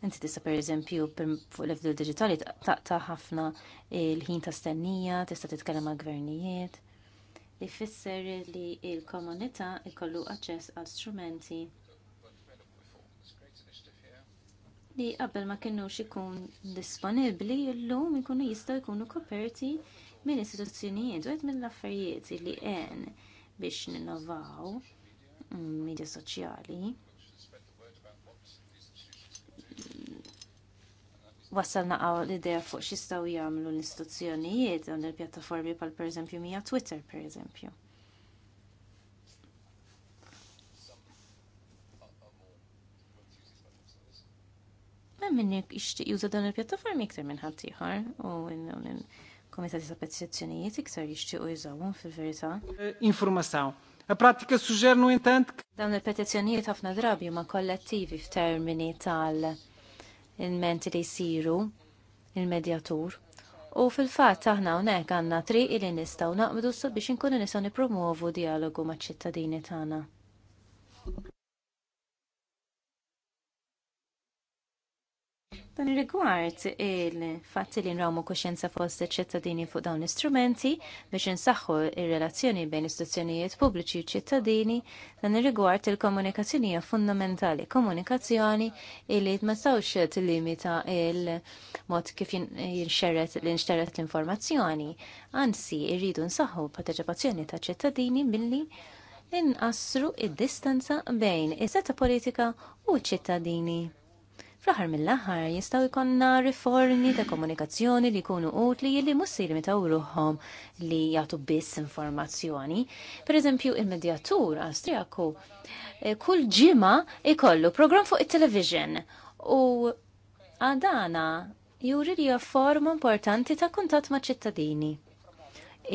Inti tista per eżempju fuq l evdu digitali taqta ħafna il-ħin ta' stennija, tista' titkellem ma' gvernijiet li fisser li l komunità jkollu aċċess għal strumenti li qabel ma kinux ikun disponibbli llum ikunu jistgħu jkunu koperti minn istituzzjonijiet u qed mill-affarijiet li għen biex ninnovaw mm, media soċjali. wasalna għaw l-idea fuq xistaw jagħmlu l-istituzzjonijiet għan il-pjattaformi pal per eżempju mija Twitter per eżempju. Mem minni ixtiq juża dan il-pjattaformi iktar minn ħadd ieħor u minn komitati ta' petizzjonijiet iktar jixtiequ jużawhom fil-verità. La eh, Pratika suġġernu intent? Dan il-petizzjonijiet ħafna drabi ma' kollettivi f'termini tal- il-menti li jsiru il-medjatur. U fil-fatt aħna hawnhekk għandna triq li nistgħu naqbdu biex inkunu nistgħu nippromovu dialogu maċ-ċittadini tagħna. Dan rigward il-fatti li nrawmu kuxjenza fost ċittadini fuq dawn l-istrumenti biex insaħħu il relazzjoni bejn istituzzjonijiet pubbliċi u ċittadini, dan rigward il-komunikazzjoni hija fundamentali, komunikazzjoni li ma tawx tillimita il-mod kif jinxerret l l-informazzjoni, anzi irridu nsaħħu parteċipazzjoni ta' ċittadini billi inqassru id-distanza bejn is-seta politika u ċittadini. Fl-aħħar mill-aħħar jistgħu jkollna riformi ta' komunikazzjoni li jkunu utli li mussir se li jagħtu biss informazzjoni. Pereżempju il-medjatur Austriaku eh, kull ġima ikollu program fuq it-television u għadana juri li forma importanti ta' kuntatt ma' ċittadini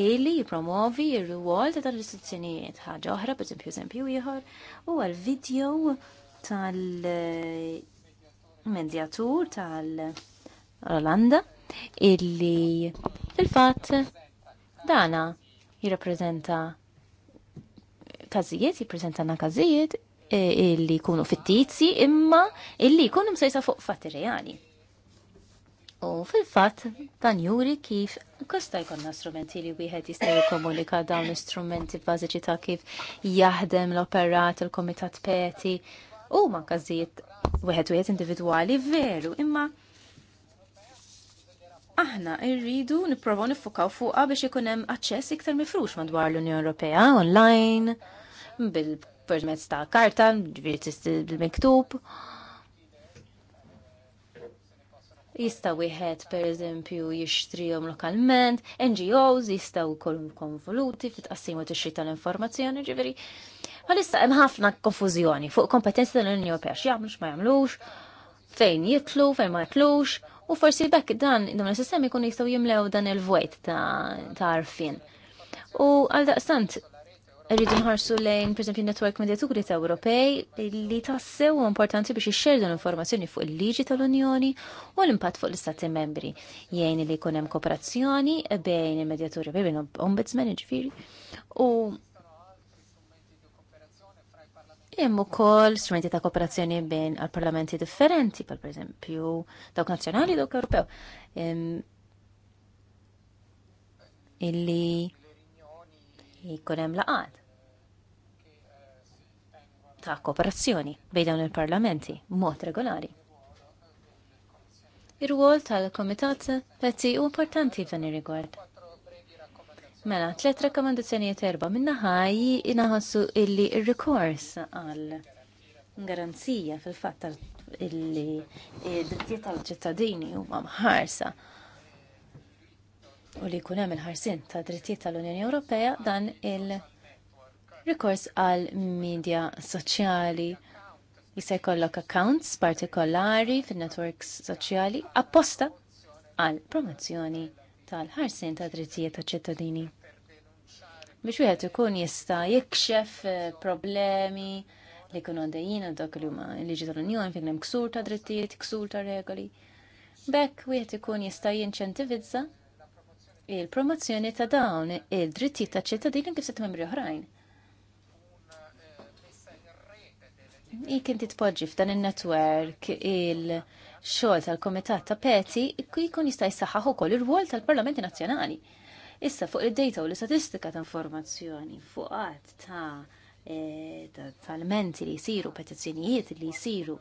illi jipromovi il-ruol ta' tal-istituzzjonijiet. ħaġa oħra, per eżempju, eżempju ieħor, u għal-video tal- medjatur tal-Olanda illi fil-fatt dana jirrappreżenta każijiet, jirrappreżentana każijiet e, illi jkunu fittizji imma illi jkunu msejsa fuq fatti reali. U fil-fatt dan juri kif kosta jkollna strumenti li wieħed jista' jikkomunika dawn l-istrumenti bażiċi ta' kif jaħdem l-operat, il-komitat peti u ma każijiet wieħed wieħed individwali veru, imma aħna irridu nipprovaw nifukaw fuqha biex ikun hemm aċċess iktar mifrux madwar l-Unjoni Ewropea online bil-permezz ta' karta, bil-miktub. Jista' wieħed pereżempju jixtrihom lokalment, NGOs jistgħu jkollhom konvoluti fit-tqassim u tixri tal-informazzjoni, ġifieri Għalissa hemm ħafna konfużjoni fuq kompetenzi tal-Unjoni Ewropea x'jagħmlu x'ma jagħmlux, fejn jitlu, fejn ma jitlux, u forsi bekk dan dawn is-sistemi jkunu jistgħu jimlew dan il-vojt ta' arfin. U għal daqstant rridu nħarsu lejn pereżempju netwerk medjaturi ta' Ewropej li tassew importanti biex ixxerdu informazzjoni fuq il-liġi tal-Unjoni u l-impatt fuq l-Istati membri. Jgħin li jkun hemm kooperazzjoni bejn il-medjaturi bejn ombudsman ġifieri u Hemm ukoll strumenti ta' kooperazzjoni bejn għal parlamenti differenti, pal eżempju, dawk nazzjonali dawk Ewropew. Illi jkun hemm laqad ta' kooperazzjoni bejn dawn il-parlamenti mod regolari. Ir-rwol tal-Komitat Pezzi u importanti f'dan ir-rigward. Mela, tliet rakkomandazzjonijiet erba' minnaħaj inaħassu illi r rikors għal garanzija fil-fatt illi drittijiet tal-ċittadini huma mħarsa u li jkun hemm il-ħarsin ta' drittijiet tal-Unjoni Ewropea dan il-rikors għal media soċjali jista' jkollok accounts partikolari fin-networks soċjali apposta għal promozzjoni tal-ħarsin ta' drittijiet ta' ċittadini biex wieħed ikun jista' jikxef eh, problemi li jkunu għandejjin dak li huma liġi tal-Unjoni fejn hemm ksur ta' drittijiet, ksur ta' regoli. Bekk wieħed ikun jista' jinċentivizza il-promozzjoni ta' dawn id-drittijiet ta' ċittadini kif se membri oħrajn. Ik inti tpoġġi f'dan in netwerk il-xogħol tal-Komitat ta' Peti jkun jista' jsaħħaħ ukoll ir-rwol tal-Parlamenti Nazzjonali. Issa fuq id-data u l-istatistika ta' informazzjoni fuq qatt eh, ta' tal-menti li jisiru, petizzjonijiet li jisiru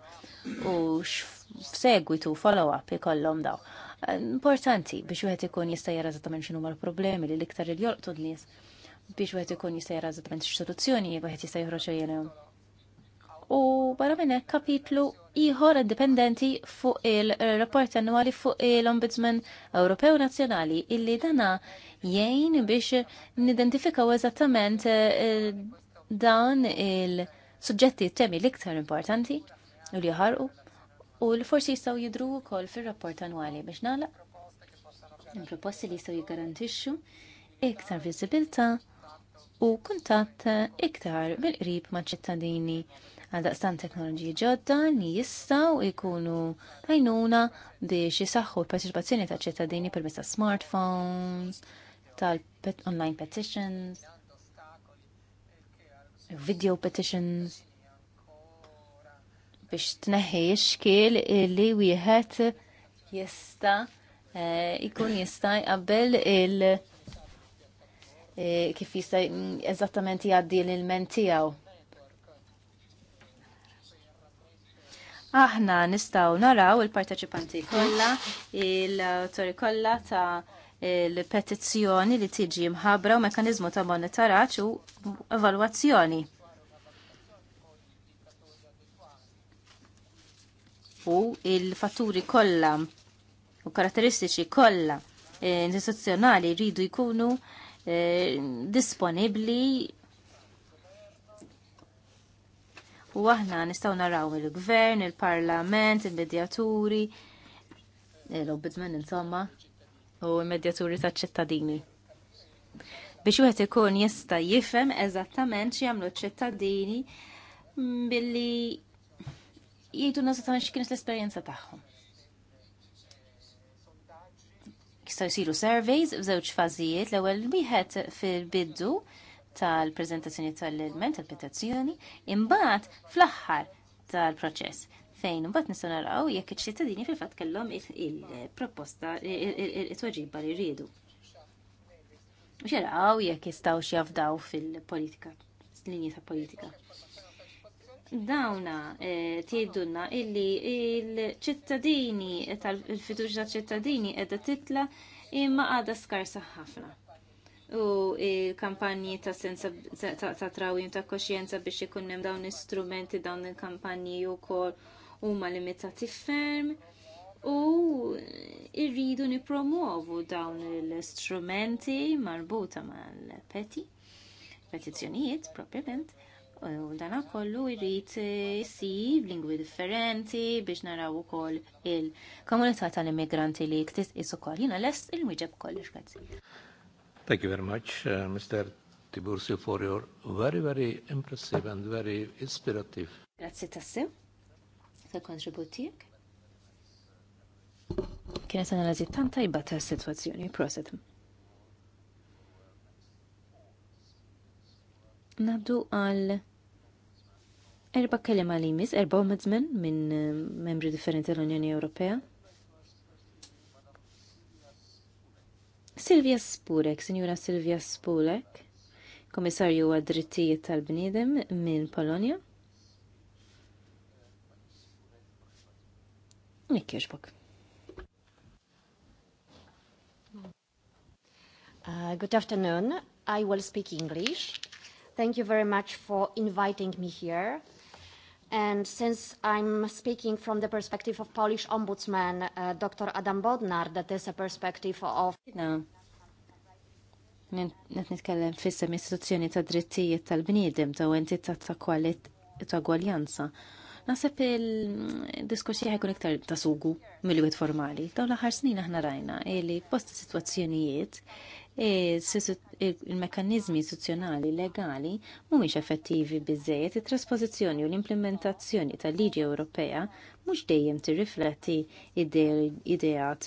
u f-segwitu, follow-up ikollhom daw. Eh, importanti biex wieħed ikun jista' jara eżattament numar problemi li l-iktar il-jolqtu nies biex wieħed ikun jista' jara eżattament x'soluzzjoni jekk wieħed jista' joħroġ għajnejhom u barra minn hekk kapitlu ieħor indipendenti fuq il-rapport annwali fuq il-Ombudsman Ewropew Nazzjonali illi dana jgħin biex nidentifikaw eżattament eh, dan il-suġġetti temi l-iktar importanti u li ħarqu u li forsi jistaw jidru wkoll fir-rapport annwali biex nagħlaq. Proposti li jistaw jiggarantixxu iktar viżibilità u kuntatt iktar bil-qrib maċ-ċittadini Għaldaqstan teknoloġiji ġodda li jistaw ikunu għajnuna biex jisaxħu l-parteċipazzjoni ta' ċittadini per ta' smartphones, tal-online petitions, video petitions, biex tneħħi xkiel li wieħed jista' eh, ikun jista' jqabbel il- eh, kif jista' eżattament jgħaddi l-ilment tiegħu aħna nistaw naraw il-parteċipanti kollha, il-autori kollha ta' il-petizzjoni li tiġi mħabra u mekanizmu ta' monitoraġġ u evalwazzjoni. U il-fatturi kollha u karatteristiċi kollha eh, istituzzjonali rridu jkunu eh, disponibli disponibbli u aħna nistgħu naraw il-gvern, il-parlament, il-medjaturi, l-obbidmen insomma, u il-medjaturi ta' ċittadini. Biex wieħed ikun jista' jifhem eżattament x'jagħmlu ċ-ċittadini billi jgħidu eżattament x'kienet l-esperjenza tagħhom. Jistgħu jsiru surveys f'żewġ fażijiet, l-ewwel wieħed fil-biddu tal-prezentazzjoni tal-element tal-petizzjoni imbagħad fl-aħħar tal-proċess fejn imbagħad nistgħu naraw jekk iċ-ċittadini fil-fatt kellhom il-proposta il tweġiba li rridu. Xeraw jekk jistgħu jafdaw fil-politika, linji ta' politika. Dawna eh, tgħidulna illi il-ċittadini tal-fiduċja ċittadini qiegħda titla' imma għadha skarsa ħafna u kampanji ta' sensa ta' trawim ta' koxjenza biex ikun hemm dawn istrumenti dawn il-kampanji wkoll huma limitati ferm u irridu nipromuovu dawn l-istrumenti marbuta mal-peti petizzjonijiet propriament u dan kollu irrid jisib lingwi differenti biex naraw ukoll il-komunità tal-immigranti li ktis isu ukoll jina lest il wiġeb kollox grazzi. Thank you very much, uh, Mr. Tiburcio, for your very, very impressive and very inspirative. Grazie tassew ta' kontributijek. Kienet analizi tant tajba ta' situazzjoni proset. Naddu għal erba kelima li jmiss, erba ombudsman minn uh, membri differenti l-Unjoni Ewropea. Silvia Spurek, Signora Silvia Spurek, Komissarju għad-drittijiet tal bnidem minn Polonia. Nikkieġbok. Uh, good afternoon. I will speak English. Thank you very much for inviting me here. And since I'm speaking from the perspective of Polish Ombudsman, uh, Dr. Adam Bodnar, that is a perspective of... No. Net nitkellem fissem istituzzjoni ta' drittijiet tal-bniedem ta' entità ta' kwalit ta' gwaljanza. Nasib il-diskursi ħajkun iktar ta' sugu mill-wet formali. Daw ħarsnina ħna snin aħna rajna li posta situazzjonijiet il-mekanizmi istituzzjonali legali mhumiex effettivi biżejjed it-trasposizzjoni u l-implementazzjoni tal-liġi Ewropea mhux dejjem tirrifletti ideat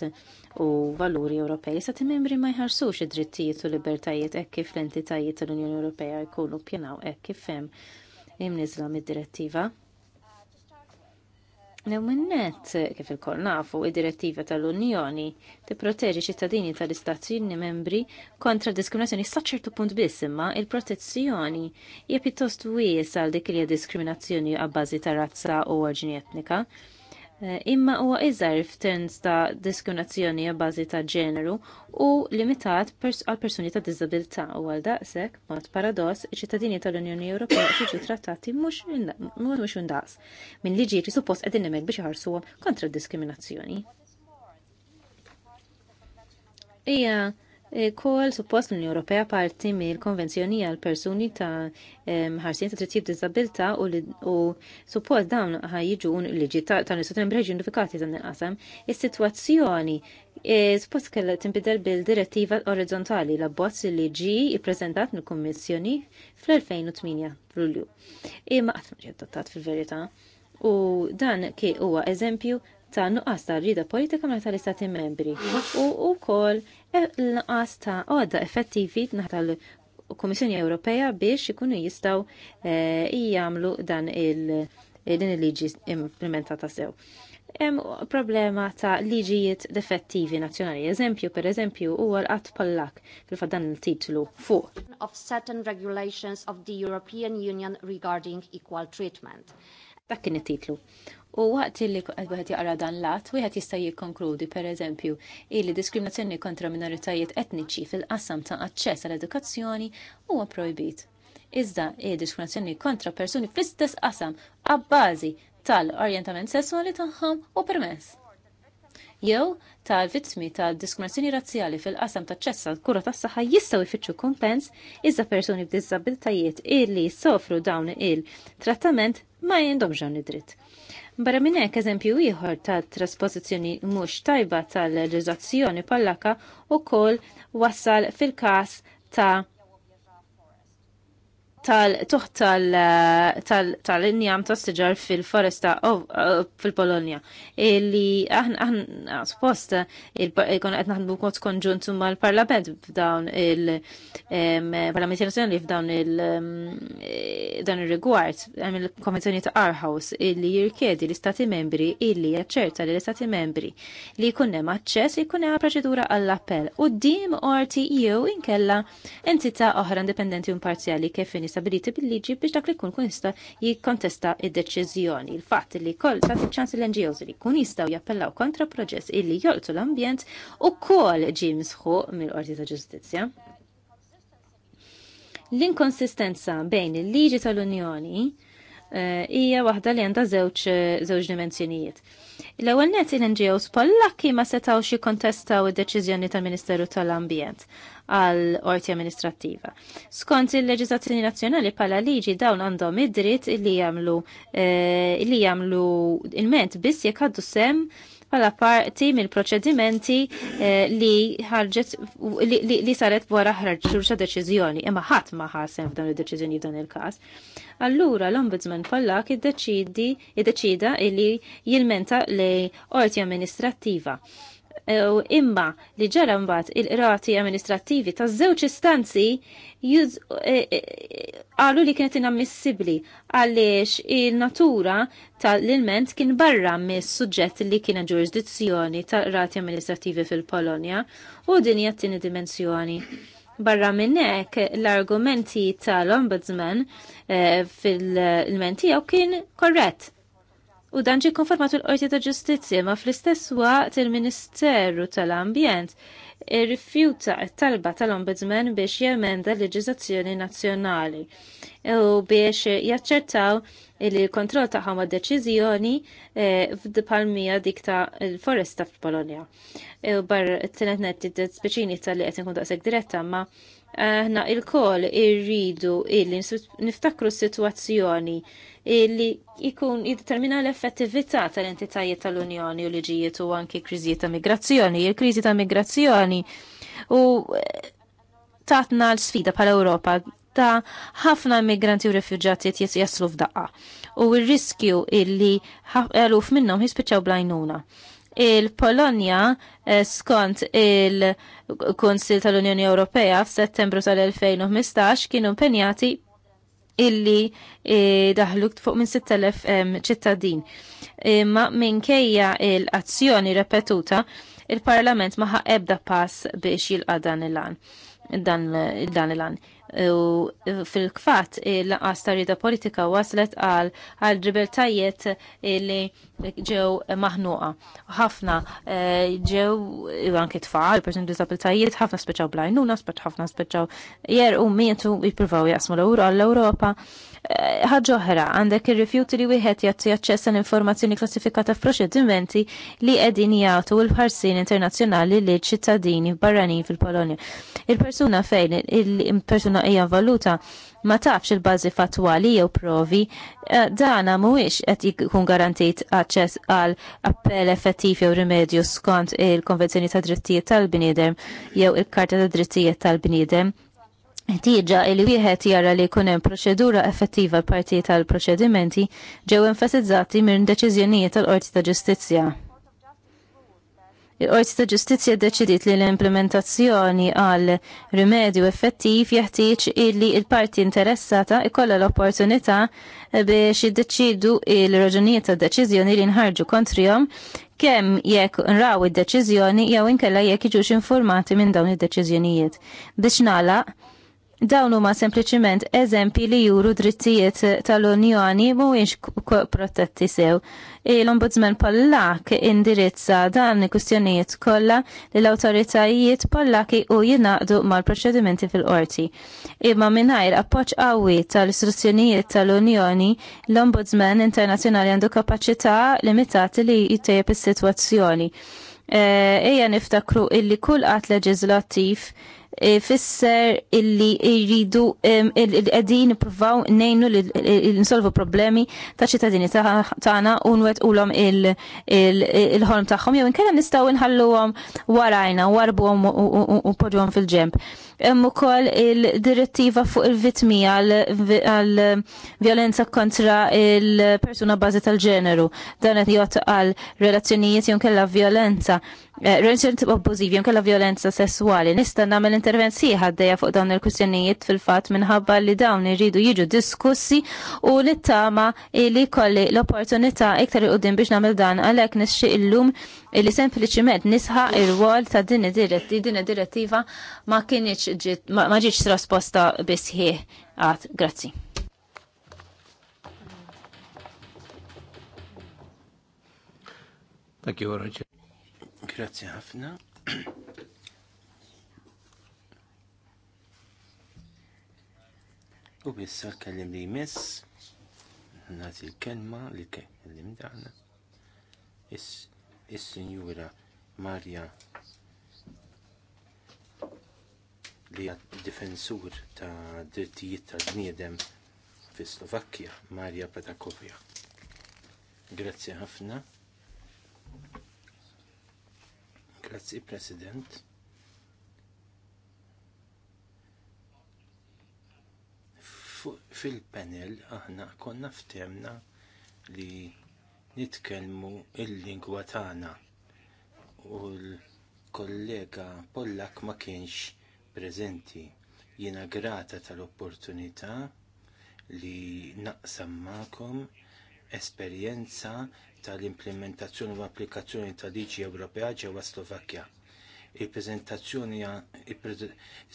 u valuri Ewropej sa membri ma jħarsux id-drittijiet u libertajiet hekk kif l-entitajiet tal-Unjoni Ewropea jkunu pjanaw hekk kif hemm imniżla mid-direttiva. Lew kif il-kol nafu, id-direttiva tal-Unjoni proteġi ċittadini tal-Istati membri kontra diskriminazzjoni saċertu punt biss imma il-protezzjoni hija pjuttost wies għal dik li diskriminazzjoni għabbażi ta' razza u orġini etnika. Eh, imma huwa iżgħar f'terms ta' diskriminazzjoni bażi ta' ġeneru u limitat għal persuni ta' diżabilità u għal daqshekk mod paradoss iċ-ċittadini tal-Unjoni Ewropea jiġu trattati mhux indaqs minn liġijiet li suppost qegħdin hemmhekk biex iħarsuhom kontra d-diskriminazzjoni. Ija, Kol suppost l-Unjoni Ewropea parti mill-Konvenzjoni għal persuni ta' ehm, ħarsien ta' trittib disabilità u suppost dawn ħajġu liġi ta' l-Istati Membri ġunifikati dan il-qasam, is-sitwazzjoni e, suppost kella tinbidel bil-direttiva orizzontali la bozz li ġi i-prezentat mill-Kummissjoni fl-2008 Lulju. Imma qatt ma fil-verità. U dan ki huwa eżempju ta' nuqqas ta' rrida politika minn tal-istati membri u wkoll e, nuqqas ta' għodda effettivi tal kummissjoni Ewropea biex ikunu jistaw e, jgħamlu dan il-din il-liġi implementata sew. Hemm problema ta' liġijiet defettivi nazzjonali. Eżempju, per eżempju, huwa l-qatt pallak kif dan il-titlu fuq. Of certain regulations of the European Union regarding equal treatment. Dak kien it-titlu. U waqt li għed jaqra dan lat, wieħed jista' jikkonkludi pereżempju li diskriminazzjoni kontra minoritajiet etniċi fil-qassam ta' aċċess għall edukazzjoni huwa projbit. Iżda hi diskriminazzjoni kontra persuni fl-istess qasam għabbażi tal-orjentament sessuali tagħhom u permess jew tal-vittmi tal-diskriminazzjoni razzjali fil-qasam ta' ċessa kura tas saħħa jistgħu jfittxu kumpens iżda persuni b'diżabilitajiet illi jissofru dawn il-trattament ma jendom dawn id-dritt. Barra minn hekk eżempju ieħor ta' trasposizzjoni mhux tajba tal-leġiżazzjoni pallaka wkoll wassal fil-każ ta' tal-tuħ eh, tal-injam ta' siġar fil-foresta eh, fil-Polonja. Illi aħna aħna ah, suppost eh, il-kon għetna ħanbu kont konġuntu ma' l-parlament f'dawn il-parlament nazjonali f'dawn il-dan il-rigward għem il-konvenzjoni ta' Arhaus illi jirkedi l-istati membri illi jaċċerta li l-istati membri li hemm aċċess li hemm proċedura għall-appell u d-dim e orti jew inkella entità oħra indipendenti un parzjali kif kriterji stabiliti bil-liġi biex dak li kun kun jista' jikkontesta id-deċiżjoni. Il-fatt li kol ta' ċans l-NGOs li kun jistgħu jappellaw kontra proġess illi joltu l-ambjent ukoll ġie misħuq mill-Qorti ta' Ġustizzja. L-inkonsistenza bejn il-liġi tal-Unjoni Eh, hija waħda li għandha żewġ eh, żewġ dimensjonijiet. L-ewwel net il-NGOs Pollakki ma setgħux jikkontestaw id-deċiżjoni tal-Ministeru tal-Ambjent għal orti amministrattiva. Skont il-leġizazzjoni nazzjonali pala liġi dawn għandhom id-dritt li jagħmlu eh, li jagħmlu il-ment biss jekk għaddu sem pala parti mill-proċedimenti eh, li ħarġet li saret wara ħarġ deċiżjoni imma ħadd ma ħasem f'dan id-deċiżjoni f'dan il-każ. Allura l-Ombudsman Pollak iddeċida li jilmenta li qorti amministrattiva u imma li ġara mbagħad il-qrati amministrattivi ta' żewġ istanzi e- e- qalu li kienet inammissibbli għaliex il-natura tal-ilment kien barra mis-suġġett li kien ġurisdizzjoni ta' Rati amministrattivi fil-Polonja u din hija tieni dimensjoni. Barra minnek l-argumenti tal-Ombudsman e, fil-ilment tiegħu kien korrett u dan ġie konfermat l-Qorti ta' Ġustizzja ma fl-istess waqt il-Ministeru tal-Ambjent irrifjuta t talba tal-Ombudsman biex jemenda l-leġiżazzjoni nazzjonali u biex jaċċertaw li kontroll ta' għad deċiżjoni eh, f'dipalmija dik ta' il foresta f'Polonja. E, Bar t-tenet netti d-speċini tal-li qed inkun daqshekk diretta ma' aħna il-kol irridu illi niftakru s-situazzjoni illi jikun jiddetermina l-effettività tal-entitajiet tal-Unjoni u liġijiet u anki kriżijiet ta' migrazzjoni. Il-kriżi ta' migrazzjoni u eh, tatna l-sfida pal Ewropa ta' ħafna immigranti u jt jaslu f'daqqa u r-riskju illi għaluf minnhom jispiċċaw blajnuna. Il-Polonja eh, skont il-Kunsil tal-Unjoni Ewropea f'Settembru tal-2015 kienu impenjati illi eh, daħlu fuq minn 6.000 ċittadin. Imma eh, minkejja l-azzjoni repetuta, il-Parlament maħa ebda pass biex jilqa dan il-an. Dan il u fil-kfat il-laqas tarida politika waslet għal għal ġibeltajiet li ġew maħnuqa. ħafna eh, ġew anke tfal, persuni disabiltajiet, ħafna speċaw blajnuna, speċ ħafna speċaw jer u mietu jippruvaw jasmu l-Europa ħagġoħra għandek ir-rifjuti li wieħed jagħti aċċess għal informazzjoni klassifikata f'proċedimenti li qegħdin jagħtu l-ħarsin internazzjonali li ċittadini barranin fil-Polonja. Il-persuna fejn il-persuna hija valuta ma tafx il-bażi fatwali jew provi, eh, dana mhuwiex qed jkun garantit aċċess għal appell effettiv jew rimedju skont il-Konvenzjoni ta' Drittijiet tal-Bniedem jew il-Karta ta' Drittijiet tal-Bniedem Ħtieġa li wieħed jara li jkun hemm proċedura effettiva parti tal-proċedimenti ġew enfasizzati minn deċiżjonijiet tal-Qorti ta' Ġustizzja. Il-Qorti ta' Ġustizzja ddeċidiet li l-implementazzjoni għal rimedju effettiv jeħtieġ illi il-parti interessata ikollha l-opportunità biex jiddeċidu il-raġunijiet tad deċiżjoni li nħarġu kontrihom kemm jekk nraw id-deċiżjoni jew inkella jekk jiġux informati minn dawn id-deċiżjonijiet. Biex nagħlaq Dawn huma sempliċiment eżempi li juru drittijiet tal-Unjoni mhuwiex protetti sew. L-Ombudsman Pollak indirizza dan il-kustjonijiet kollha li l-awtoritajiet Pollaki u jinaqdu mal-proċedimenti fil-qorti. Imma mingħajr appoġġ qawwi tal-istruzzjonijiet tal-Unjoni, l-Ombudsman Internazzjonali għandu kapaċità limitati li jittejjeb is-sitwazzjoni. Eh, ejja niftakru illi kull qatt leġislattiv fisser illi jridu il-qegħdin nippruvaw l nsolvu problemi ta' ċittadini tagħna u nwettqulhom il-ħolm tagħhom jew inkella nistgħu għom warajna għom u poġġuhom fil-ġemp. Hemm ukoll il-direttiva fuq il-vitmi għal violenza kontra il-persuna bażi tal-ġeneru. Dan qed jgħod għal relazzjonijiet jew kellha violenza eh, relazzjonijiet obbużivi jew kellha violenza sesswali. Nista' nagħmel intervent sieħa għaddejja fuq dawn il-kwistjonijiet fil-fatt minħabba li dawn iridu jiġu diskussi u nittama li kolli l-opportunità iktar il-qudiem biex nagħmel dan għalhekk nixxi illum illi sempliċiment nisħa il rwol ta' din id-diretti, din id-direttiva ma kienieċ ġit, ma ġiċ trasposta bisħi għat. Grazzi. Thank you, Roger. Grazzi Hafna. U bissa kellim li jmiss, nati l-kelma li kellim daħna. Is, is-Sinjura Marja li difensur ta' drittijiet ta' bniedem fi Slovakkja, Marja Patakovja. Grazzi ħafna. Grazzi President. Fil-panel aħna konna ftemna li nitkellmu il-lingwa tagħna u l-kollega Pollak ma kienx preżenti. Jiena grata tal-opportunità li naqsam magħkom esperjenza tal-implementazzjoni u applikazzjoni tal-liġi Ewropea ġewwa Slovakkja. Il-preżentazzjoni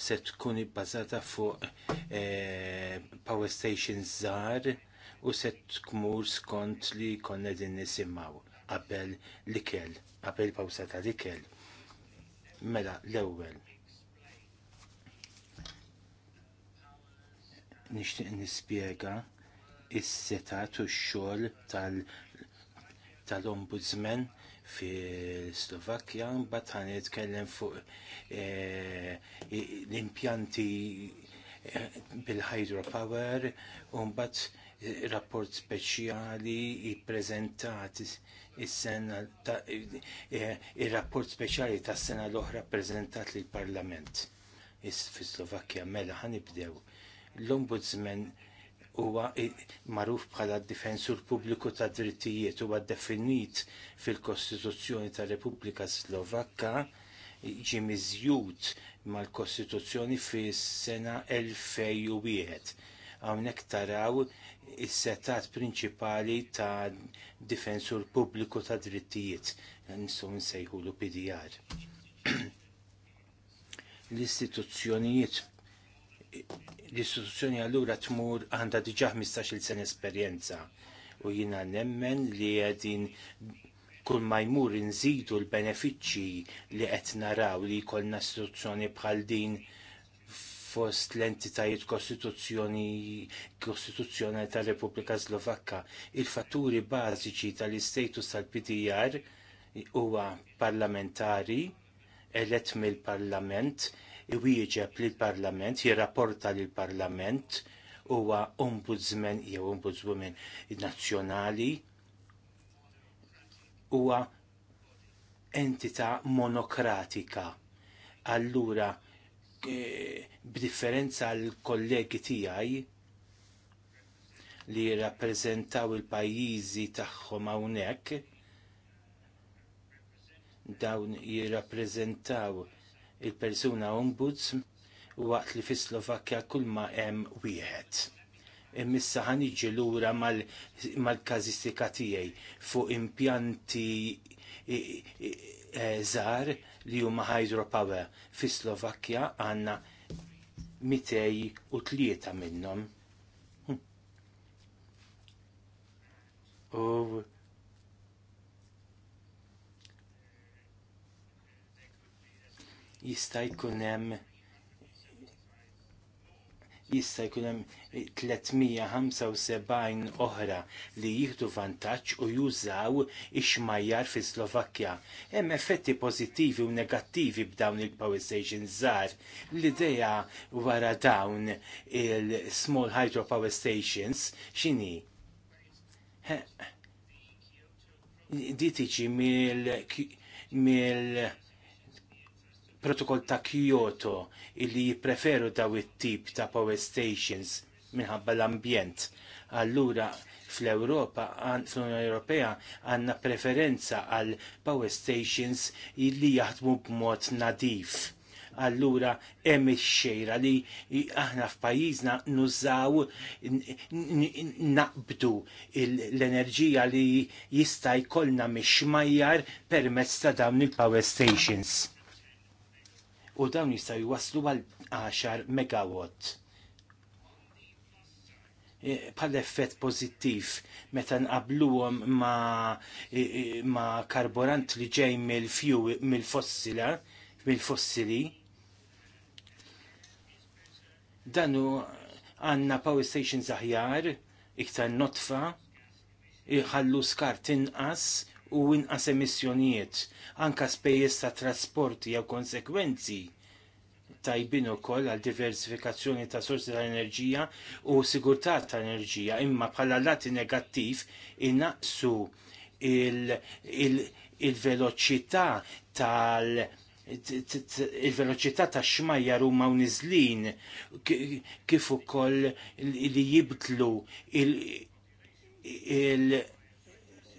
se tkun ibbażata fuq eh, power stations żgħar u se tkmur skont li konna din nisimmaw qabel l-ikel, qabel pawsa ta' l-ikel. Mela, l-ewwel. Nixtieq nispjega is-setat u x-xogħol tal tal-ombudsman fil-Slovakkja, mbagħad ħan nitkellem fuq eh, l-impjanti eh, bil-hydropower u mbagħad rapport speċjali ippreżentat is-sena eh, ir-rapport speċjali tas-sena l-oħra ppreżentat lill parlament fi Slovakkja mela ħanibdew. L-Ombudsman huwa magħruf bħala difensur pubbliku ta' drittijiet huwa definit fil-Kostituzzjoni tar Repubblika Slovakka ġie miżjud mal-Kostituzzjoni fis-sena 2001 Hawnhekk taraw is-setat prinċipali ta' difensur pubbliku ta' drittijiet, nistgħu nsejħulu PDR. L-istituzzjonijiet l-istituzzjoni allura tmur għandha diġà 15-il sen esperjenza u jina nemmen li għedin kull ma jmur nżidu l benefiċċji li qed naraw li jkollna istituzzjoni bħal din fost l-entitajiet Kostituzzjoni tal-Repubblika Slovakka. Il-fatturi bażiċi tal-istatus tal-PDR huwa parlamentari, elett mill-Parlament, iwieġeb lill parlament jirrapporta lill parlament huwa ombudsman jew ombudswoman nazzjonali huwa entità monokratika. Allura Eh, b'differenza l-kollegi tiegħi li rappreżentaw il-pajjiżi tagħhom hawnhekk dawn jirrappreżentaw il-persuna ombuds waqt li fi Slovakkja kull ma hemm wieħed. Imissa ħan iġi lura mal-kazistika mal tiegħi fuq impjanti eh, eh, żgħar li huma hydropower. Fi Slovakkja għandna 203 minnhom. Hm. U jista' jkun hemm jista' jkun hemm 375 oħra li jieħdu vantaġġ u jużaw ix-xmajjar fi Slovakkja. Hemm effetti pożittivi u negattivi b'dawn il-power stations żgħar. L-idea wara dawn il-small hydro power stations x'inhi? Di tiġi mill protokoll ta' Kyoto illi jippreferu daw it-tip ta' power stations minħabba l-ambjent. Allura fl-Europa, fl-Unjoni Ewropea għandna preferenza għal power stations illi jaħdmu b'mod nadif. Allura hemm ix-xejra li aħna f'pajjiżna nużaw naqbdu l-enerġija li jista' jkollna mix-xmajjar permezz ta' dawn il-power stations u dawn jistaw jwaslu għal 10 megawatt. Pal e, effett pożittiv meta nqabluhom ma, e, e, ma karburant li ġej mill-fju mill-fossila mill-fossili danu għanna power stations aħjar iktar notfa iħallu skart inqas u inqas emissjonijiet, anka spejjeż ta' trasporti jew konsekwenzi tajbin ukoll għal diversifikazzjoni ta' sorsi ta' enerġija u sigurtà ta' enerġija imma bħala lati negattiv innaqsu il-veloċità tal- il-veloċità ta' xmajjar huma niżlin kif ukoll li jibtlu il-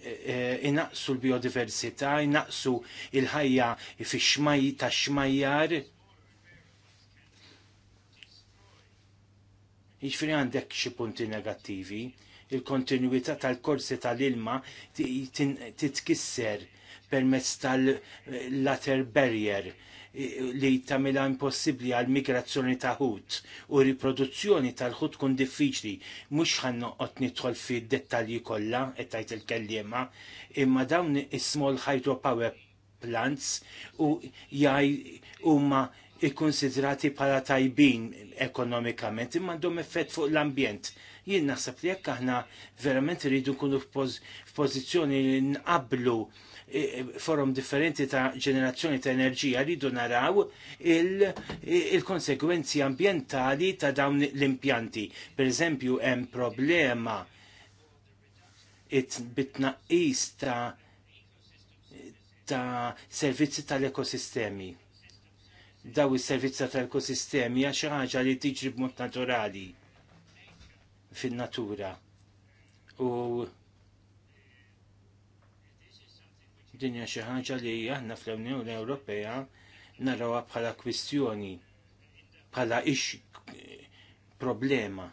Eh, inaqsu l-biodiversità, inaqsu il-ħajja fi xmaj ta' xmajjar. Iġfiri għandek xi punti negattivi, il-kontinuità tal-korsi tal-ilma titkisser permezz tal-later barrier li tamila impossibli għal migrazzjoni ta' ħut u riproduzzjoni tal-ħut kun diffiċli mhux ħanno qed nidħol fi dettalji kollha qed tajt il-kellima imma dawn is-small hydro power plants u jaj huma ikkonsidrati bħala tajbin ekonomikament imma għandhom effett fuq l-ambjent jien naħseb li jekk aħna verament rridu nkunu f'pożizzjoni nqablu E, e, forum differenti ta' ġenerazzjoni ta' enerġija rridu naraw il-konsekwenzi il e, ambientali ta' dawn l-impjanti. Per eżempju, hemm problema bitnaqis ta' ta' servizzi tal-ekosistemi. Daw is-servizzi tal-ekosistemi għax ħaġa li tiġri b'mod naturali fin-natura. U Dinja xi ħaġa li aħna fl-Unjoni Ewropea narawha bħala kwistjoni, bħala ix problema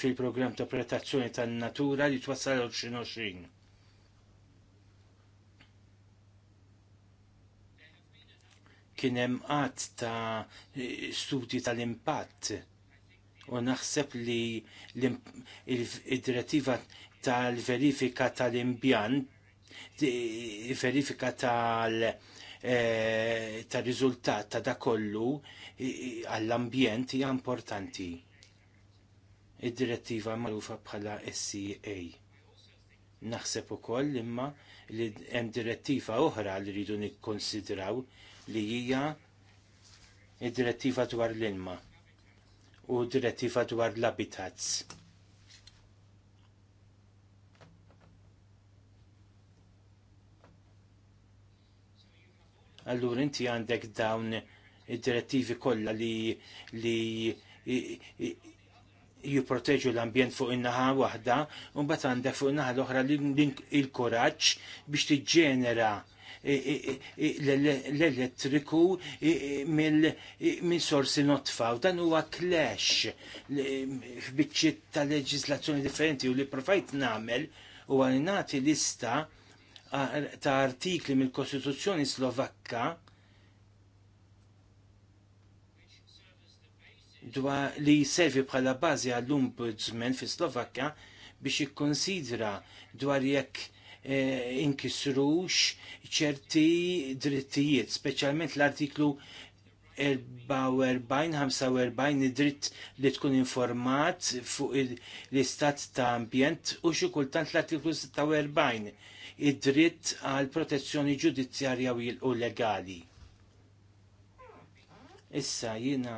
fil-programm ta' protezzjoni tan-natura li twassal 2020. Kien hemm qatt ta' studji tal-impatt u naħseb li id-direttiva tal-verifika tal-imbjant, verifika tal- eh, ta' riżultat ta' da kollu għall-ambjent hija importanti. Id-direttiva magħrufa bħala SCA. Naħseb ukoll imma li hemm direttiva oħra li rridu nikkonsidraw li hija id-direttiva dwar l-ilma u direttiva dwar l-habitats allura inti għandek dawn id-direttivi kollha li li jipproteġu l-ambjent fuq in-naħa waħda u mbagħad għandek fuq in-naħa l-oħra il-kuraġġ biex tiġġenera l-elettriku minn sorsi notfa u dan huwa clash f'biċċiet ta' leġislazzjoni differenti u li provajt nagħmel u għalinati lista ta' artikli mill-Kostituzzjoni Slovakka dwa li jservi bħala bażi għall-Ombudsman fi Slovakka biex jikkonsidra dwar jekk eh, inkisrux ċerti drittijiet, speċjalment l-artiklu 44-45 id-dritt li tkun informat fuq l-istat ta' ambjent u xi kultant l-artiklu 46 id-dritt għal protezzjoni ġudizzjarja u legali. Issa jina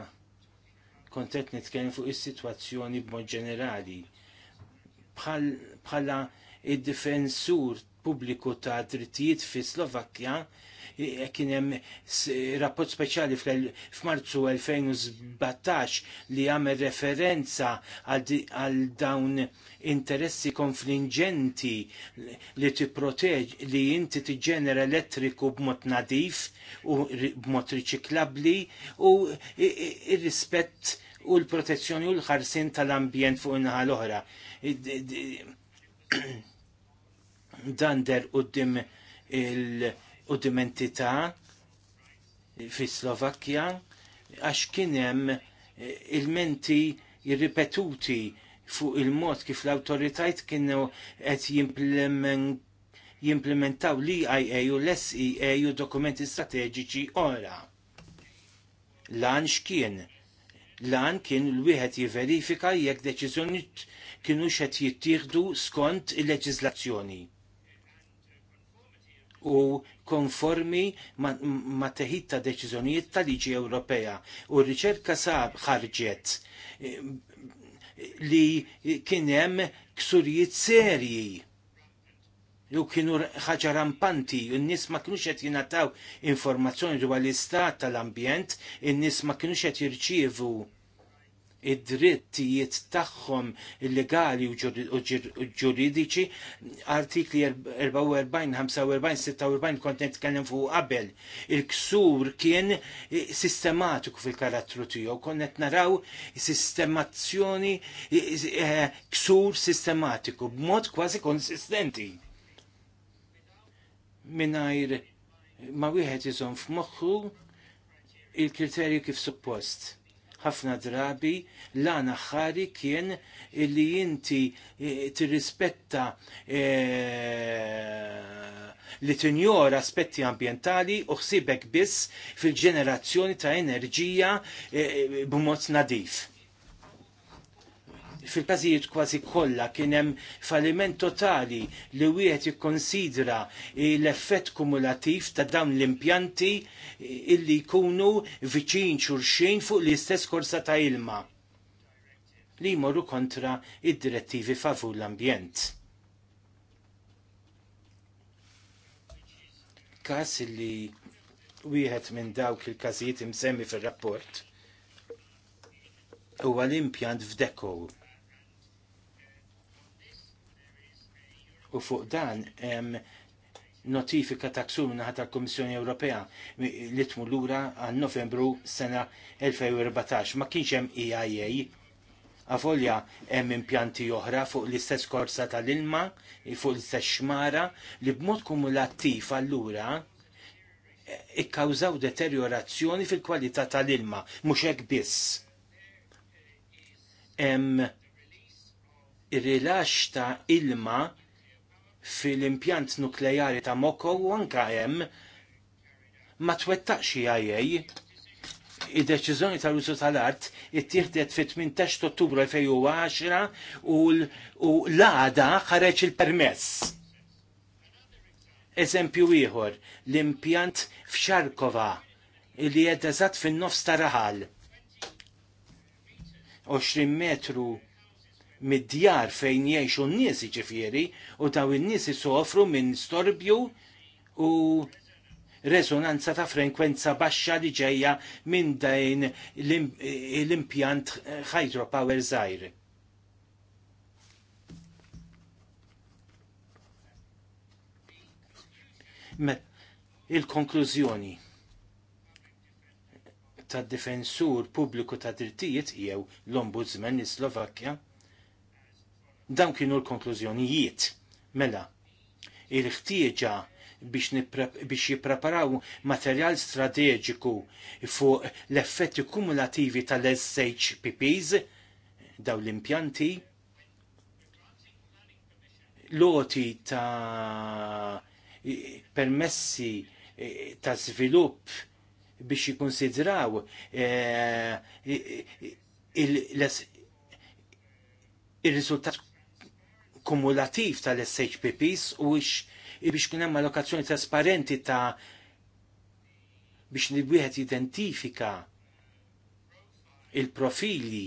kontet nitkellem fuq is-sitwazzjoni b'mod ġenerali. Bħala id-difensur pubbliku ta' drittijiet fi Slovakkja E, e, kien hemm rapport speċjali f'Marzu 2017 li għamel referenza għal dawn interessi konfliġenti li tipproteġ li inti tiġenera elettriku b'mod nadif u b'mod riċiklabli u ir-rispett u l-protezzjoni u l-ħarsin tal-ambjent fuq in-naħa l-oħra. Dander u dim il- u dimentità fi Slovakkja għax kien hemm eh, il-menti irripetuti fuq il-mod kif l-autoritajt kienu qed jimplementaw l ia u l-SEA u dokumenti strateġiċi ora. Lan xkien? Lan kien l-wieħed jiverifika jekk deċiżjoni kienu xed jittieħdu skont il-leġiżlazzjoni u konformi ma, ma teħid ta' deċiżjonijiet tal-Liġi Ewropea. U r-riċerka sab ħarġet li kien hemm ksurijiet serji u kienu ħaġa rampanti, n-nis ma kienux qed jingħataw informazzjoni dwar l-istat tal-ambjent, in-nies ma kienux qed jirċievu id-drittijiet tagħhom illegali u ġuridiċi artikli 44-45-46 kont nitkellem fuq qabel. Il-ksur kien sistematiku fil-karattru tiegħu, konnet naraw sistemazzjoni eh, ksur sistematiku b'mod kważi konsistenti. Minajr ma wieħed iżomm f'moħħu il-kriterju kif suppost ħafna drabi l-għan aħħari kien jinti inti e, tirrispetta e, li tinjor aspetti ambientali u xsibek biss fil-ġenerazzjoni ta' enerġija e, b'mod nadif fil-każijiet kważi kollha kien hemm falliment totali li wieħed jikkonsidra l-effett kumulattiv ta' dawn l-impjanti illi jkunu viċin xurxin fuq l-istess korsa ta' ilma li jmorru kontra id-direttivi favur l-ambjent. Kas li wieħed minn dawk il-każijiet imsemmi fir-rapport huwa l-impjant f'Deco. u fuq dan em, notifika ta' ksur minnaħat tal-Komissjoni Ewropea li tmur lura għal Novembru sena 2014. Ma kienx hemm EIA għafolja hemm impjanti oħra fuq l-istess korsa tal-ilma, fuq l-istess xmara li b'mod kumulattiv allura e, ikkawżaw deteriorazzjoni fil-kwalità tal-ilma, mhux hekk biss. Hemm ir-rilax ta' ilma fil-impjant nukleari ta' Moko u anka hemm ma twettaqx jajej id-deċiżjoni tal-użu tal-art ittieħdet fit-18 Ottubru 2010 u l-għada ħareġ il-permess. Eżempju ieħor, l-impjant f'Xarkova li qed eżatt fin-nofs ta' raħal. 20 metru mid-djar fejn jgħixu n-nies ġifieri u taw in-nies soffru minn storbju u resonanza ta' frekwenza baxxa li ġejja minn dajn l-impjant hydropower żgħir. il-konklużjoni tad difensur pubbliku ta' drittijiet jew l-Ombudsman Slovakkja Dawn kienu l-konklużjonijiet. Mela, il-ħtieġa biex jippreparaw materjal strateġiku fuq l-effetti kumulativi tal-SHPPs, daw l-impjanti, loti ta' permessi eh, ta' svilupp biex jikonsidraw eh, il-risultat kumulativ tal-SHPPs u biex kien hemm allokazzjoni trasparenti ta' biex li wieħed identifika il-profili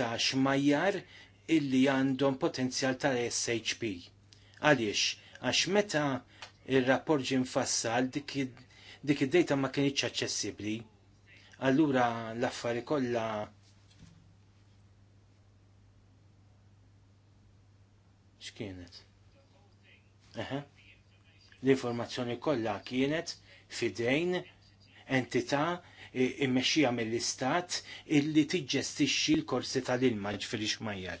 ta' xmajjar illi għandhom potenzjal ta' SHP. Għaliex, għax meta il-rapport ġin fassal dik id-data ma kienieċ aċċessibbli. Allura l-affari kollha x'kienet. Eħe. L-informazzjoni kollha kienet fidejn entità immexxija mill-istat illi tiġġestixxi l-korsi tal-ilma ġifieri Majjar.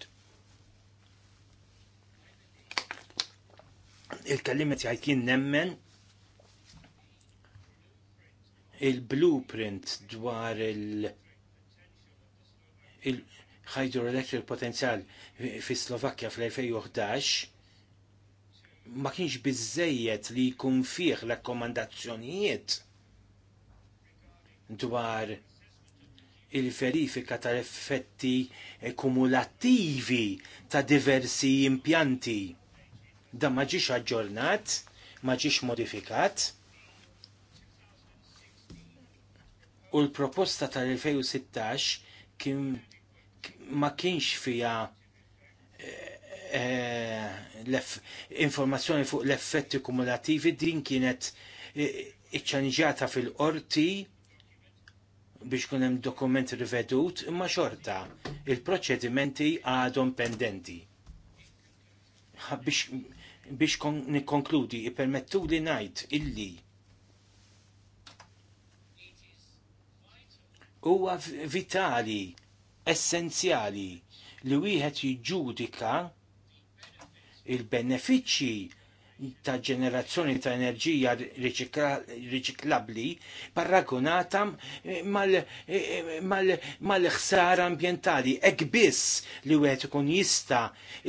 Il-kellimet jgħid jien nemmen il-blueprint dwar il hydroelectric potenzjal fi Slovakkja fl-2011 ma kienx biżejjed li jkun fih rakkomandazzjonijiet dwar il-verifika tal-effetti kumulattivi ta' diversi impjanti. Da ma ġiex aġġornat, ma ġiex modifikat. U l-proposta tal-2016 kien ma kienx fija eh, eh, informazzjoni fuq l-effetti kumulativi din kienet eh, iċċanġata fil-qorti biex kunem dokument rivedut imma xorta il-proċedimenti għadhom pendenti. Biex, biex kon, nikonkludi, ipermettu li najt illi huwa vitali essenzjali li wieħed jiġġudika il-benefiċċji ta' ġenerazzjoni ta' enerġija riċiklabbli paragonata mal-ħsara ambjentali hekk biss li wieħed ikun jista'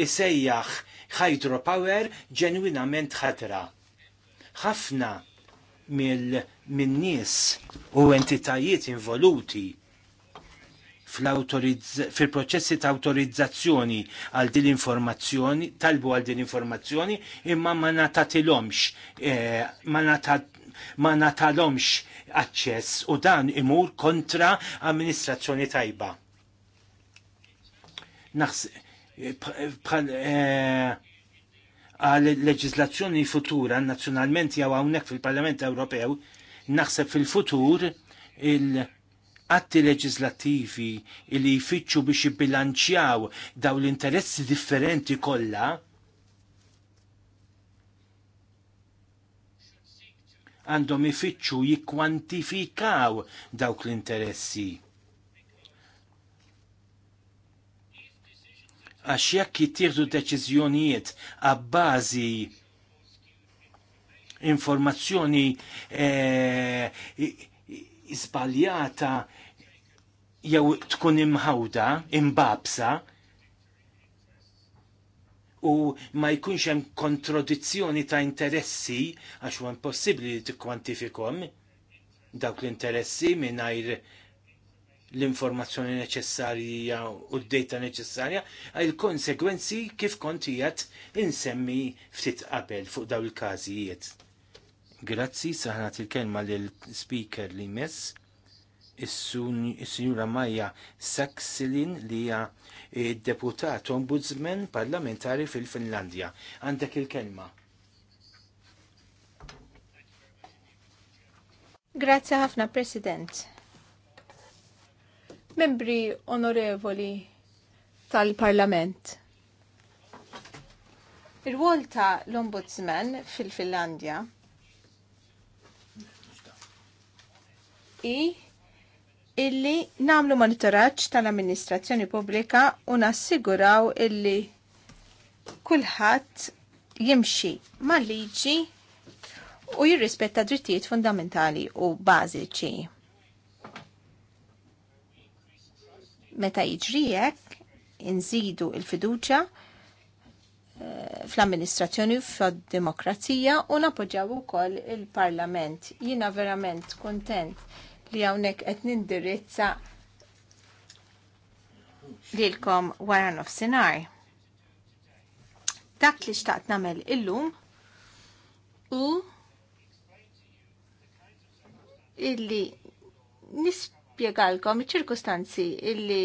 isejjaħ hydropower ġenwinament ħatra. Ħafna mill-nies u entitajiet involuti fil-proċessi ta' autorizzazzjoni għal din informazzjoni, talbu għal din informazzjoni, imma ma natatilomx, eh, ma natat natalomx aċċess u dan imur kontra amministrazzjoni tajba. Eh, eh, għal leġislazzjoni futura nazzjonalment jew hawnhekk fil-Parlament Ewropew naħseb fil-futur il- atti leġislattivi li jfittxu biex jibbilanċjaw daw l-interessi differenti kollha għandhom ifittxu jikkwantifikaw dawk l-interessi. Għax jekk jittieħdu deċiżjonijiet għabbażi informazzjoni eh, izbaljata jew tkun imħawda, imbabsa, u ma jkunx hemm kontrodizzjoni ta' interessi għax huwa impossibbli li tikkwantifikhom dawk l-interessi mingħajr l-informazzjoni neċessarja u d-data neċessarja għal konsegwenzi kif kont jgħat insemmi ftit qabel fuq daw il-każijiet. Grazzi, saħna til-kelma l-speaker li mess, il-sinjura Maja Saxilin li hija e, deputat ombudsman parlamentari fil-Finlandja. Għandek il-kelma. Grazzi ħafna, President. Membri onorevoli tal-Parlament. ir wol ta' l-Ombudsman fil-Finlandja i illi namlu monitoraċ tal-amministrazzjoni pubblika u nassiguraw illi kulħadd jimxi mal-liġi u jirrispetta drittijiet fundamentali u bażiċi. Meta jiġrijek inżidu il-fiduċa eh, fl-amministrazzjoni fl-demokrazija u napoġġaw ukoll il-parlament. Jina verament kontent li hawnhekk qed nindirizza lilkom wara nofsinhar. Dak li xtaqt nagħmel illum u illi nispjegalkom iċ-ċirkustanzi illi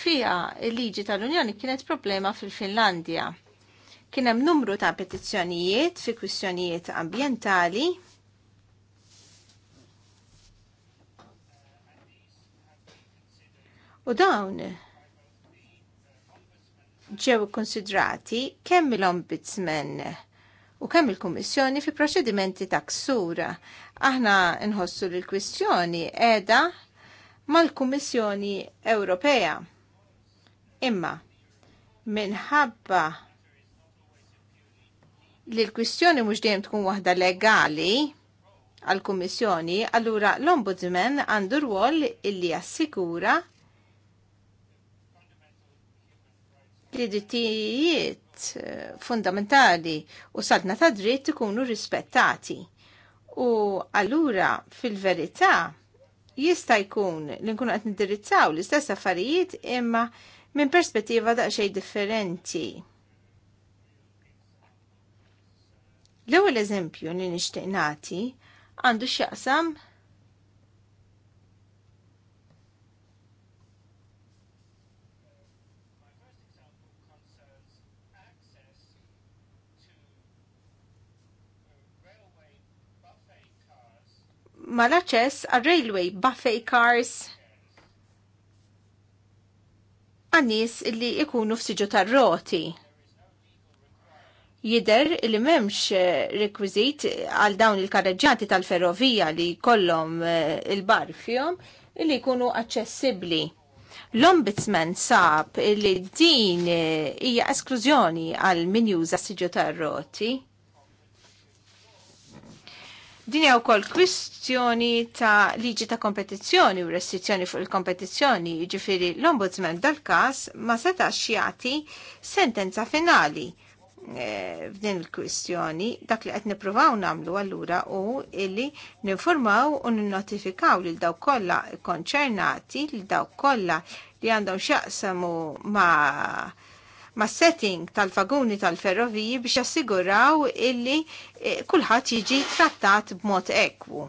fija il-liġi tal-Unjoni kienet problema fil-Finlandja. Kien hemm numru ta' petizzjonijiet fi kwistjonijiet ambjentali U dawn ġew konsidrati kemm l-Ombudsman u kemm il-Kummissjoni fi proċedimenti ta' ksura. Aħna nħossu li l-kwistjoni qiegħda mal-Kummissjoni Ewropea. Imma minħabba li l-kwistjoni mhux dejjem tkun waħda legali, għal-Kummissjoni, allura l-Ombudsman għandu rwol illi jassikura li drittijiet eh, fundamentali u saltna ta' dritt ikunu rispettati. U allura fil-verità jista' jkun li nkunu qed nindirizzaw l-istess affarijiet imma minn perspettiva daqsxejn differenti. L-ewwel eżempju li nixtieq nagħti għandu x'jaqsam mal-aċċess għal railway buffet cars għannis illi ikunu f'siġu tar-roti. Jider li memx eh, rekwizit għal dawn il-karreġġati tal-ferrovija li kollom eh, il-bar fjom illi jkunu aċċessibbli. L-Ombudsman sab li din eh, hija esklużjoni għal min juża siġu tar-roti. Din hija wkoll kwistjoni ta' liġi ta' kompetizzjoni u restrizzjoni fuq il-kompetizzjoni, jiġifieri l-Ombudsman dal-każ ma setax jagħti sentenza finali eh, f'din il-kwistjoni dak li qed nippruvaw nagħmlu allura u illi ninformaw u ninnotifikaw lil dawk kollha konċernati lil dawk kollha li għandhom x'jaqsamu ma' ma' setting tal faguni tal-ferroviji biex jassiguraw illi eh, kulħadd jiġi trattat b'mod ekwu.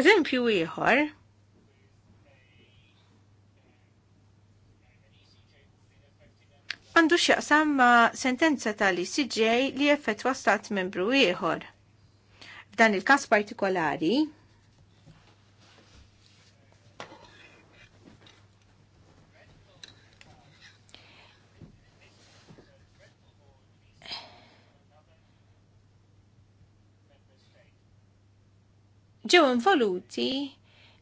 Eżempju ieħor, għandu x'jaqsam ma' sentenza tal-ICJ li effettwa stat membru ieħor. F'dan il-każ partikolari, ġew involuti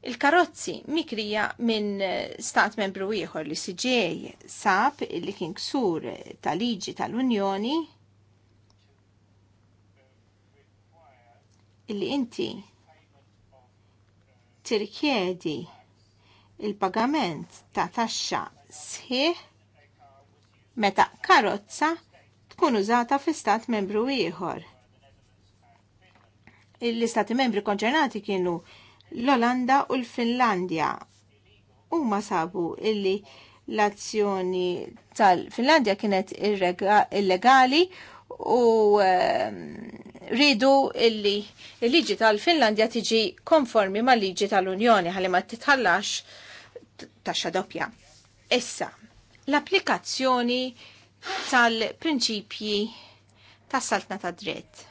il-karozzi mikrija minn stat membru ieħor li siġej sab li kien ksur tal-liġi tal-Unjoni illi inti tirkjedi il-pagament ta' taxxa sħiħ meta karozza tkun użata fi stat membru ieħor l-istati membri konċernati kienu l-Olanda u l-Finlandja. U ma sabu illi l-azzjoni tal-Finlandja kienet illegali u rridu ehm, illi l liġi tal-Finlandja tiġi konformi ma' liġi tal-Unjoni ħalli ma titħallax taxxa doppja. Issa, l-applikazzjoni tal-prinċipji tas-saltna ta' dritt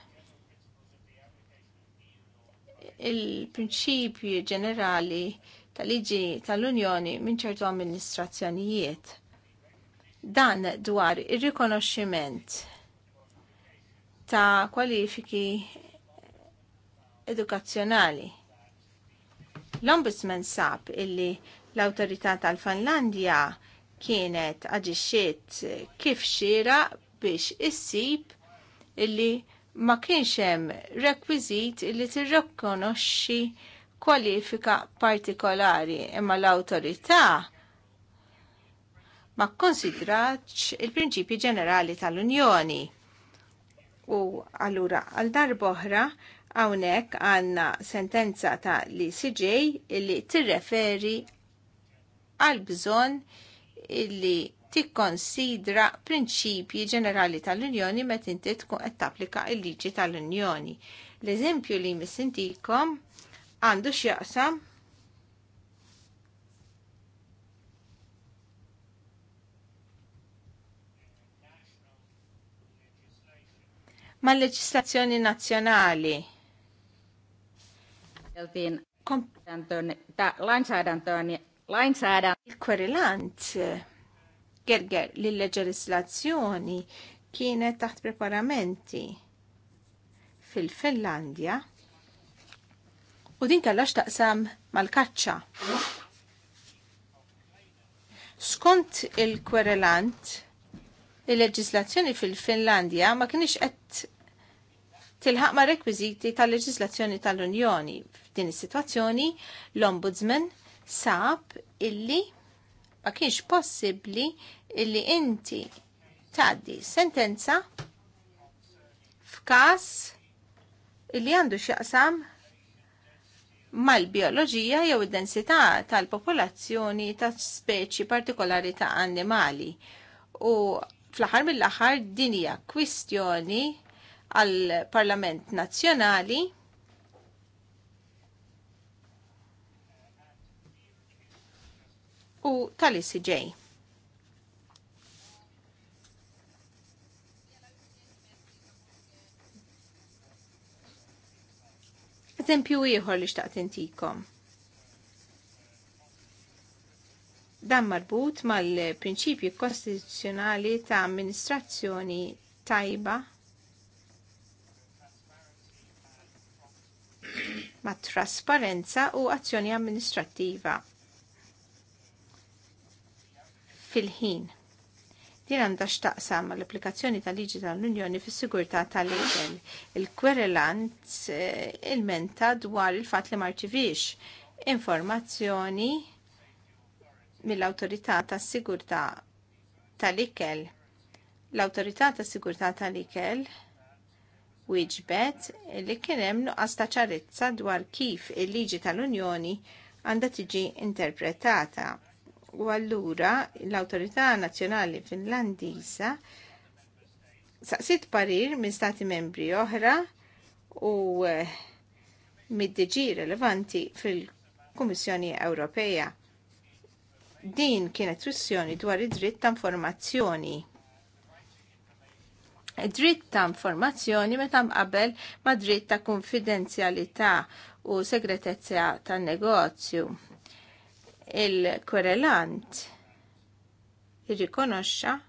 il-prinċipji ġenerali tal-liġi tal-Unjoni minn ċertu amministrazzjonijiet. Dan dwar ir-rikonoxximent ta' kwalifiki edukazzjonali. L-Ombudsman sab illi l awtorità tal-Finlandja kienet aġixxiet kif xira biex issib illi ma kienx hemm rekwiżit li tirrikonoxxi kwalifika partikolari imma l-awtorità ma konsidratx il-prinċipji ġenerali tal-Unjoni. U allura għal darboħra hawnhekk għandna sentenza ta' li CJ li tirreferi għal bżonn illi tikkonsidra prinċipji ġenerali tal-Unjoni meta inti tkun qed tapplika l-liġi tal-Unjoni. L-eżempju li missintikom għandu x'jaqsam ma' leġislazzjoni nazzjonali. Il-kwerilant Gerger li l-leġislazzjoni kienet taħt preparamenti fil-Finlandja u din kellha x'taqsam mal-kaċċa. Skont il-kwerelant, il-leġislazzjoni fil-Finlandja ma kienx qed tilħaq ma' rekwiżiti tal-leġislazzjoni tal-Unjoni. F'din is-sitwazzjoni l-Ombudsman sab illi ma kienx possibbli illi inti taddi sentenza f'kas illi għandu x'jaqsam mal-bioloġija jew id-densità tal-popolazzjoni ta' speċi partikolari ta' annimali. U fl-aħħar mill-aħħar din hija kwistjoni għall Parlament Nazzjonali u tal-ICJ. Eżempju ieħor li xtaqt intikom. Dan marbut mal-prinċipji kostituzzjonali ta' amministrazzjoni tajba ma' trasparenza u azzjoni amministrattiva fil-ħin. Din għandha x'taqsam mal-applikazzjoni tal-liġi tal-Unjoni fis-sigurtà tal-Ejden. Il-kwerelant eh, il-menta dwar il-fatt li marċivix informazzjoni mill-Awtorità tas-Sigurtà tal-Ikel. L-Awtorità tas-Sigurtà tal-Ikel wieġbet li kien hemm nuqqas ta' ċarezza dwar kif il-liġi tal-Unjoni għandha tiġi interpretata U allura l-Awtorità Nazzjonali Finlandiża saqsit parir minn stati membri oħra u eh, mid-diġi relevanti fil-Kummissjoni Ewropea. Din kienet wissjoni dwar id-dritt ta' informazzjoni dritt ta' informazzjoni meta mqabel ma' dritt ta' konfidenzjalità u segretezza tan negozju il-korelant irrikonoxxa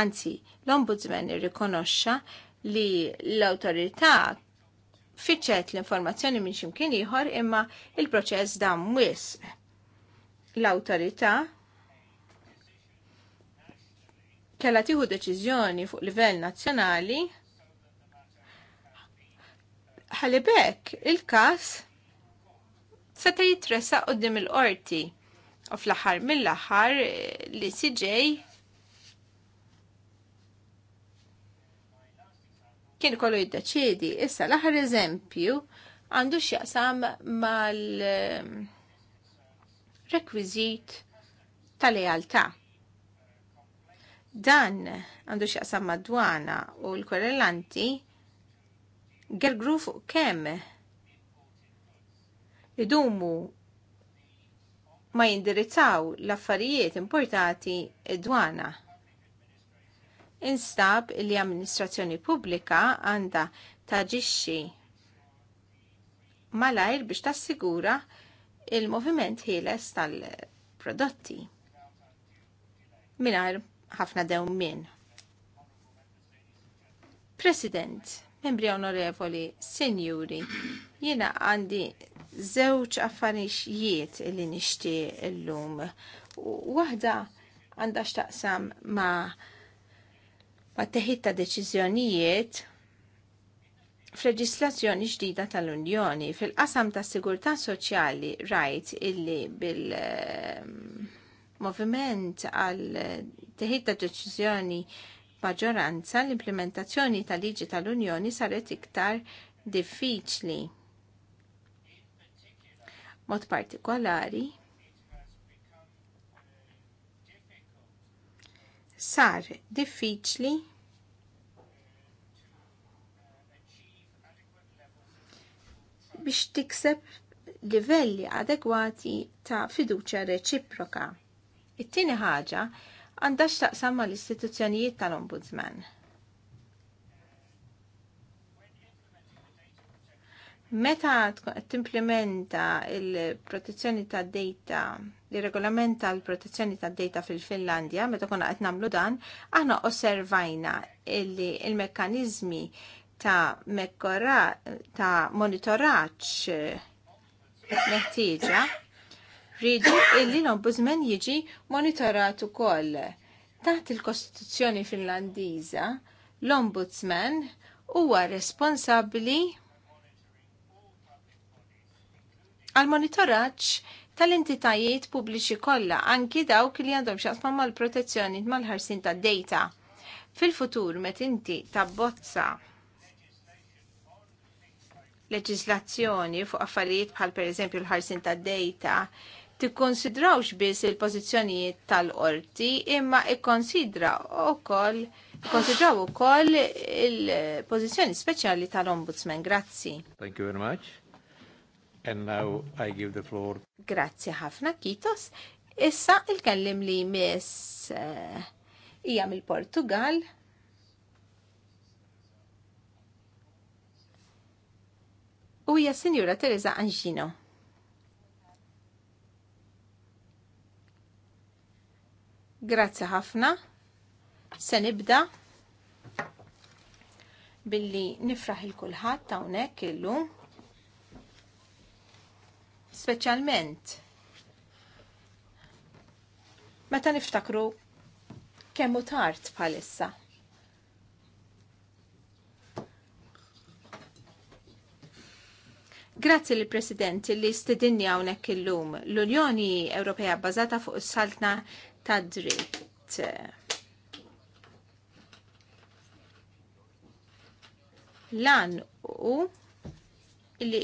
anzi l-ombudsman irrikonoxxa li l awtorità fitxet l-informazzjoni minn ximkien ieħor imma il-proċess dam wisq. l awtorità kella tieħu deċiżjoni fuq livell nazzjonali ħalibek il-każ seta' jitressa qoddim il-qorti. U fl-aħħar mill-aħħar eh, li CJ kien kollu jiddeċiedi. Issa l-aħħar eżempju għandu x'jaqsam mal-rekwiżit eh, tal-lealtà. Dan għandu x'jaqsam madwana u l-korrelanti gergru fuq kemm idumu ma jindirizzaw l-affarijiet importati dwana. Instab li amministrazzjoni pubblika għanda taġixxi malajr biex tassigura il-moviment ħieles tal-prodotti minar ħafna dewmien. President, membri onorevoli, senjuri, jina għandi zewċ affarixijiet li nishti l-lum. Wahda għandha xtaqsam ma' ma' teħitta ta' deċiżjonijiet f'leġislazzjoni ġdida tal-Unjoni fil-qasam ta' sigurtà soċjali rajt illi bil-moviment ehm, għal teħitta ta' deċiżjoni maġġoranza l-implementazzjoni tal-liġi tal-Unjoni saret iktar diffiċli. Mod partikolari sar diffiċli biex tikseb livelli adegwati ta' fiduċja reċiproka. It-tieni ħaġa għandha x'taqsam mal-istituzzjonijiet tal-Ombudsman. Meta timplementa il-protezzjoni tad data, li regolamenta l-protezzjoni tad data fil-Finlandja, meta konna qed nagħmlu dan, aħna osservajna illi il-mekkaniżmi ta' mekkora ta' monitoraġġ meħtieġa rridu illi l-ombudsman jiġi monitorat ukoll. Taħt il-Kostituzzjoni Finlandiża, l-ombudsman huwa responsabbli għal monitoraġġ tal-entitajiet pubbliċi kollha anki dawk li għandhom xaqsma mal-protezzjoni mal-ħarsin tad dejta Fil-futur met inti tabbozza leġislazzjoni fuq affarijiet bħal pereżempju l-ħarsin tad dejta tikkonsidrawx biss il-pożizzjonijiet tal-qorti imma ikkonsidra wkoll ikkonsidraw ukoll il-pożizzjoni speċjali tal-Ombudsman. Grazzi. Thank you very much. And now I give the floor. Grazzi ħafna Kitos. Issa il-kellim li miss eh, hija uh, mill-Portugal u hija Sinjura Teresa Angino. Grazzi ħafna. Se nibda billi nifraħ il-kulħadd hawnhekk illum. Speċjalment meta niftakru kemm hu tard bħalissa. Grazzi li President li stedinni hawnhekk illum. L-Unjoni Ewropea bbażata fuq is-saltna ta' dritt. Lan u li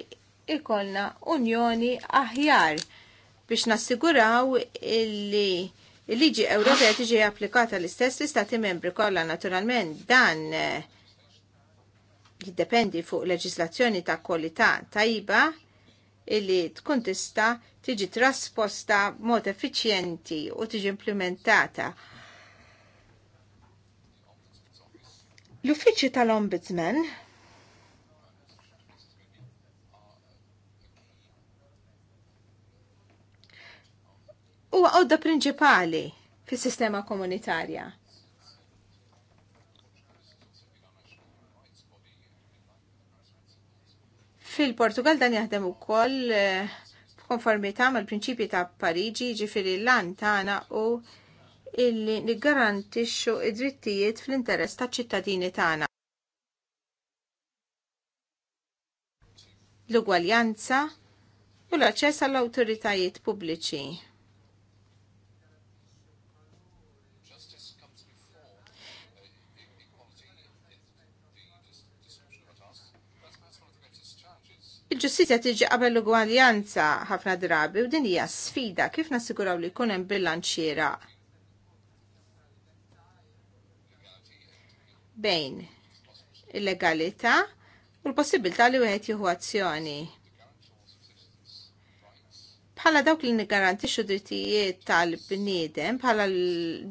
ikolna unjoni aħjar biex nassiguraw li l liġi Ewropea tiġi applikata l-istess l-istati membri kollha naturalment dan eh, jiddependi fuq leġislazzjoni ta' kwalità tajba illi tkun tista tiġi trasposta mod effiċjenti u tiġi implementata. l uffiċi tal-Ombudsman huwa għodda prinċipali fis-sistema komunitarja. Fil-Portugal dan jaħdem ukoll b'konformità eh, mal-prinċipji ta' Pariġi, jiġifieri l-an tagħna u illi niggarantixxu id-drittijiet fl-interess taċ-ċittadini tagħna. L-ugwaljanza u l-aċċess għall-awtoritajiet pubbliċi. Il-ġustizja tiġi qabel l-ugwaljanza ħafna drabi u din hija sfida kif nassiguraw li jkun hemm bilanċiera bejn il-legalità u l-possibilità li wieħed jieħu azzjoni. Bħala dawk li nigarantixxu drittijiet tal-bniedem, bħala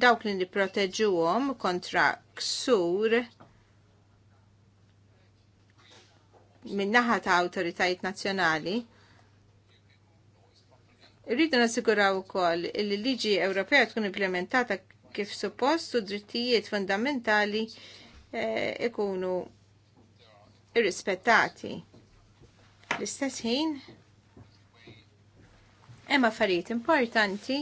dawk li nipproteġuhom kontra ksur, minnaħa ta' autoritajiet nazzjonali, rridu nasiguraw ukoll li l-liġi Ewropea tkun implementata kif suppost u drittijiet fundamentali eh, ikunu irrispettati. L-istess ħin, hemm affarijiet importanti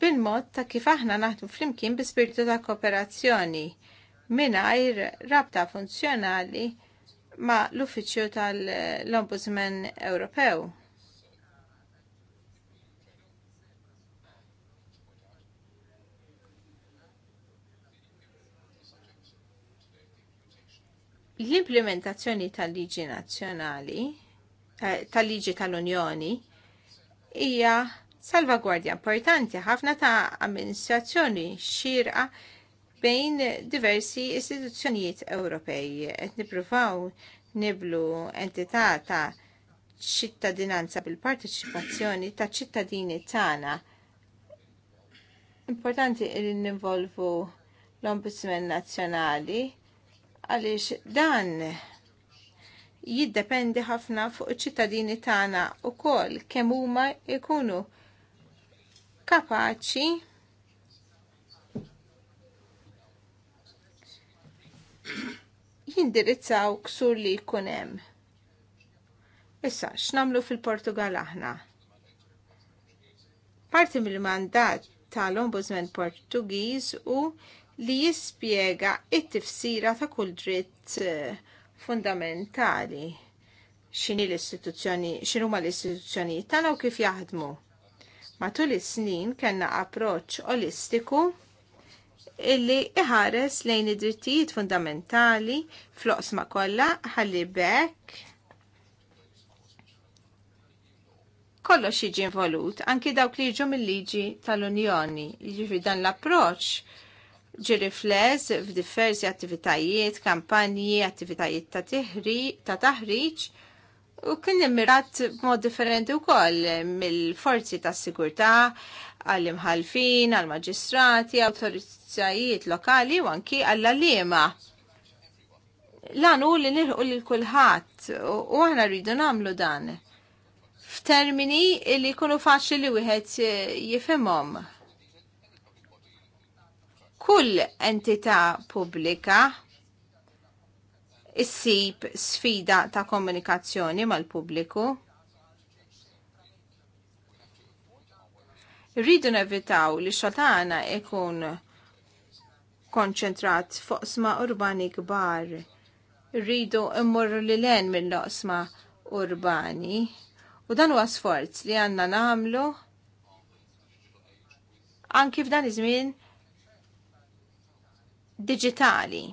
bil-mod ta' kif aħna naħdmu flimkien bi spiritu ta' kooperazzjoni mingħajr rabta funzjonali ma' l-Uffiċċju tal-Ombudsman Ewropew. L-implementazzjoni tal-liġi nazzjonali, eh, tal-liġi tal-Unjoni, hija salvagwardja importanti ħafna ta' amministrazzjoni xirqa bejn diversi istituzzjonijiet Ewropej. Qed nippruvaw niblu entità ta' ċittadinanza bil-parteċipazzjoni ta' ċittadini tagħna. Importanti li ninvolvu l-Ombudsman Nazzjonali għaliex dan jiddependi ħafna fuq iċ-ċittadini tagħna wkoll kemm huma jkunu kapaċi jindirizzaw ksur li jkun hemm. Issa, x'namlu fil-Portugal aħna? Parti mill-mandat tal-Ombudsman Portugiż u li jispjega it-tifsira ta' kull dritt eh, fundamentali xini l-istituzzjoni, xinu ma l-istituzzjoni tal u kif jaħdmu. Matul is-snin kena approċ olistiku illi iħares lejn id-drittijiet fundamentali fl-oqsma kollha ħalli bekk kollox jiġi involut, anki dawk li jiġu mill-liġi tal-Unjoni. Jiġifieri dan l-approċċ ġi rifless f'diversi attivitajiet, kampanji, attivitajiet ta' tiħri, ta' taħriġ, u kien immirat b'mod differenti wkoll mill-forzi tas-sigurtà, għall-imħalfin, għall-maġistrati, autorizzajiet lokali u anki għall-għalima. Lan u li nirħu li kulħadd u aħna rridu namlu dan. F'termini li jkunu faċli li wieħed jifhimhom. Kull entità pubblika issib sfida ta' komunikazzjoni mal-pubbliku Rridu nevitaw li xatana ikun konċentrat fuqsma urbani kbar. Rridu immorru li len mill-loqsma urbani. U dan huwa sforz li għandna nagħmlu anki f'dan iż-żmien digitali.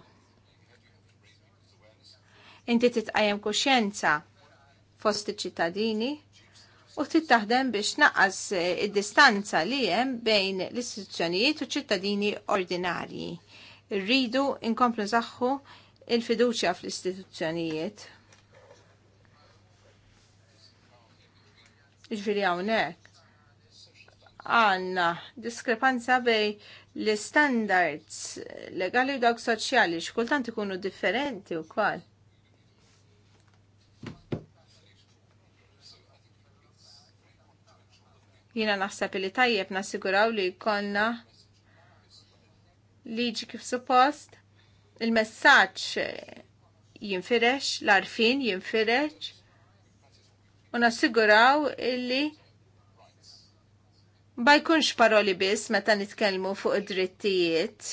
Inti titqajem kuxjenza fost iċ-ċittadini u trid taħdem biex naqqas eh, id-distanza li hemm bejn l-istituzzjonijiet u ċittadini ordinarji. Rridu inkomplu zaħħu il-fiduċja fl-istituzzjonijiet. Ġviri hawnhekk għanna diskrepanza bej l-standards legali u dawk soċjali xkultant ikunu differenti u Jina naħseb li tajjeb nasiguraw li konna liġi kif suppost, il-messaġġ jinfirex, l-arfin jinfirex, u nassiguraw illi ma jkunx paroli biss meta nitkellmu fuq id-drittijiet.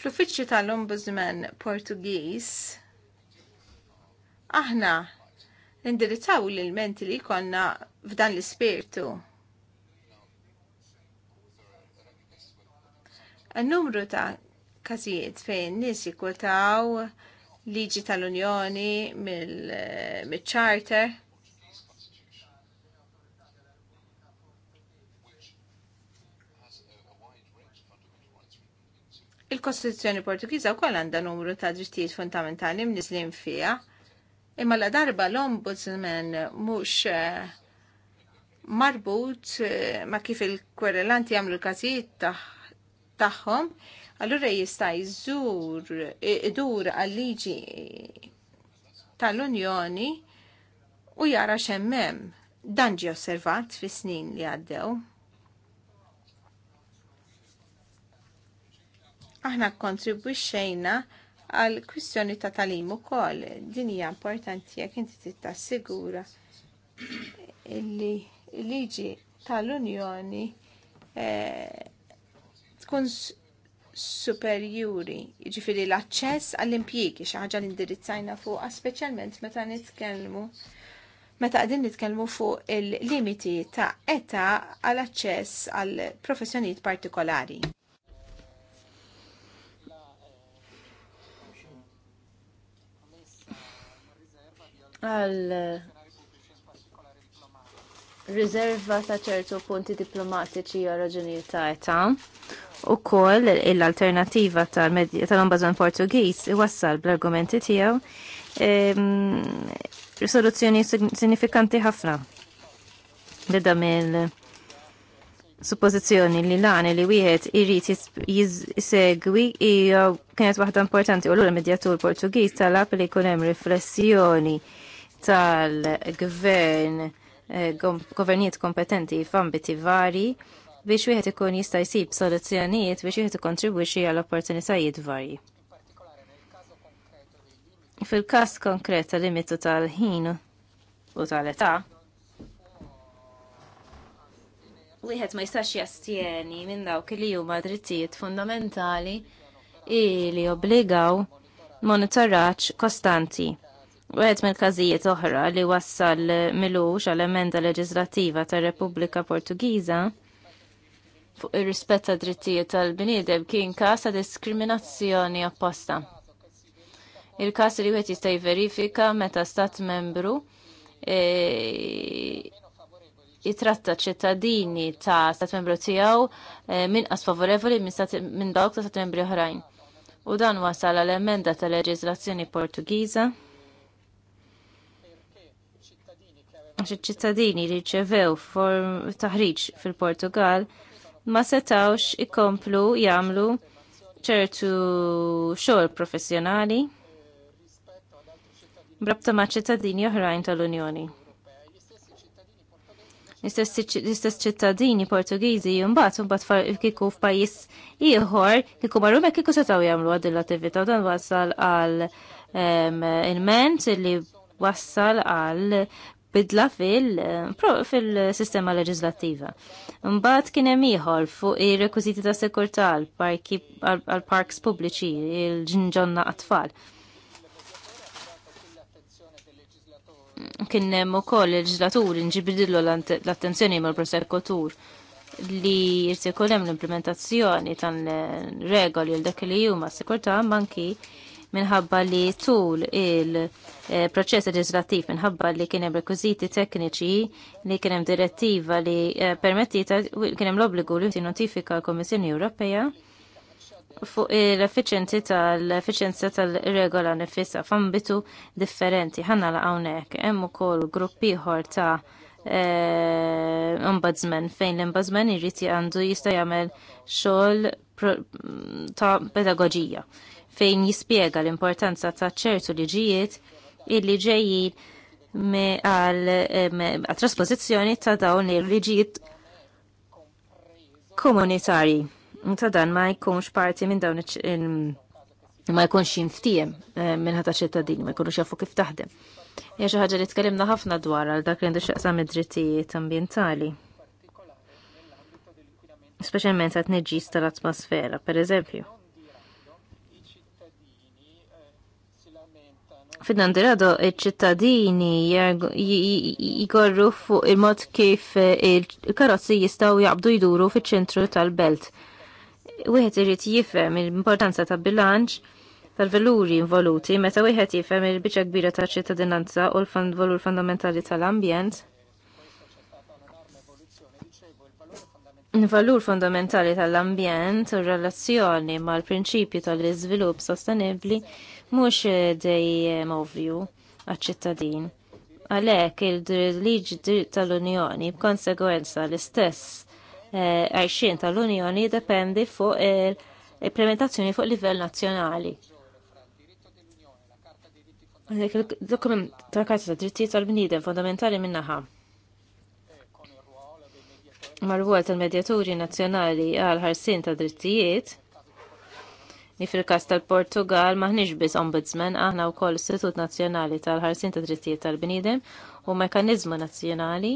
Fl-uffiċċju tal-Ombudsman Portugiż aħna indirizzaw l ilmenti li konna f'dan l-ispirtu. numru ta' kazijiet fejn nis jikultaw liġi tal-Unjoni mill-Charter. Il-Kostituzzjoni u wkoll għandha numru ta' drittijiet fundamentali mniżlin fiha Imma la darba l-ombudsman mhux eh, marbut eh, ma kif il-kwerelanti jagħmlu l-każijiet tagħhom, allura jista' jżur idur għal-liġi tal-Unjoni u jara xemmem dan ġi osservat fi snin li għaddew. Aħna kontribwixxejna għal kwistjoni ta' talim ukoll. Din hija importanti jekk inti sigura li liġi tal-Unjoni eh, tkun superjuri, jiġifieri l-aċċess għall-impjiegi xi ħaġa li indirizzajna fuqha speċjalment meta nitkellmu meta qegħdin nitkellmu fuq il-limiti ta' età għall-aċċess għal professjonijiet partikolari. għal riserva ta' ċertu punti diplomatiċi għal raġunijiet ta' età. U koll l-alternativa tal-ombazon Portugiż wassal bl-argumenti tiegħu ehm, risoluzzjoni sinifikanti ħafna. Beda mill suppożizzjoni li l li wieħed irrit jisegwi hija kienet waħda importanti u l-medjatur Portugiż talab li jkun hemm riflessjoni tal-gvern eh, governijiet kompetenti f'ambiti vari biex wieħed ikun jista' jsib soluzzjonijiet biex wieħed ikkontribwixxi għal opportunitajiet varji. Fil-każ konkret tal-limitu tal-ħin u tal-età, wieħed ma jistax jastjeni minn dawk li huma drittijiet fundamentali li obbligaw monitoraġġ kostanti Għed mill każijiet oħra li wassal milux għal emenda leġislativa tar Repubblika Portugiża fuq ir-rispett drittijiet tal-bniedem kien każ ta' diskriminazzjoni apposta. Il-każ li wieħed jista' jverifika meta stat membru e, jitratta ċittadini ta' stat membru tiegħu e, minqas favorevoli minn dawk ta' stat membri oħrajn. U dan wasal għal emenda tal-leġislazzjoni Portugiża għax iċ-ċittadini li ċevew form taħriġ fil-Portugal ma setawx ikomplu jagħmlu ċertu xogħol professjonali brabta ma' ċittadini oħrajn tal-Unjoni. L-istess ċittadini Portugiżi mbagħad imbagħad kieku f'pajjiż ieħor kiku marru hekk kiku setgħu jamlu għad l-attività dan wassal għal il-ment li wassal għal bidla eh, fil-sistema fil leġislattiva. Mbagħad kien hemm ieħor fuq ir-rekwiżiti ta' sekurtà għal parks pubbliċi il-ġinġonna għat-tfal. Kien hemm ukoll il leġislatur inġibidillu l-attenzjoni mal-prosekutur li jirtikol hemm l-implementazzjoni tal-regoli eh, l dak li s sikurtà manki minħabba li tul il-proċess eh, legislativ minħabba li kien hemm rekwiżiti tekniċi li kien hemm direttiva li eh, permettita kien hemm l obligu li notifika l komissjoni Ewropea fuq l-effiċenzi tal-effiċenza tal-regola nifissa f'ambitu differenti. Ħanna la hawnhekk hemm ukoll gruppi ieħor ta' eh, ombudsman fejn l-ombudsman irrid għandu jista' jagħmel xogħol ta' pedagogija fejn jispjega l-importanza ta' ċertu liġijiet illi ġejjin għal trasposizzjoni ta' dawn il-liġijiet komunitarji. Ta' dan ma jkunx parti minn dawn ma jkunx jinftiem eh, minn ħata ċittadini, ma jkunux jafu kif taħdem. Ja xi ħaġa li tkellimna ħafna dwar għal dak li għandu x'aqsam id-drittijiet ambjentali. Speċjalment għat neġġis tal-atmosfera, per eżempju. Fidnandirado, il-ċittadini jgorru fuq il-mod kif eh, il-karozzi jistaw jaqbdu jduru fiċ-ċentru tal-belt. Wieħed irid jifhem l-importanza ta' bilanċ tal-veluri involuti meta wieħed jifhem il-biċċa kbira ta' ċittadinanza u l-valur fondamentali tal-ambjent. Il-valur fondamentali tal-ambjent u r-relazzjoni mal-prinċipju tal-iżvilupp sostenibbli mhux dej movju għal ċittadin Għalhekk il-liġi tal-Unjoni b'konsegwenza l-istess eh, għajxin tal-Unjoni dependi fuq il-implementazzjoni fuq livell nazzjonali. Il-dokument tal-Karta ta' Drittijiet tal-Bniedem fondamentali minnaħa marwol tal-medjaturi nazzjonali għal ħarsin ta' drittijiet Ni fil-kas tal-Portugal maħniġ biz ombudsman aħna u koll Istitut Nazjonali tal-ħarsin ta' drittijiet tal-bnidem u mekanizmu nazjonali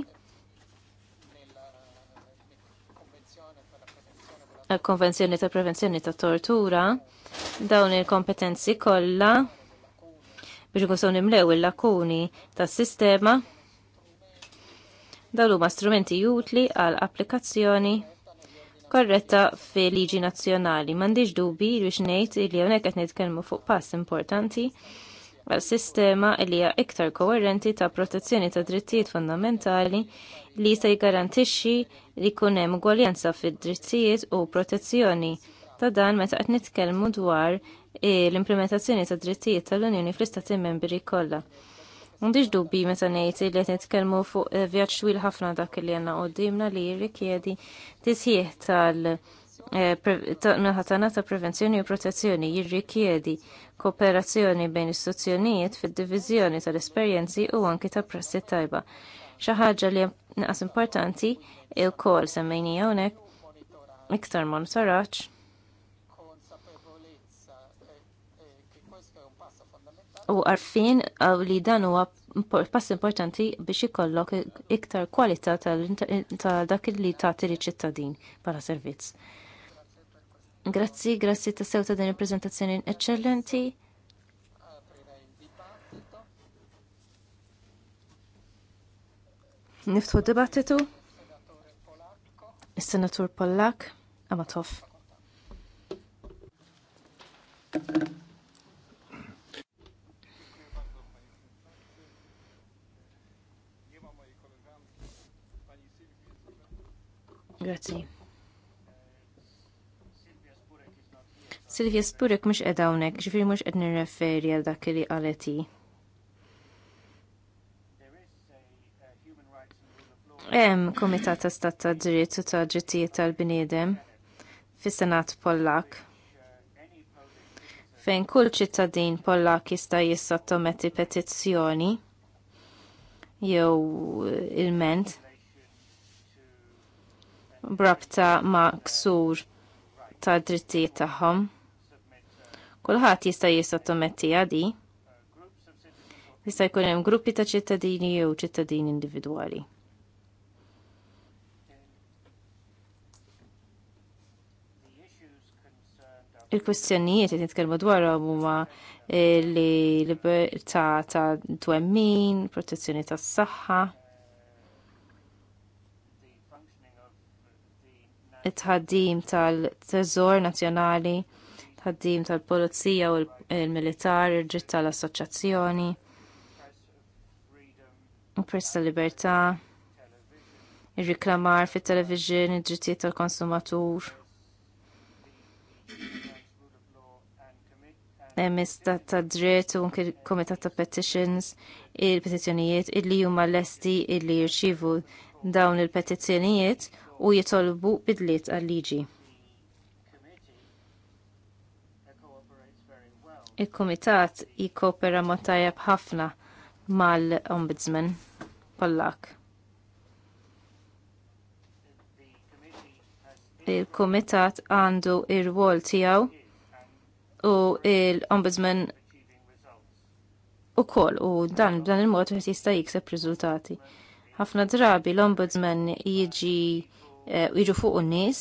konvenzjoni ta' prevenzjoni ta' tortura dawn il-kompetenzi kollha biex ikun imlew il-lakuni tas-sistema dawn huma strumenti utli għal applikazzjoni korretta fil-liġi nazzjonali. M'għandix dubi biex ngħid li hawnhekk qed nitkellmu fuq pass importanti għal sistema li hija iktar koerenti ta' protezzjoni ta' drittijiet fundamentali li se jgarantixxi li jkun hemm ugwaljanza fid-drittijiet u protezzjoni ta' dan meta qed nitkellmu dwar eh, l-implementazzjoni ta' drittijiet tal-Unjoni fl-Istati Membri kollha. M'għandix dubbi meta ngħid li qed nitkellmu fuq eh, vjaġġ twil ħafna dak li għandna qudiemna li jirrikjedi tisjieħ tal- eh, naħatana ta' prevenzjoni u protezzjoni jirrikjedi kooperazzjoni bejn istituzzjonijiet fid-diviżjoni tal-esperjenzi u anki ta' prassi tajba. Xi ħaġa li naqas importanti il-kol semmejnija hawnhekk iktar monitoraġġ u għarfin uh, li dan huwa pass importanti biex ikollok iktar kwalità ta' dak li tagħti li ċittadin bħala servizz. Grazzi, grazzi ta' sew ta' din il-prezentazzjoni eccellenti. Niftħu dibattitu. Is-Senatur Pollak, Amatov. Thank you. Grazzi. Silvia Spurek mux edha unek, ġifiri mux edni referi għal dak li għaleti. Em komitat ta' stat ta' dritt u ta' ġittijiet tal bnidem fis-senat Pollak fejn kull ċittadin Pollak jista' jissottometti petizzjoni jew il-ment brabta ma' ksur ta' drittijiet tagħhom. Kulħadd jista' jissottometti għadi. Jista' jkun hemm gruppi ta' ċittadini jew ċittadini individwali. Il-kwestjonijiet li nitkellmu dwarhom huma eh, li libertà ta' twemmin, protezzjoni tas-saħħa. it-ħaddim tal-Teżor Nazzjonali, tħaddim tal-Polizija u l-Militar, il-ġit tal-Assoċjazzjoni, il-Press tal-Libertà, il-riklamar fit-television, il-ġittijiet tal-konsumatur. emista ta' dritt u komitat ta' petitions il-petizjonijiet illi huma lesti illi jirċivu dawn il-petizjonijiet u jitolbu bidliet għal-liġi. Il-Komitat jikopera ma ħafna mal-Ombudsman Pollak. il-Komitat għandu ir-rwol tijaw u l-Ombudsman u kol u dan b'dan il-mod jista' jikseb riżultati. Ħafna drabi l-Ombudsman jiġi Eh, jiġu fuq n-nies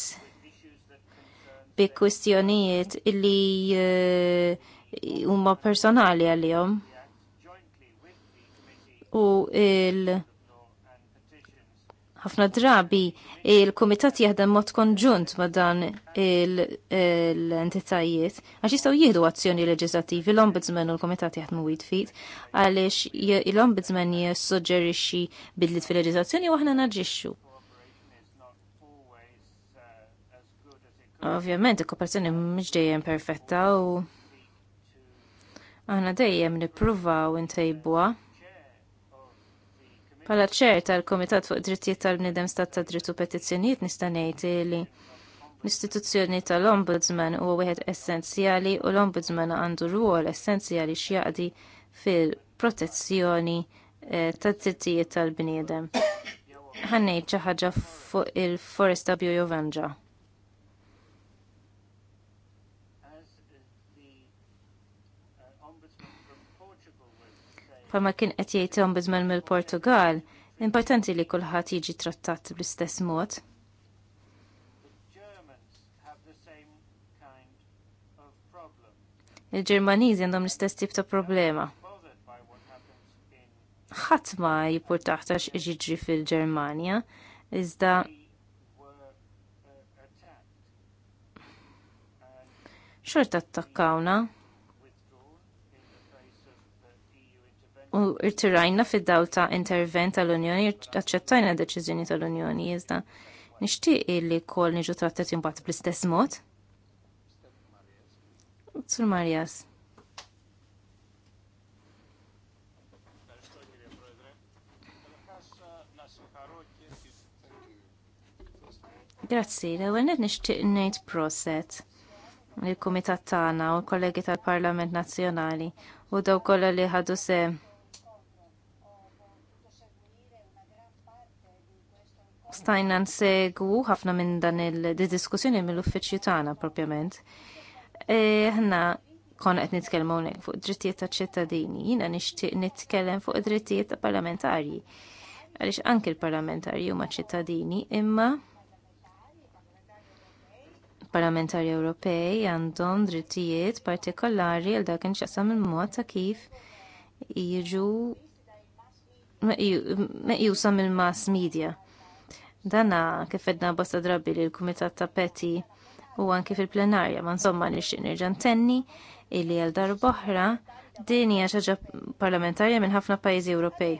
bi kwistjonijiet illi eh, huma personali għalihom. U il ħafna drabi il-komitat jaħdem mod konġunt ma' dan l-entitajiet għax jistgħu jieħdu azzjoni leġislattivi l-ombudsman u l-komitat jaħdmu fit għaliex l-ombudsman jissuġġerixxi bidlit fil leġislazzjoni u aħna naġixxu. Ovvjament, il-kooperazzjoni mhix dejjem perfetta u aħna dejjem nippruvaw ntejbuha. Pala ċer tal-Komitat fuq Drittijiet tal-Bnidem Stat ta' Drittu Petizzjonijiet nista' ngħid li l-istituzzjoni tal-Ombudsman huwa wieħed essenzjali u l-Ombudsman għandu rwol essenzjali x'jaqdi fil-protezzjoni eh, tad-drittijiet tal-bniedem. Ħannejt xi ħaġa fuq il-Forest Abju Jovanġa. Palma kien qed jgħid ombudsman mill-Portugal, importanti li kulħadd jiġi trattat bl-istess mod. Il-Ġermaniżi għandhom l-istess tip ta' problema. Ħadd ma jipur taħtax jiġri fil-Ġermanja, iżda xorta attakkawna. u rtirajna fid-daw ta' intervent tal-Unjoni, aċċettajna deċiżjoni tal-Unjoni, iżda nixtieq li kol niġu trattati mbagħad bl-istess mod. Sur Marjas. Grazzi, l-ewwel ned nixtieq ngħid proset il-Kumitat tagħna u l-kollegi tal-Parlament Nazzjonali u daw kollha li ħadu se. stajna nsegwu ħafna minn dan il-diskussjoni mill-uffiċju tagħna propjament. E, ħna kon qed nitkellmu hawnhekk fuq id-drittijiet taċ-ċittadini, jiena nixtieq nitkellem fuq id-drittijiet parlamentarji. Għaliex anke l-parlamentarji huma ċittadini, imma parlamentari Ewropej għandhom drittijiet partikolari għal dak inċaqsam il-mod ta' kif jiġu meqjusa mill-mass media. Dana kif edna bosta drabi li l-Kumitat ta' Peti u anki fil-plenarja ma' insomma nixtieq nerġa' ntenni illi għal darboħra din hija xaġa parlamentarja minn ħafna pajjiżi Ewropej.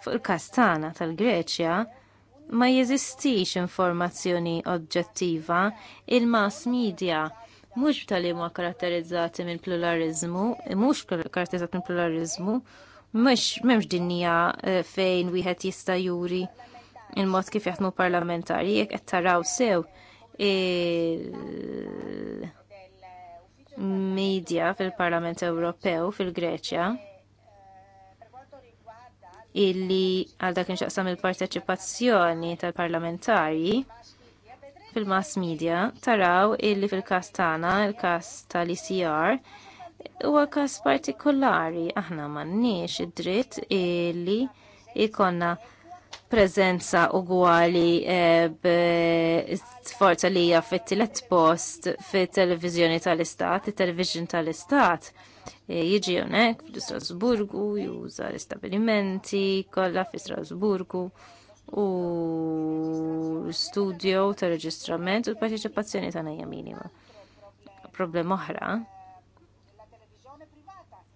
Fuq il-kastana tal-Greċja ma jeżistix informazzjoni oġġettiva il-mass media mhux tal-imma karatterizzati mill pluralizmu, mhux karatterizzati mill pluralizmu, mux m'hemmx dinja eh, fejn wieħed jista' juri il-mod kif jaħdmu parlamentari jekk qed taraw sew il-medja fil-Parlament Ewropew fil-Greċja illi għal dak inxaqsam il-parteċipazzjoni tal-parlamentari fil-mass media taraw illi fil il-kast tal-ICR, tagħna, il-kas tal-ICR, huwa każ partikolari aħna m'għandniex id-dritt li ikonna preżenza ugwali eh, b'forza li hija fit-tielet post fit-televiżjoni tal-Istat, it-television tal-Istat. Eh, jiġi hawnhekk fi Strasburgu, juża l-istabilimenti kollha fi Strasburgu u studio ta' reġistrament u l-parteċipazzjoni tagħna hija minima. Problema oħra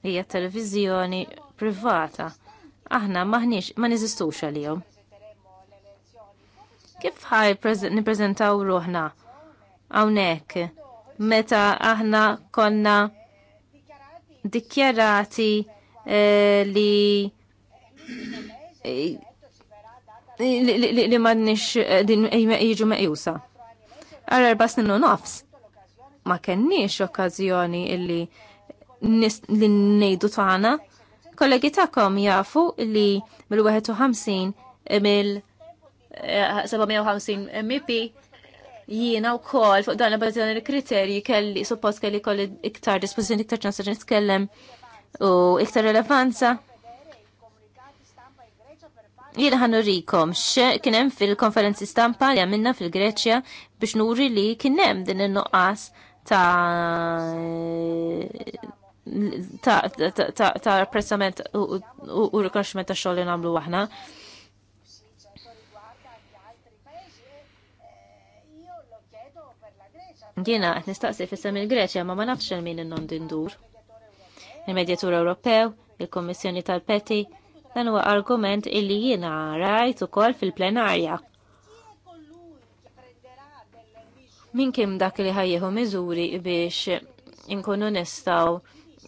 hija televiżjoni privata. Aħna maħniex ma niżistux għalihom. Kif ħaj nippreżentaw ruħna hawnhekk meta aħna konna dikjarati eh, eh, li li, madnix eh, din jiġu meqjusa. Għar bas snin Ma kenniex okkazjoni illi li ngħidu tagħna. Kollegi tagħkom jafu li mill-51 eh, mill-750 eh, MP jiena wkoll fuq dan l-bazzjoni l-kriterji kelli suppost kelli kolli iktar dispozizjoni iktar ċansar nitkellem u iktar relevanza jien ħanurikom kien hemm fil-konferenzi stampa li għamilna fil-Greċja biex nuri li kien hemm din in-nuqqas ta' ta' apprezzament u rikonxment ta' xogħol li nagħmlu aħna. Jiena qed nistaqsi fissem il-Greċja ma ma nafx il min non dindur. Il-Medjatur Ewropew, il-Kommissjoni tal-Peti, dan huwa argument illi jiena rajt ukoll fil-plenarja. Min kim dak li ħajjeħu miżuri biex inkunu nistgħu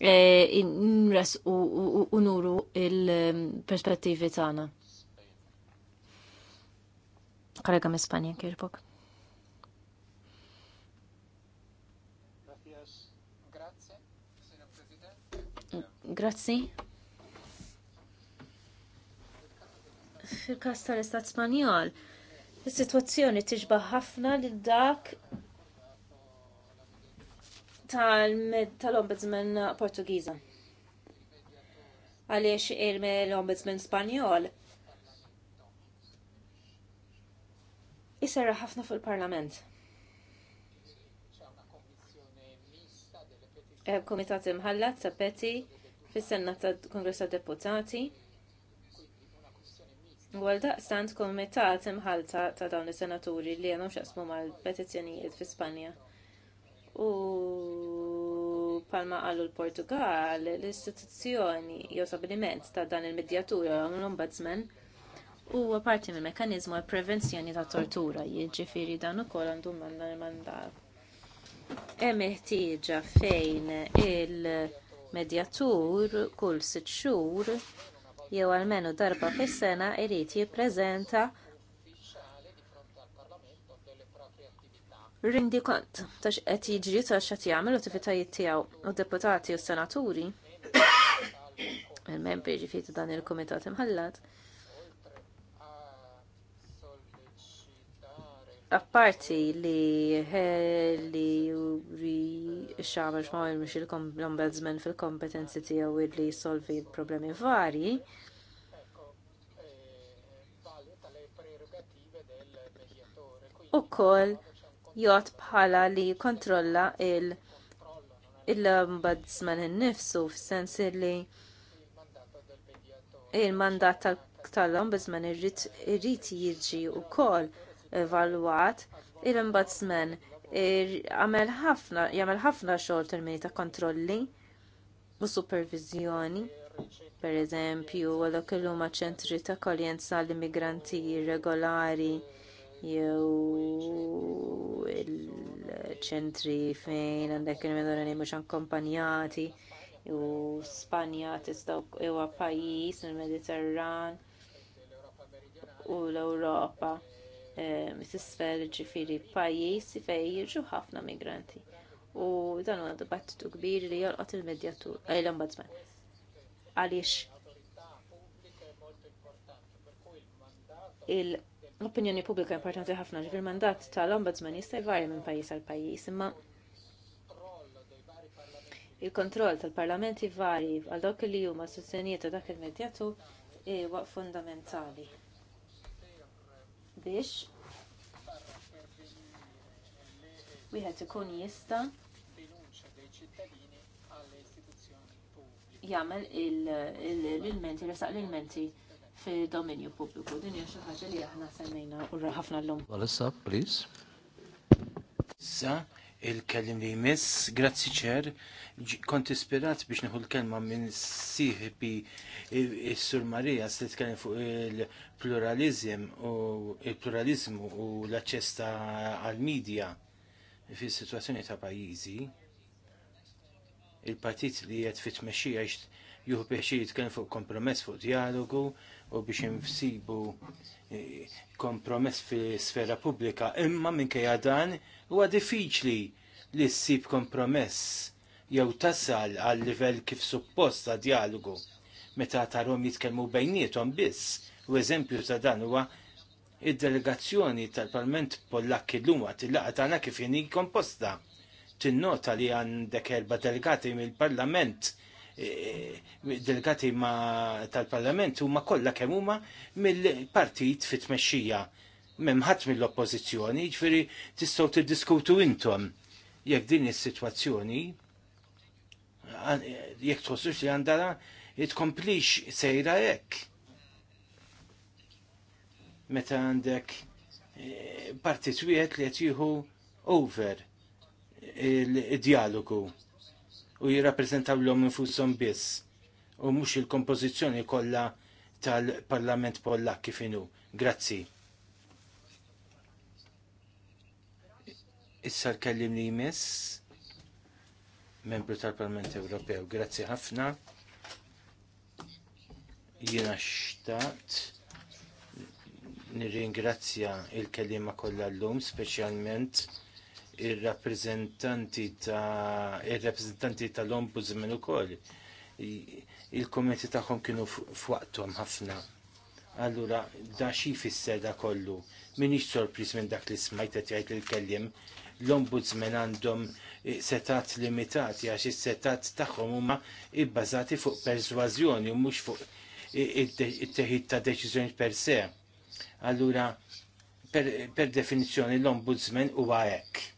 Eh, nres u nuru il-perspettivi tagħna. Karega minn Spanja kirbok. Grazzi. Fil-kas tal-Istat Spanjol, is-sitwazzjoni tiġba ħafna li dak tal-Ombudsman Portugiża. Għaliex il-Ombudsman Spanjol Isserra ħafna fuq il-Parlament. Eh, komitat imħallat ta' peti fis-senna ta' Kongress ta' Deputati. Għal stand komitat imħalta ta' dawn is-senaturi li għandhom xaqsmu mal-petizzjonijiet fi Spanja. U palma għallu l-Portugal, l-istituzzjoni jew sabiliment ta' dan il-medjatura u l-ombudsman huwa parti mill mekanizmu għal prevenzjoni ta' tortura, jiġifieri dan ukoll għandu mandat. Hemm ħtieġa fejn il-medjatur kull sitt xhur jew almenu darba fis-sena jrid jippreżenta rindi kont tax qed jiġri tax qed l attivitajiet tiegħu u deputati u senaturi il-membri ġifiet dan il-kumitat imħallat. Apparti li li xamar xmawil mux l-ombudsman fil-kompetenzi tiegħu li solvi problemi varji, u koll jgħat bħala li kontrolla il- il-ombudsman innifsu sens li il-mandat tal-ombudsman irrid jiġi wkoll evalwat il-ombudsman jagħmel ħafna jagħmel ħafna xogħol termini ta' kontrolli u supervizjoni pereżempju għalok illum ċentri ta' koljenza l-immigranti irregolari jew il-ċentri fejn għandek il-medorani mhux akkompanjati u Spanja tista' huwa pajjiż il mediterran u l europa mis-isfel eh, ġifiri pajis fejn jirġu ħafna migranti. U dan huwa dibattitu kbir li jolqot il-medjatur eh, l-ombudsman. Għaliex il L-opinjoni pubblika importanti ħafna ġifir mandat tal-ombudsman jista' jvarja minn pajjiż għal pajjiż, imma il-kontroll tal-parlamenti varji għal dawk li huma istituzzjonijiet ta' dak il-medjatu huwa fundamentali. Biex wieħed ikun jista' jagħmel il-menti, resaq l-menti fil-dominju pubbliku. Din hija xi ħaġa li aħna semmejna u ħafna llum. Walissa, please. Issa, il-kellim li jmiss, grazzi ċer, kont ispirat biex neħu l-kelma minn siħbi s-Sur Marija s tkellem fuq il-pluralizm u il-pluralizmu u l-aċċesta għal-medja fi situazzjoni ta' pajizi. Il-partit li jgħet fit mexija juhu biex jitkellem fuq kompromess fuq dialogu u biex insibu e, kompromess fi sfera pubblika. Imma minkejja dan huwa diffiċli li ssib kompromess jew tasal għal livell kif suppost ta' dialogu meta tarhom jitkellmu bejnietom biss. U eżempju ta' dan huwa id-delegazzjoni tal-Parlament Pollak illum għat il-laqa tagħna kif jini komposta. Tinnota li għandek erba' delegati mill-Parlament Eh, delegati tal-Parlament huma kollha kemm huma mill-partit fit-tmexxija. Memħat mill-oppożizzjoni, ġifieri tistgħu tiddiskutu intom jekk din is-sitwazzjoni jekk tħossux li għandara tkomplix sejra hekk. Meta għandek eh, partit wieħed li qed jieħu over il-dialogu u jirrappreżentaw l-om infushom biss u mhux il-kompożizzjoni kollha tal-Parlament Pollak kif Grazzi. Issa l-kellim li jmiss, membru tal-Parlament Ewropew. Grazzi ħafna. Jina xtaqt nirringrazzja il kolla kollha llum, speċjalment ir-rappreżentanti ta' ir-rappreżentanti tal-Ombudsman ukoll il-kommenti tagħhom kienu f'waqthom ħafna. Allura, da xi fisser da kollu. Minix sorpris minn dak li smajta qed jgħid il-kellim. L-ombudsman għandhom eh, setat limitati għax is-setat tagħhom huma ibbażati fuq persważjoni u mhux fuq eh, it-teħid ta' deċizjoni per se. Allura, per, per definizzjoni l-ombudsman huwa hekk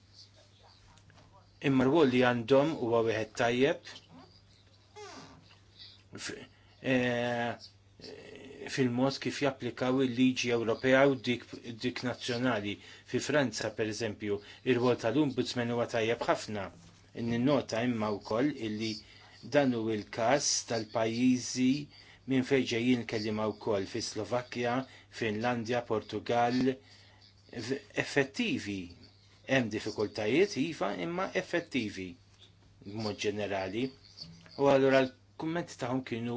imma rwol li għandhom huwa wieħed tajjeb e, fil-mod kif japplikaw il-liġi Ewropea u dik, nazzjonali. Fi Franza, per eżempju, il rwol tal-Ombudsman huwa tajjeb ħafna. Ninnota imma wkoll illi dan hu il-każ tal-pajjiżi minn fejn ġejjin kellimaw wkoll fi Slovakkja, Finlandja, Portugal, effettivi Hemm diffikultajiet iva imma effettivi b'mod ġenerali. U allura l-kummenti tagħhom kienu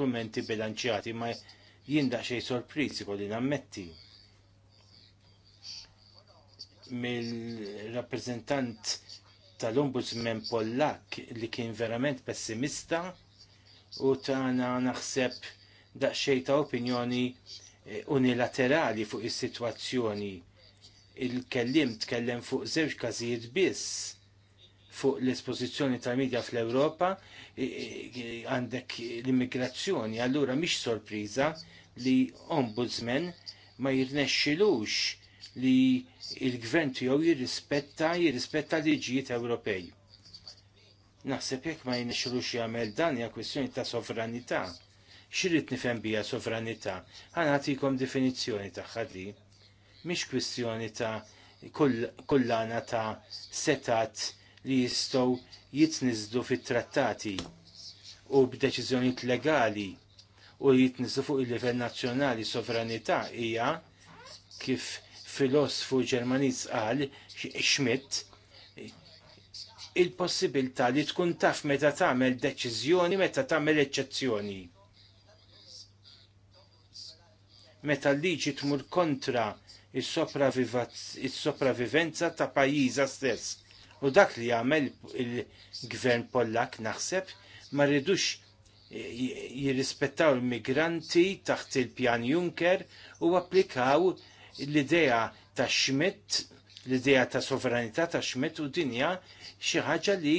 kummenti bilanċjati ma jindaq xej sorpriżi kolli nammetti. Mill-rappreżentant tal-Ombudsman Pollak li kien verament pessimista u tana naħseb daqxej ta' opinjoni eh, unilaterali fuq is-sitwazzjoni il-kellim tkellem fuq żewġ każijiet biss fuq l-esposizjoni tal-medja fl-Ewropa għandek l-immigrazzjoni, allura mhix sorpriża li ombudsman ma jirnexxilux li il-gvern tiegħu jirrispetta jirrispetta liġijiet Ewropej. Naħseb jekk ma jirnexxilux jagħmel dan hija kwestjoni ta' sovranità. Xirid nifhem bija sovranità. Ħa nagħtikom definizzjoni tagħha di mhix kwistjoni ta' kullana ta' setat li jistgħu jitniżdu fit-trattati u b'deċiżjonijiet legali u jitniżdu fuq il-livell nazzjonali sovranità hija kif filosfu Ġermaniż qal Schmidt il-possibilità li tkun taf meta tagħmel deċiżjoni meta tagħmel eċċezzjoni. Meta l-liġi tmur kontra is-sopravivenza ta' pajjiża stess. U dak li jagħmel il-gvern Pollak naħseb ma rridux jirrispettaw il-migranti taħt il-pjan Juncker u applikaw l-idea ta' Schmidt, l-idea ta' sovranità ta' Schmidt u dinja xi ħaġa li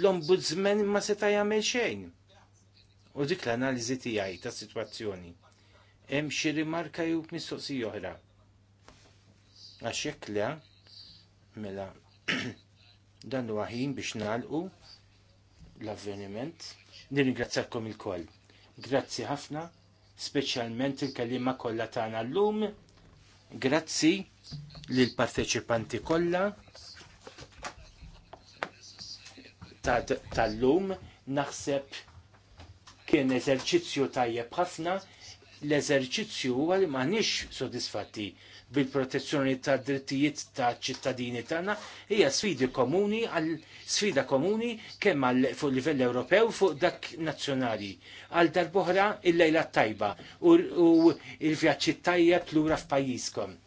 l-ombudsman ma seta' jagħmel xejn. U dik l-analiżi tiegħi ta' sitwazzjoni. Hemm xi rimarka jew mistoqsija oħra Għax jekk le, mela dan huwa ħin biex nagħlqu l-avveniment. Nirringrazzjakom il-koll. Grazzi ħafna, speċjalment il-kelliema kollha tagħna llum. Grazzi lill parteċipanti kollha. tal-lum naħseb kien eżerċizzju tajjeb ħafna, l-eżerċizzju huwa li m'aħniex sodisfatti bil-protezzjoni ta' drittijiet ta' ċittadini tagħna hija sfidi komuni għal sfida komuni kemm għal fuq livell Ewropew fuq dak nazzjonali. Għal darb'oħra il-lejla tajba u il-vjaġġi tajjeb lura f'pajjiżkom.